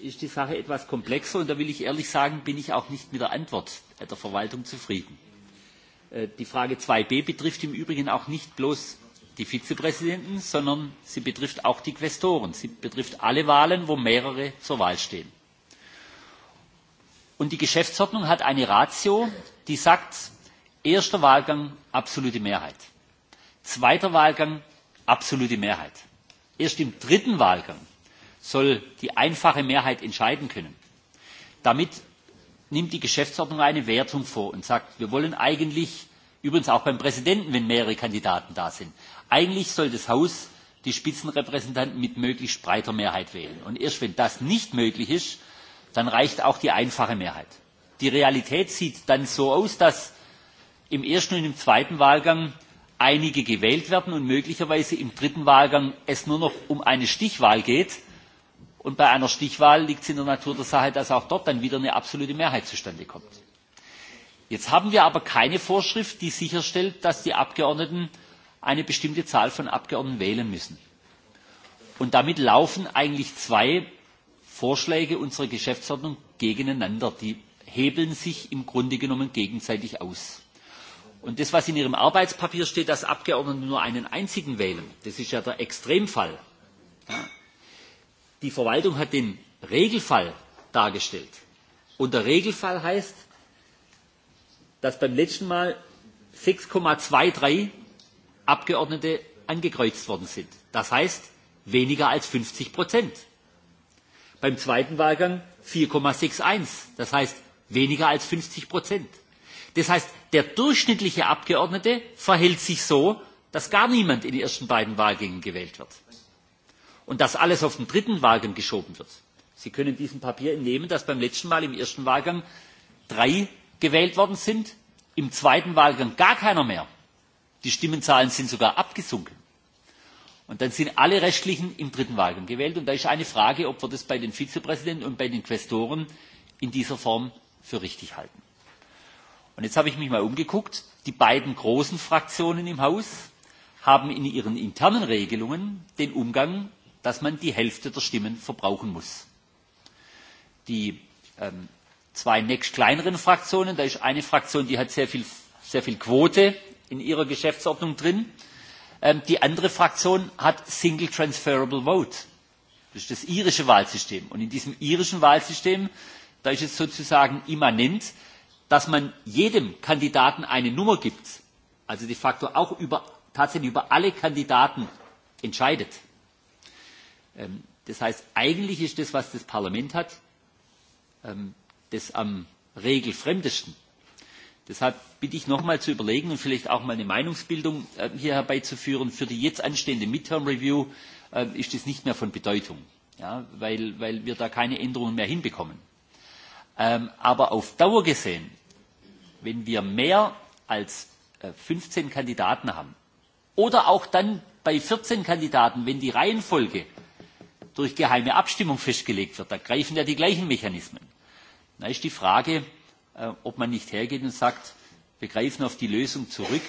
S12: ist die Sache etwas komplexer und da will ich ehrlich sagen, bin ich auch nicht mit der Antwort der Verwaltung zufrieden. Die Frage 2b betrifft im Übrigen auch nicht bloß die Vizepräsidenten, sondern sie betrifft auch die Questoren. Sie betrifft alle Wahlen, wo mehrere zur Wahl stehen. Und die Geschäftsordnung hat eine Ratio, die sagt, Erster Wahlgang absolute Mehrheit. Zweiter Wahlgang absolute Mehrheit. Erst im dritten Wahlgang soll die einfache Mehrheit entscheiden können. Damit nimmt die Geschäftsordnung eine Wertung vor und sagt, wir wollen eigentlich, übrigens auch beim Präsidenten, wenn mehrere Kandidaten da sind, eigentlich soll das Haus die Spitzenrepräsentanten mit möglichst breiter Mehrheit wählen. Und erst wenn das nicht möglich ist, dann reicht auch die einfache Mehrheit. Die Realität sieht dann so aus, dass im ersten und im zweiten Wahlgang einige gewählt werden und möglicherweise im dritten Wahlgang es nur noch um eine Stichwahl geht. Und bei einer Stichwahl liegt es in der Natur der Sache, dass auch dort dann wieder eine absolute Mehrheit zustande kommt. Jetzt haben wir aber keine Vorschrift, die sicherstellt, dass die Abgeordneten eine bestimmte Zahl von Abgeordneten wählen müssen. Und damit laufen eigentlich zwei Vorschläge unserer Geschäftsordnung gegeneinander. Die hebeln sich im Grunde genommen gegenseitig aus. Und das, was in Ihrem Arbeitspapier steht, dass Abgeordnete nur einen einzigen wählen, das ist ja der Extremfall. Die Verwaltung hat den Regelfall dargestellt. Und der Regelfall heißt, dass beim letzten Mal 6,23 Abgeordnete angekreuzt worden sind. Das heißt weniger als 50 Prozent. Beim zweiten Wahlgang 4,61. Das heißt weniger als 50 Prozent. Das heißt, der durchschnittliche Abgeordnete verhält sich so, dass gar niemand in den ersten beiden Wahlgängen gewählt wird. Und dass alles auf den dritten Wahlgang geschoben wird. Sie können diesem Papier entnehmen, dass beim letzten Mal im ersten Wahlgang drei gewählt worden sind, im zweiten Wahlgang gar keiner mehr. Die Stimmenzahlen sind sogar abgesunken. Und dann sind alle restlichen im dritten Wahlgang gewählt. Und da ist eine Frage, ob wir das bei den Vizepräsidenten und bei den Questoren in dieser Form für richtig halten. Und jetzt habe ich mich mal umgeguckt. Die beiden großen Fraktionen im Haus haben in ihren internen Regelungen den Umgang, dass man die Hälfte der Stimmen verbrauchen muss. Die ähm, zwei nächst kleineren Fraktionen, da ist eine Fraktion, die hat sehr viel, sehr viel Quote in ihrer Geschäftsordnung drin. Ähm, die andere Fraktion hat Single Transferable Vote. Das ist das irische Wahlsystem. Und in diesem irischen Wahlsystem, da ist es sozusagen immanent, dass man jedem Kandidaten eine Nummer gibt, also de facto auch über, tatsächlich über alle Kandidaten entscheidet. Das heißt, eigentlich ist das, was das Parlament hat, das am regelfremdesten. Deshalb bitte ich nochmal zu überlegen und vielleicht auch mal eine Meinungsbildung hier herbeizuführen. Für die jetzt anstehende Midterm Review ist das nicht mehr von Bedeutung, ja, weil, weil wir da keine Änderungen mehr hinbekommen. aber auf Dauer gesehen wenn wir mehr als fünfzehn Kandidaten haben oder auch dann bei vierzehn Kandidaten, wenn die Reihenfolge durch geheime Abstimmung festgelegt wird, da greifen ja die gleichen Mechanismen. Da ist die Frage, ob man nicht hergeht und sagt, wir greifen auf die Lösung zurück,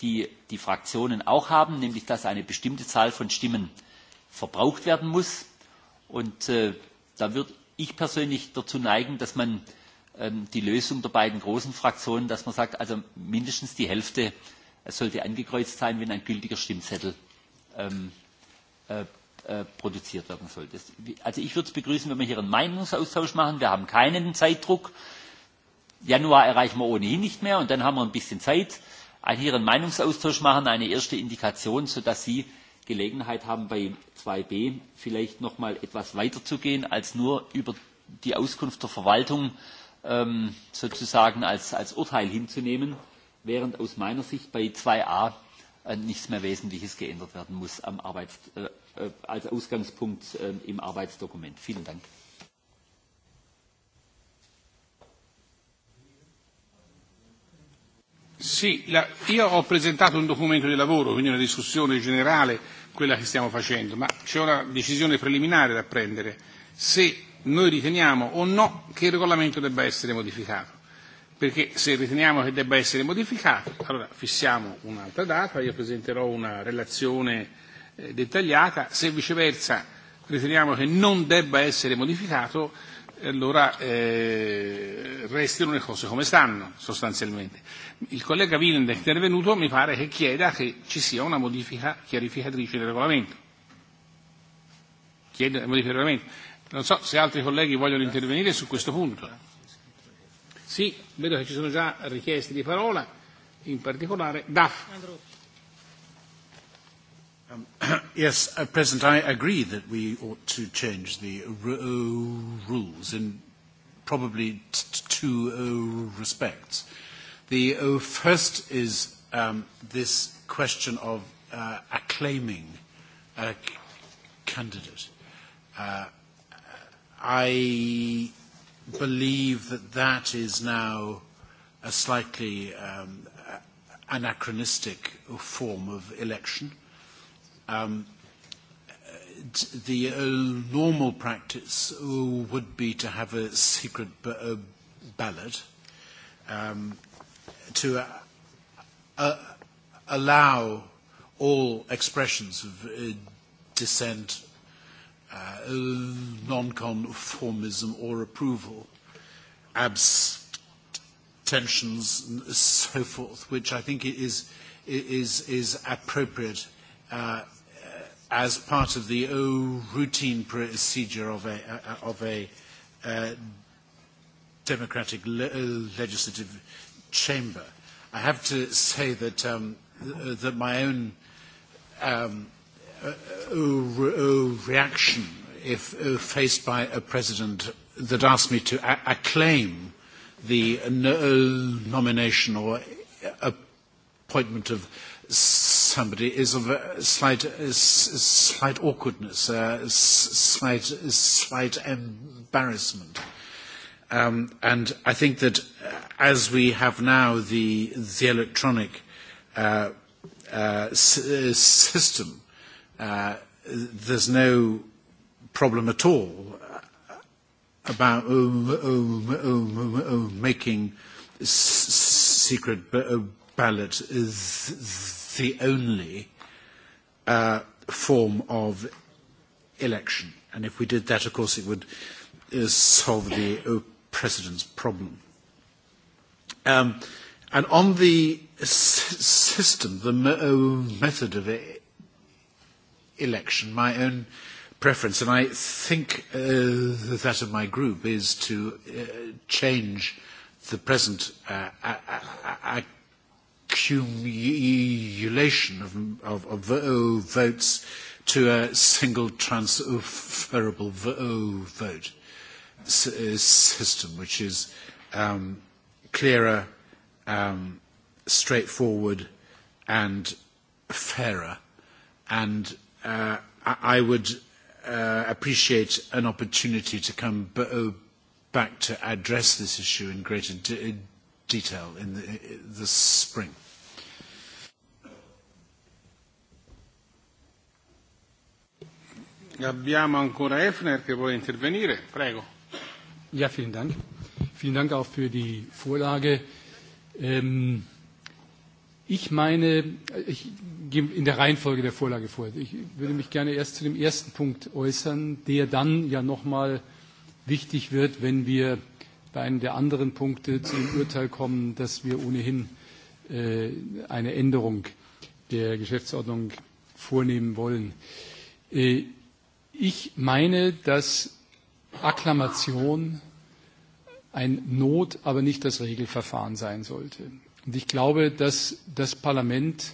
S12: die die Fraktionen auch haben, nämlich dass eine bestimmte Zahl von Stimmen verbraucht werden muss. Und da würde ich persönlich dazu neigen, dass man die Lösung der beiden großen Fraktionen, dass man sagt, also mindestens die Hälfte sollte angekreuzt sein, wenn ein gültiger Stimmzettel produziert werden sollte. Also ich würde es begrüßen, wenn wir hier einen Meinungsaustausch machen. Wir haben keinen Zeitdruck. Januar erreichen wir ohnehin nicht mehr und dann haben wir ein bisschen Zeit. Hier einen Meinungsaustausch machen, eine erste Indikation, sodass Sie Gelegenheit haben, bei 2b vielleicht noch mal etwas weiter zu gehen, als nur über die Auskunft der Verwaltung äh, sozusagen als, als Urteil hinzunehmen, während aus meiner Sicht bei 2a nichts mehr Wesentliches geändert werden muss am Arbeits, äh, als Ausgangspunkt äh, im Arbeitsdokument. Vielen Dank.
S1: Sì, la, io ho presentato un documento di lavoro, quindi una discussione generale, quella che stiamo facendo, ma c'è una decisione preliminare da prendere. Se noi riteniamo o no che il regolamento debba essere modificato. Perché se riteniamo che debba essere modificato, allora fissiamo un'altra data, io presenterò una relazione eh, dettagliata, se viceversa riteniamo che non debba essere modificato, allora eh, restino le cose come stanno sostanzialmente. Il collega Willend è intervenuto, mi pare che chieda che ci sia una modifica chiarificatrice del regolamento. Chiede modifica del regolamento. Non so se altri colleghi vogliono intervenire su questo punto. Sì, vedo che ci sono già richieste di parola, in particolare DAF.
S4: Yes, uh, President, I agree that we ought to change the rules in probably two respects. The first is um, this question of uh, acclaiming a candidate. Uh, I believe that that is now a slightly um, anachronistic form of election. Um, the uh, normal practice would be to have a secret b- uh, ballot um, to uh, uh, allow all expressions of uh, dissent uh non-conformism or approval, abstentions, and so forth, which I think is, is, is appropriate uh, as part of the routine procedure of a, of a uh, democratic le- legislative chamber. I have to say that, um, that my own um, – reaction if faced by a president that asked me to acclaim the nomination or appointment of somebody is of a slight, slight awkwardness, a slight, slight embarrassment. Um, and I think that as we have now the, the electronic uh, uh, s- system, uh, there's no problem at all about making secret ballot the only uh, form of election. And if we did that, of course, it would solve the precedence problem. Um, and on the system, the method of election. My own preference, and I think uh, that of my group, is to uh, change the present uh, accumulation of, of, of votes to a single transferable vote system, which is um, clearer, um, straightforward, and fairer, and I would appreciate an opportunity to come back to address this issue in greater detail in the, the spring.
S1: Abbiamo ancora Efner che vuole intervenire. Prego.
S10: Ja, vielen Dank. Vielen Dank auch für die Vorlage. Ähm, Ich meine, ich gehe in der Reihenfolge der Vorlage vor. Ich würde mich gerne erst zu dem ersten Punkt äußern, der dann ja nochmal wichtig wird, wenn wir bei einem der anderen Punkte zu dem Urteil kommen, dass wir ohnehin eine Änderung der Geschäftsordnung vornehmen wollen. Ich meine, dass Akklamation ein Not, aber nicht das Regelverfahren sein sollte. Und ich glaube, dass das Parlament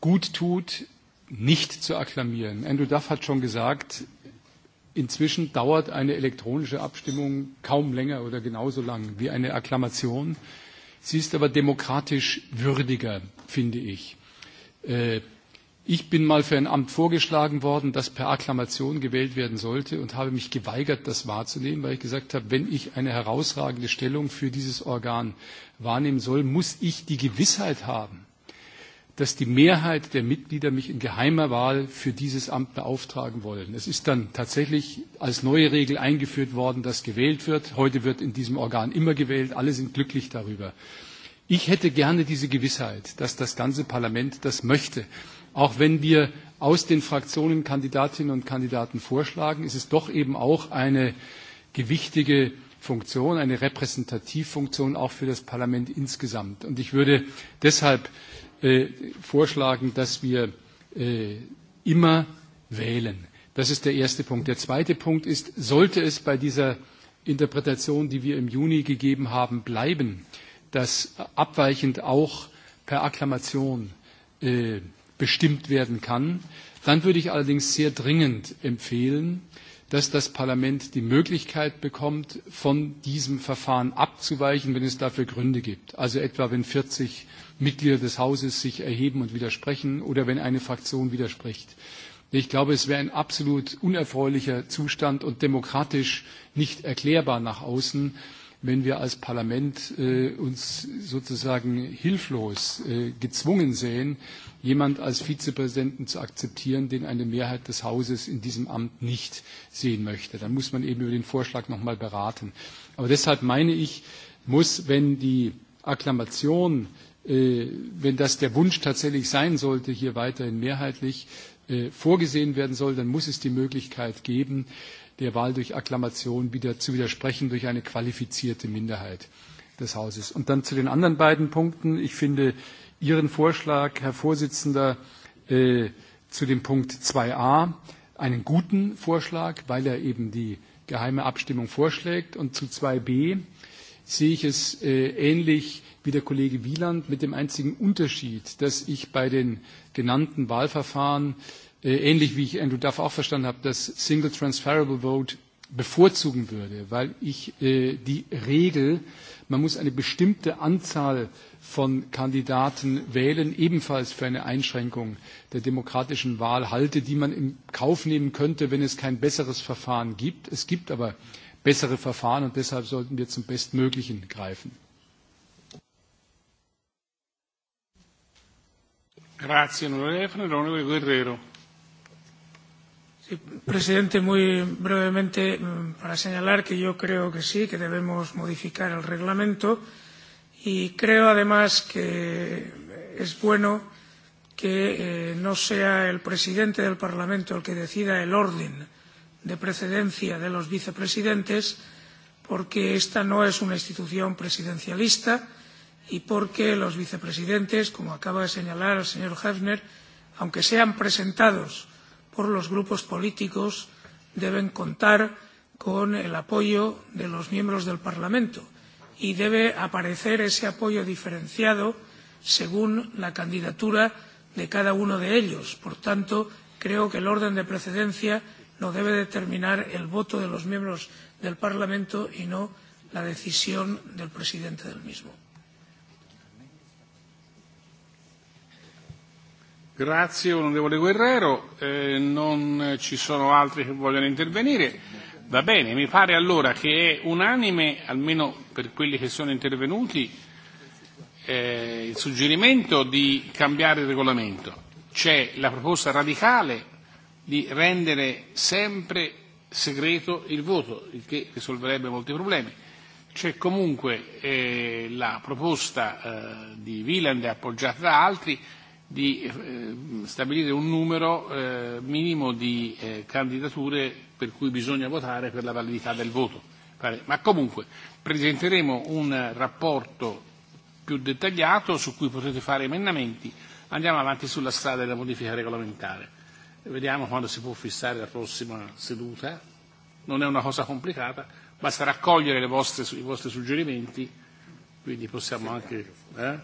S10: gut tut, nicht zu akklamieren. Andrew Duff hat schon gesagt, inzwischen dauert eine elektronische Abstimmung kaum länger oder genauso lang wie eine Akklamation. Sie ist aber demokratisch würdiger, finde ich. Ich bin mal für ein Amt vorgeschlagen worden, das per Akklamation gewählt werden sollte und habe mich geweigert, das wahrzunehmen, weil ich gesagt habe, wenn ich eine herausragende Stellung für dieses Organ wahrnehmen soll, muss ich die Gewissheit haben, dass die Mehrheit der Mitglieder mich in geheimer Wahl für dieses Amt beauftragen wollen. Es ist dann tatsächlich als neue Regel eingeführt worden, dass gewählt wird. Heute wird in diesem Organ immer gewählt. Alle sind glücklich darüber. Ich hätte gerne diese Gewissheit, dass das ganze Parlament das möchte auch wenn wir aus den Fraktionen Kandidatinnen und Kandidaten vorschlagen, ist es doch eben auch eine gewichtige Funktion, eine Repräsentativfunktion auch für das Parlament insgesamt. Und ich würde deshalb vorschlagen, dass wir immer wählen. Das ist der erste Punkt. Der zweite Punkt ist, sollte es bei dieser Interpretation, die wir im Juni gegeben haben, bleiben, dass abweichend auch per Akklamation bestimmt werden kann. Dann würde ich allerdings sehr dringend empfehlen, dass das Parlament die Möglichkeit bekommt, von diesem Verfahren abzuweichen, wenn es dafür Gründe gibt. Also etwa, wenn 40 Mitglieder des Hauses sich erheben und widersprechen oder wenn eine Fraktion widerspricht. Ich glaube, es wäre ein absolut unerfreulicher Zustand und demokratisch nicht erklärbar nach außen, wenn wir als Parlament uns sozusagen hilflos gezwungen sehen, jemand als Vizepräsidenten zu akzeptieren, den eine Mehrheit des Hauses in diesem Amt nicht sehen möchte. Dann muss man eben über den Vorschlag noch mal beraten. Aber deshalb meine ich, muss, wenn die Akklamation, wenn das der Wunsch tatsächlich sein sollte, hier weiterhin mehrheitlich vorgesehen werden soll, dann muss es die Möglichkeit geben, der Wahl durch Akklamation wieder zu widersprechen durch eine qualifizierte Minderheit des Hauses. Und dann zu den anderen beiden Punkten. Ich finde Ihren Vorschlag, Herr Vorsitzender, zu dem Punkt 2a einen guten Vorschlag, weil er eben die geheime Abstimmung vorschlägt. Und zu 2b sehe ich es ähnlich wie der Kollege Wieland mit dem einzigen Unterschied, dass ich bei den genannten Wahlverfahren ähnlich wie ich Andrew Duff auch verstanden habe, das Single Transferable Vote bevorzugen würde, weil ich die Regel, man muss eine bestimmte Anzahl von Kandidaten wählen, ebenfalls für eine Einschränkung der demokratischen Wahl halte, die man in Kauf nehmen könnte, wenn es kein besseres Verfahren gibt. Es gibt aber bessere Verfahren und deshalb sollten wir zum Bestmöglichen greifen.
S1: Grazie, onorevole Guerrero.
S2: Presidente, muy brevemente para señalar que yo creo que sí, que debemos modificar el reglamento y creo además que es bueno que no sea el presidente del Parlamento el que decida el orden de precedencia de los vicepresidentes, porque esta no es una institución presidencialista y porque los vicepresidentes, como acaba de señalar el señor Hefner, aunque sean presentados por los grupos políticos deben contar con el apoyo de los miembros del Parlamento y debe aparecer ese apoyo diferenciado según la candidatura de cada uno de ellos. Por tanto, creo que el orden de precedencia no debe determinar el voto de los miembros del Parlamento y no la decisión del presidente del mismo.
S1: Grazie onorevole Guerrero, eh, non ci sono altri che vogliono intervenire. Va bene, mi pare allora che è unanime, almeno per quelli che sono intervenuti, eh, il suggerimento di cambiare il regolamento. C'è la proposta radicale di rendere sempre segreto il voto, il che risolverebbe molti problemi. C'è comunque eh, la proposta eh, di Wieland appoggiata da altri di eh, stabilire un numero eh, minimo di eh, candidature per cui bisogna votare per la validità del voto. Ma comunque presenteremo un rapporto più dettagliato su cui potete fare emendamenti. Andiamo avanti sulla strada della modifica regolamentare. Vediamo quando si può fissare la prossima seduta. Non è una cosa complicata, basta raccogliere le vostre, i vostri suggerimenti, quindi possiamo anche. Eh?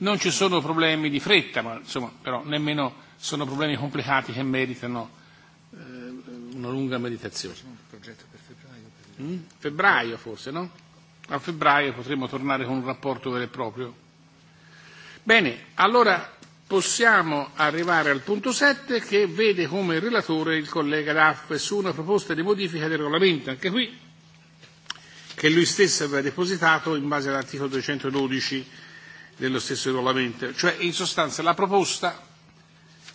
S1: Non ci sono problemi di fretta, ma insomma, però nemmeno sono problemi complicati che meritano eh, una lunga meditazione. Mm? Febbraio forse, no? A febbraio potremo tornare con un rapporto vero e proprio. Bene, allora possiamo arrivare al punto 7 che vede come relatore il collega Daff su una proposta di modifica del regolamento, anche qui, che lui stesso aveva depositato in base all'articolo 212 dello stesso regolamento, cioè in sostanza la proposta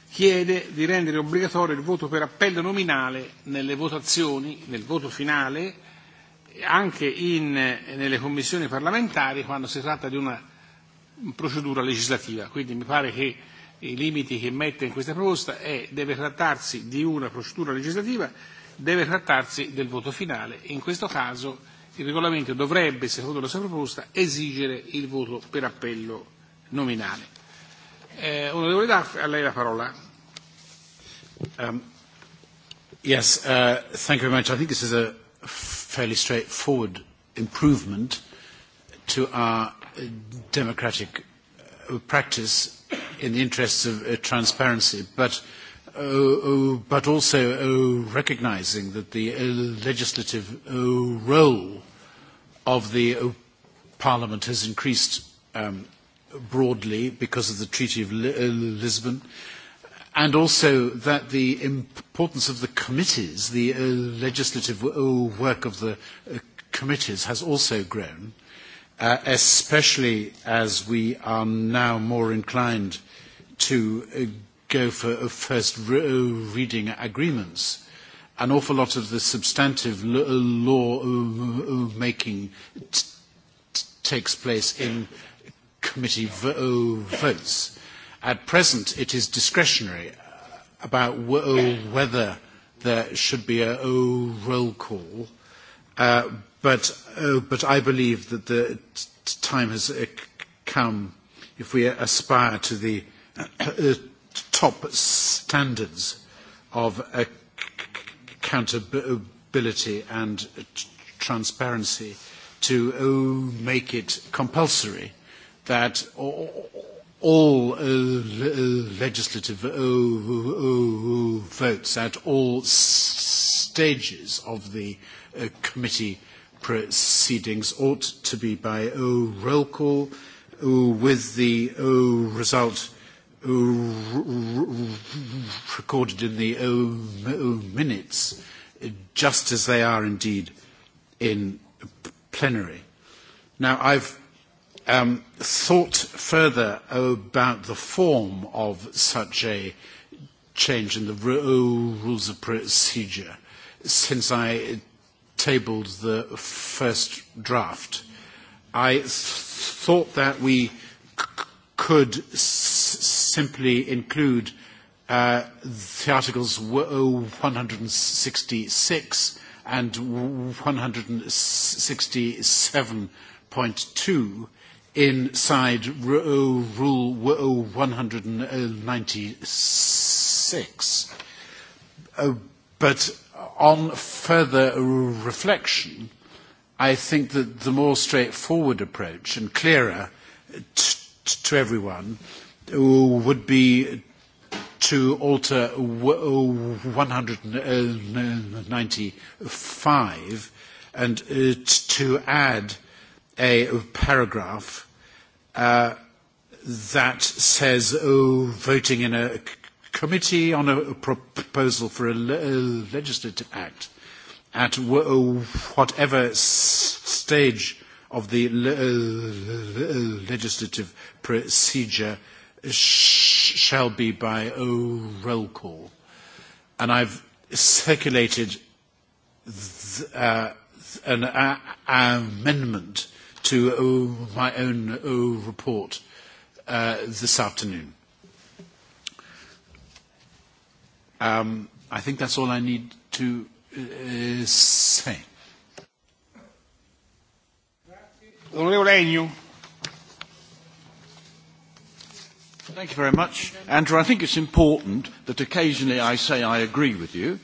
S1: chiede di rendere obbligatorio il voto per appello nominale nelle votazioni, nel voto finale, anche in, nelle commissioni parlamentari quando si tratta di una procedura legislativa. Quindi mi pare che i limiti che mette in questa proposta è deve trattarsi di una procedura legislativa, deve trattarsi del voto finale. In questo caso il regolamento dovrebbe, secondo la sua proposta, esigere il voto per appello nominale. Eh, onorevole Daff, a lei la parola.
S4: Um, yes, uh, thank you very much. I think this is a fairly straightforward improvement to our democratic practice in the interests of uh, transparency. But but also recognising that the legislative role of the Parliament has increased broadly because of the Treaty of Lisbon, and also that the importance of the committees, the legislative work of the committees has also grown, especially as we are now more inclined to go for first reading agreements, an awful lot of the substantive law making takes place in committee votes. At present, it is discretionary about whether there should be a roll call, but I believe that the time has come if we aspire to the top standards of accountability and transparency to make it compulsory that all legislative votes at all stages of the committee proceedings ought to be by roll call with the result recorded in the minutes, just as they are indeed in plenary. Now, I've um, thought further about the form of such a change in the rules of procedure since I tabled the first draft. I thought that we could simply include uh, the Articles 166 and 167.2 inside Rule 196. But on further reflection, I think that the more straightforward approach and clearer to everyone would be to alter 195 and to add a paragraph that says voting in a committee on a proposal for a legislative act at whatever stage of the legislative procedure shall be by roll call. And I've circulated an amendment to my own report this afternoon. Um, I think that's all I need to say. Onorevole
S8: Thank you very much. Andrew, I think it's important that occasionally I say I agree with you,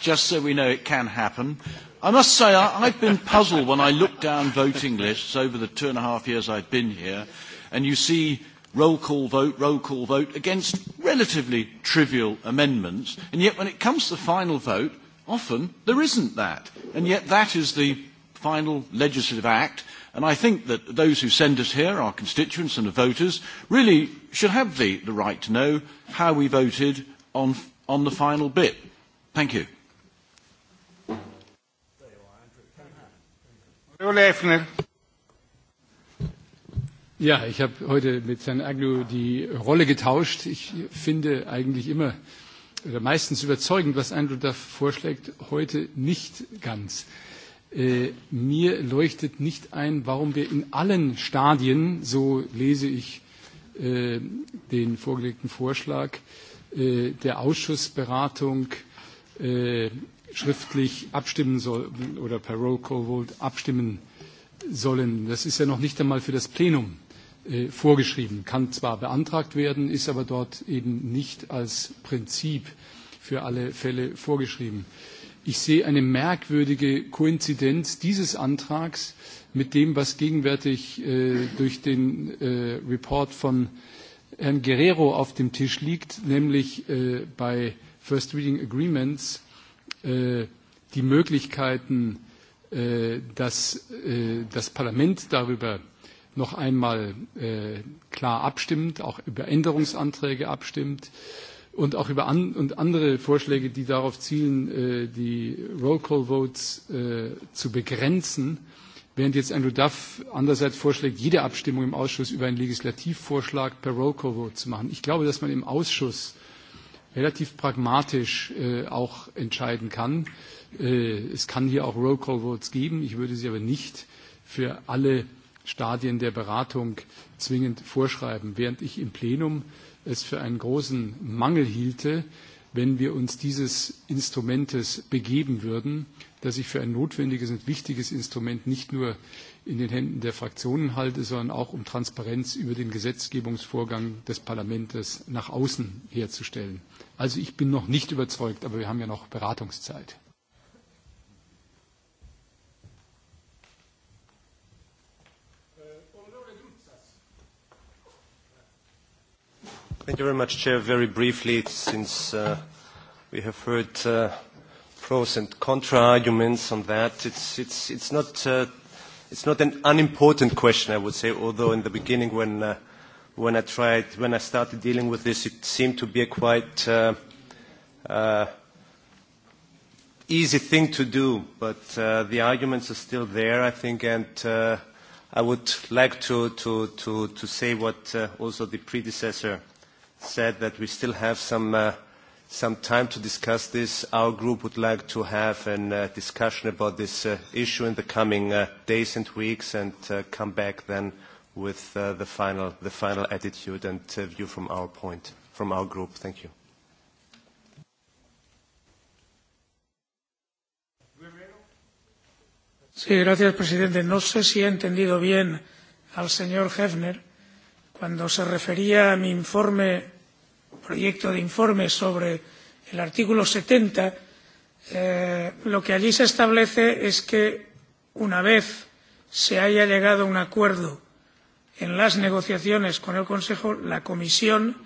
S8: just so we know it can happen. I must say, I, I've been puzzled when I look down voting lists over the two and a half years I've been here, and you see roll call vote, roll call vote against relatively trivial amendments, and yet when it comes to the final vote, often there isn't that. And yet that is the final legislative act And I think that those who send us here, our constituents and the voters, really should have the, the right to know how we voted on, on the final bit. Thank you.
S10: Ja, ich habe heute mit Herrn Agnew die Rolle getauscht. Ich finde eigentlich immer oder meistens überzeugend, was Andrew da vorschlägt, heute nicht ganz. Äh, mir leuchtet nicht ein, warum wir in allen Stadien, so lese ich den vorgelegten Vorschlag der Ausschussberatung schriftlich abstimmen sollen oder per Roll Call Vote abstimmen sollen. Das ist ja noch nicht einmal für das Plenum vorgeschrieben, kann zwar beantragt werden, ist aber dort eben nicht als Prinzip für alle Fälle vorgeschrieben. Äh, Ich sehe eine merkwürdige Koinzidenz dieses Antrags mit dem, was gegenwärtig durch den Report von Herrn Guerrero auf dem Tisch liegt, nämlich bei First Reading Agreements die Möglichkeiten, dass das Parlament darüber noch einmal klar abstimmt, auch über Änderungsanträge abstimmt und auch über an, und andere Vorschläge, die darauf zielen, äh, die Roll Call Votes äh, zu begrenzen, während jetzt Andrew Duff andererseits vorschlägt, jede Abstimmung im Ausschuss über einen Legislativvorschlag per Roll Call Vote zu machen. Ich glaube, dass man im Ausschuss relativ pragmatisch äh, auch entscheiden kann. Äh, es kann hier auch Roll Call Votes geben. Ich würde sie aber nicht für alle Stadien der Beratung zwingend vorschreiben, während ich im Plenum äh, es für einen großen Mangel hielte, wenn wir uns dieses Instrumentes begeben würden, dass ich für ein notwendiges und wichtiges Instrument nicht nur in den Händen der Fraktionen halte, sondern auch um Transparenz über den Gesetzgebungsvorgang des Parlaments nach außen herzustellen. Also ich bin noch nicht überzeugt, aber wir haben ja noch Beratungszeit.
S9: Thank you very much, Chair. Very briefly, since uh, we have heard uh, pros and contra arguments on that, it's, it's, it's, not, uh, it's not an unimportant question, I would say, although in the beginning when, uh, when, I, tried, when I started dealing with this, it seemed to be a quite uh, uh, easy thing to do, but uh, the arguments are still there, I think, and uh, I would like to, to, to, to say what uh, also the predecessor – said that we still have some uh, some time to discuss this. Our group would like to have a discussion about this issue in the coming days and weeks and come back then with the final attitude and view from our point, from our group. Thank you.
S2: Sí, gracias, presidente. No sé si he entendido bien al señor Hefner cuando se refería a mi informe proyecto de informe sobre el artículo setenta lo que allí se establece es que una vez se haya llegado a un acuerdo en las negociaciones con el consejo la comisión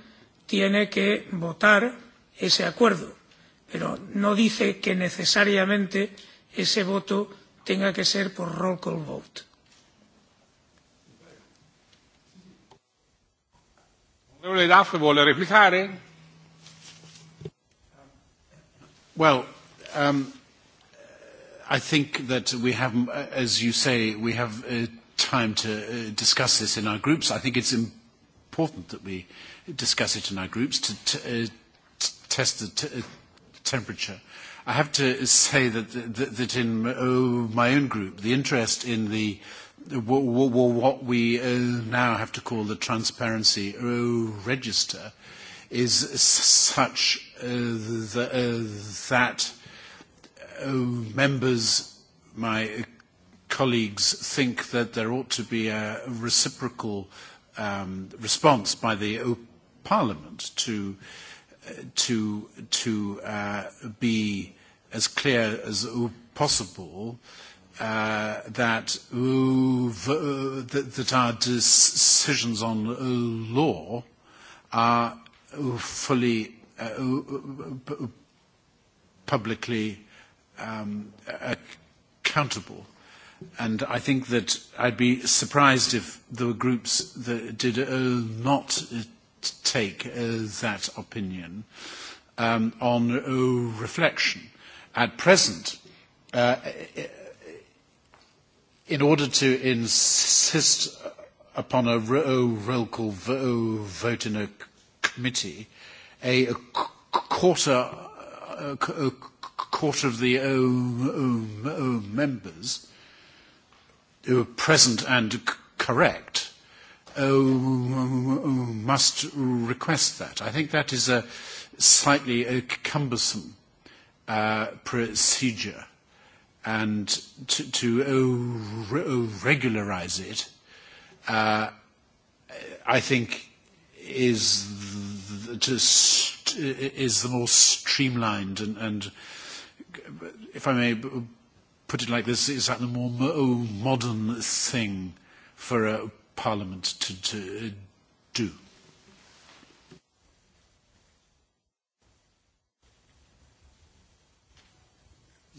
S2: tiene que votar ese acuerdo pero no dice que necesariamente ese voto tenga que ser por roll call vote
S1: Onorevole Daff vuole replicare? Well, um, I think
S4: that we have, as you say, we have uh, time to uh, discuss this in our groups. I think it's important that we discuss it in our groups to t- uh, t- test the t- uh, temperature. I have to say that, that, that in my own group, the interest in the uh, what we now have to call the transparency register is such that members, my colleagues, think that there ought to be a reciprocal response by the Parliament to to to be as clear as possible uh, that, that our decisions on law are fully publicly accountable. And I think that I'd be surprised if there were groups that did not take that opinion on reflection. At present, in order to insist upon a roll call vote in a committee, a quarter, a quarter of the members who are present and correct must request that. I think that is a slightly cumbersome procedure and to, to regularize it, uh, I think is the, to st- is the more streamlined and, and, if I may put it like this, is that the more modern thing for a parliament to,
S1: to do.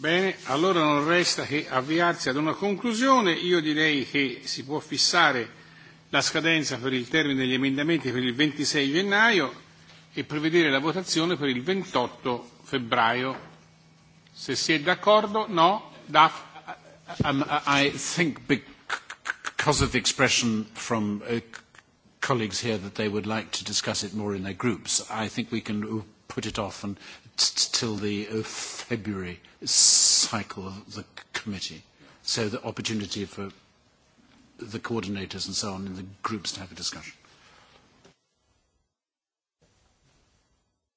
S1: Bene, allora non resta che avviarsi ad una conclusione. Io direi che si può fissare la scadenza per il termine degli emendamenti per il 26 gennaio e prevedere la votazione per il 28 febbraio. Se si è d'accordo, no? Daf? Um, I think
S4: because of the expression from colleagues here that they would like to discuss it more in their groups, I think we can put it off and till the February cycle of the committee. So the opportunity for the coordinators and so on in the groups to have a
S1: discussion.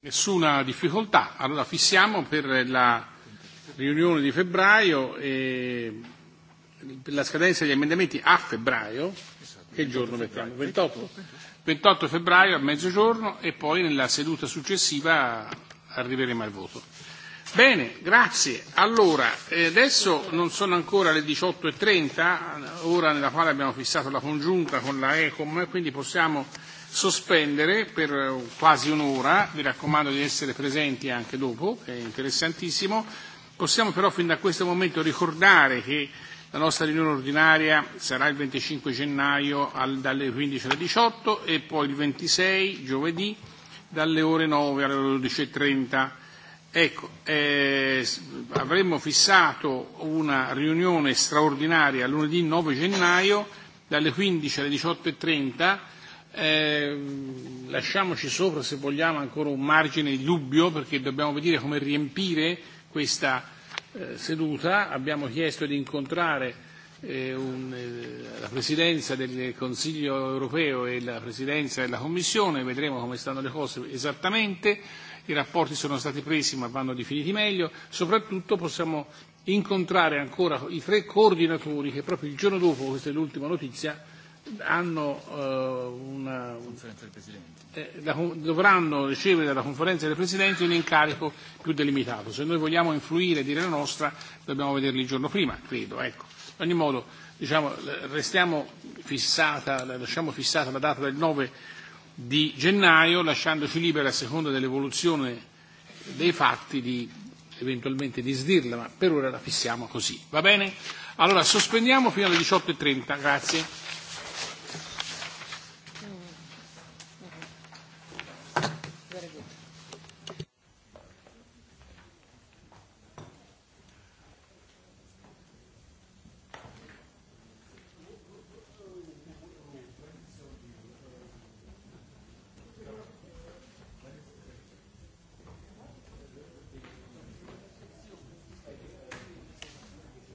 S1: Nessuna difficoltà. Allora fissiamo per la riunione di febbraio e per la scadenza degli emendamenti a febbraio. Che giorno mettiamo? 28. 28 febbraio a mezzogiorno e poi nella seduta successiva arriveremo al voto. Bene, grazie. Allora, adesso non sono ancora le 18.30, ora nella quale abbiamo fissato la congiunta con la ECOM, quindi possiamo sospendere per quasi un'ora, vi raccomando di essere presenti anche dopo, è interessantissimo. Possiamo però fin da questo momento ricordare che la nostra riunione ordinaria sarà il 25 gennaio al, dalle 15 alle 18 e poi il 26 giovedì dalle ore 9 alle ore 12.30. Ecco, eh, avremmo fissato una riunione straordinaria lunedì 9 gennaio dalle 15 alle 18.30. Eh, lasciamoci sopra se vogliamo ancora un margine di dubbio perché dobbiamo vedere come riempire questa eh, seduta. Abbiamo chiesto di incontrare la Presidenza del Consiglio europeo e la Presidenza della Commissione, vedremo come stanno le cose esattamente, i rapporti sono stati presi ma vanno definiti meglio, soprattutto possiamo incontrare ancora i tre coordinatori che proprio il giorno dopo, questa è l'ultima notizia, hanno una dovranno ricevere dalla conferenza dei presidenti un incarico più delimitato. Se noi vogliamo influire e dire la nostra dobbiamo vederli il giorno prima, credo. Ecco ogni modo diciamo, restiamo fissata, lasciamo fissata la data del 9 di gennaio, lasciandoci libera a seconda dell'evoluzione dei fatti di eventualmente di sdirla, ma per ora la fissiamo così. Va bene? Allora sospendiamo fino alle 18.30. Grazie.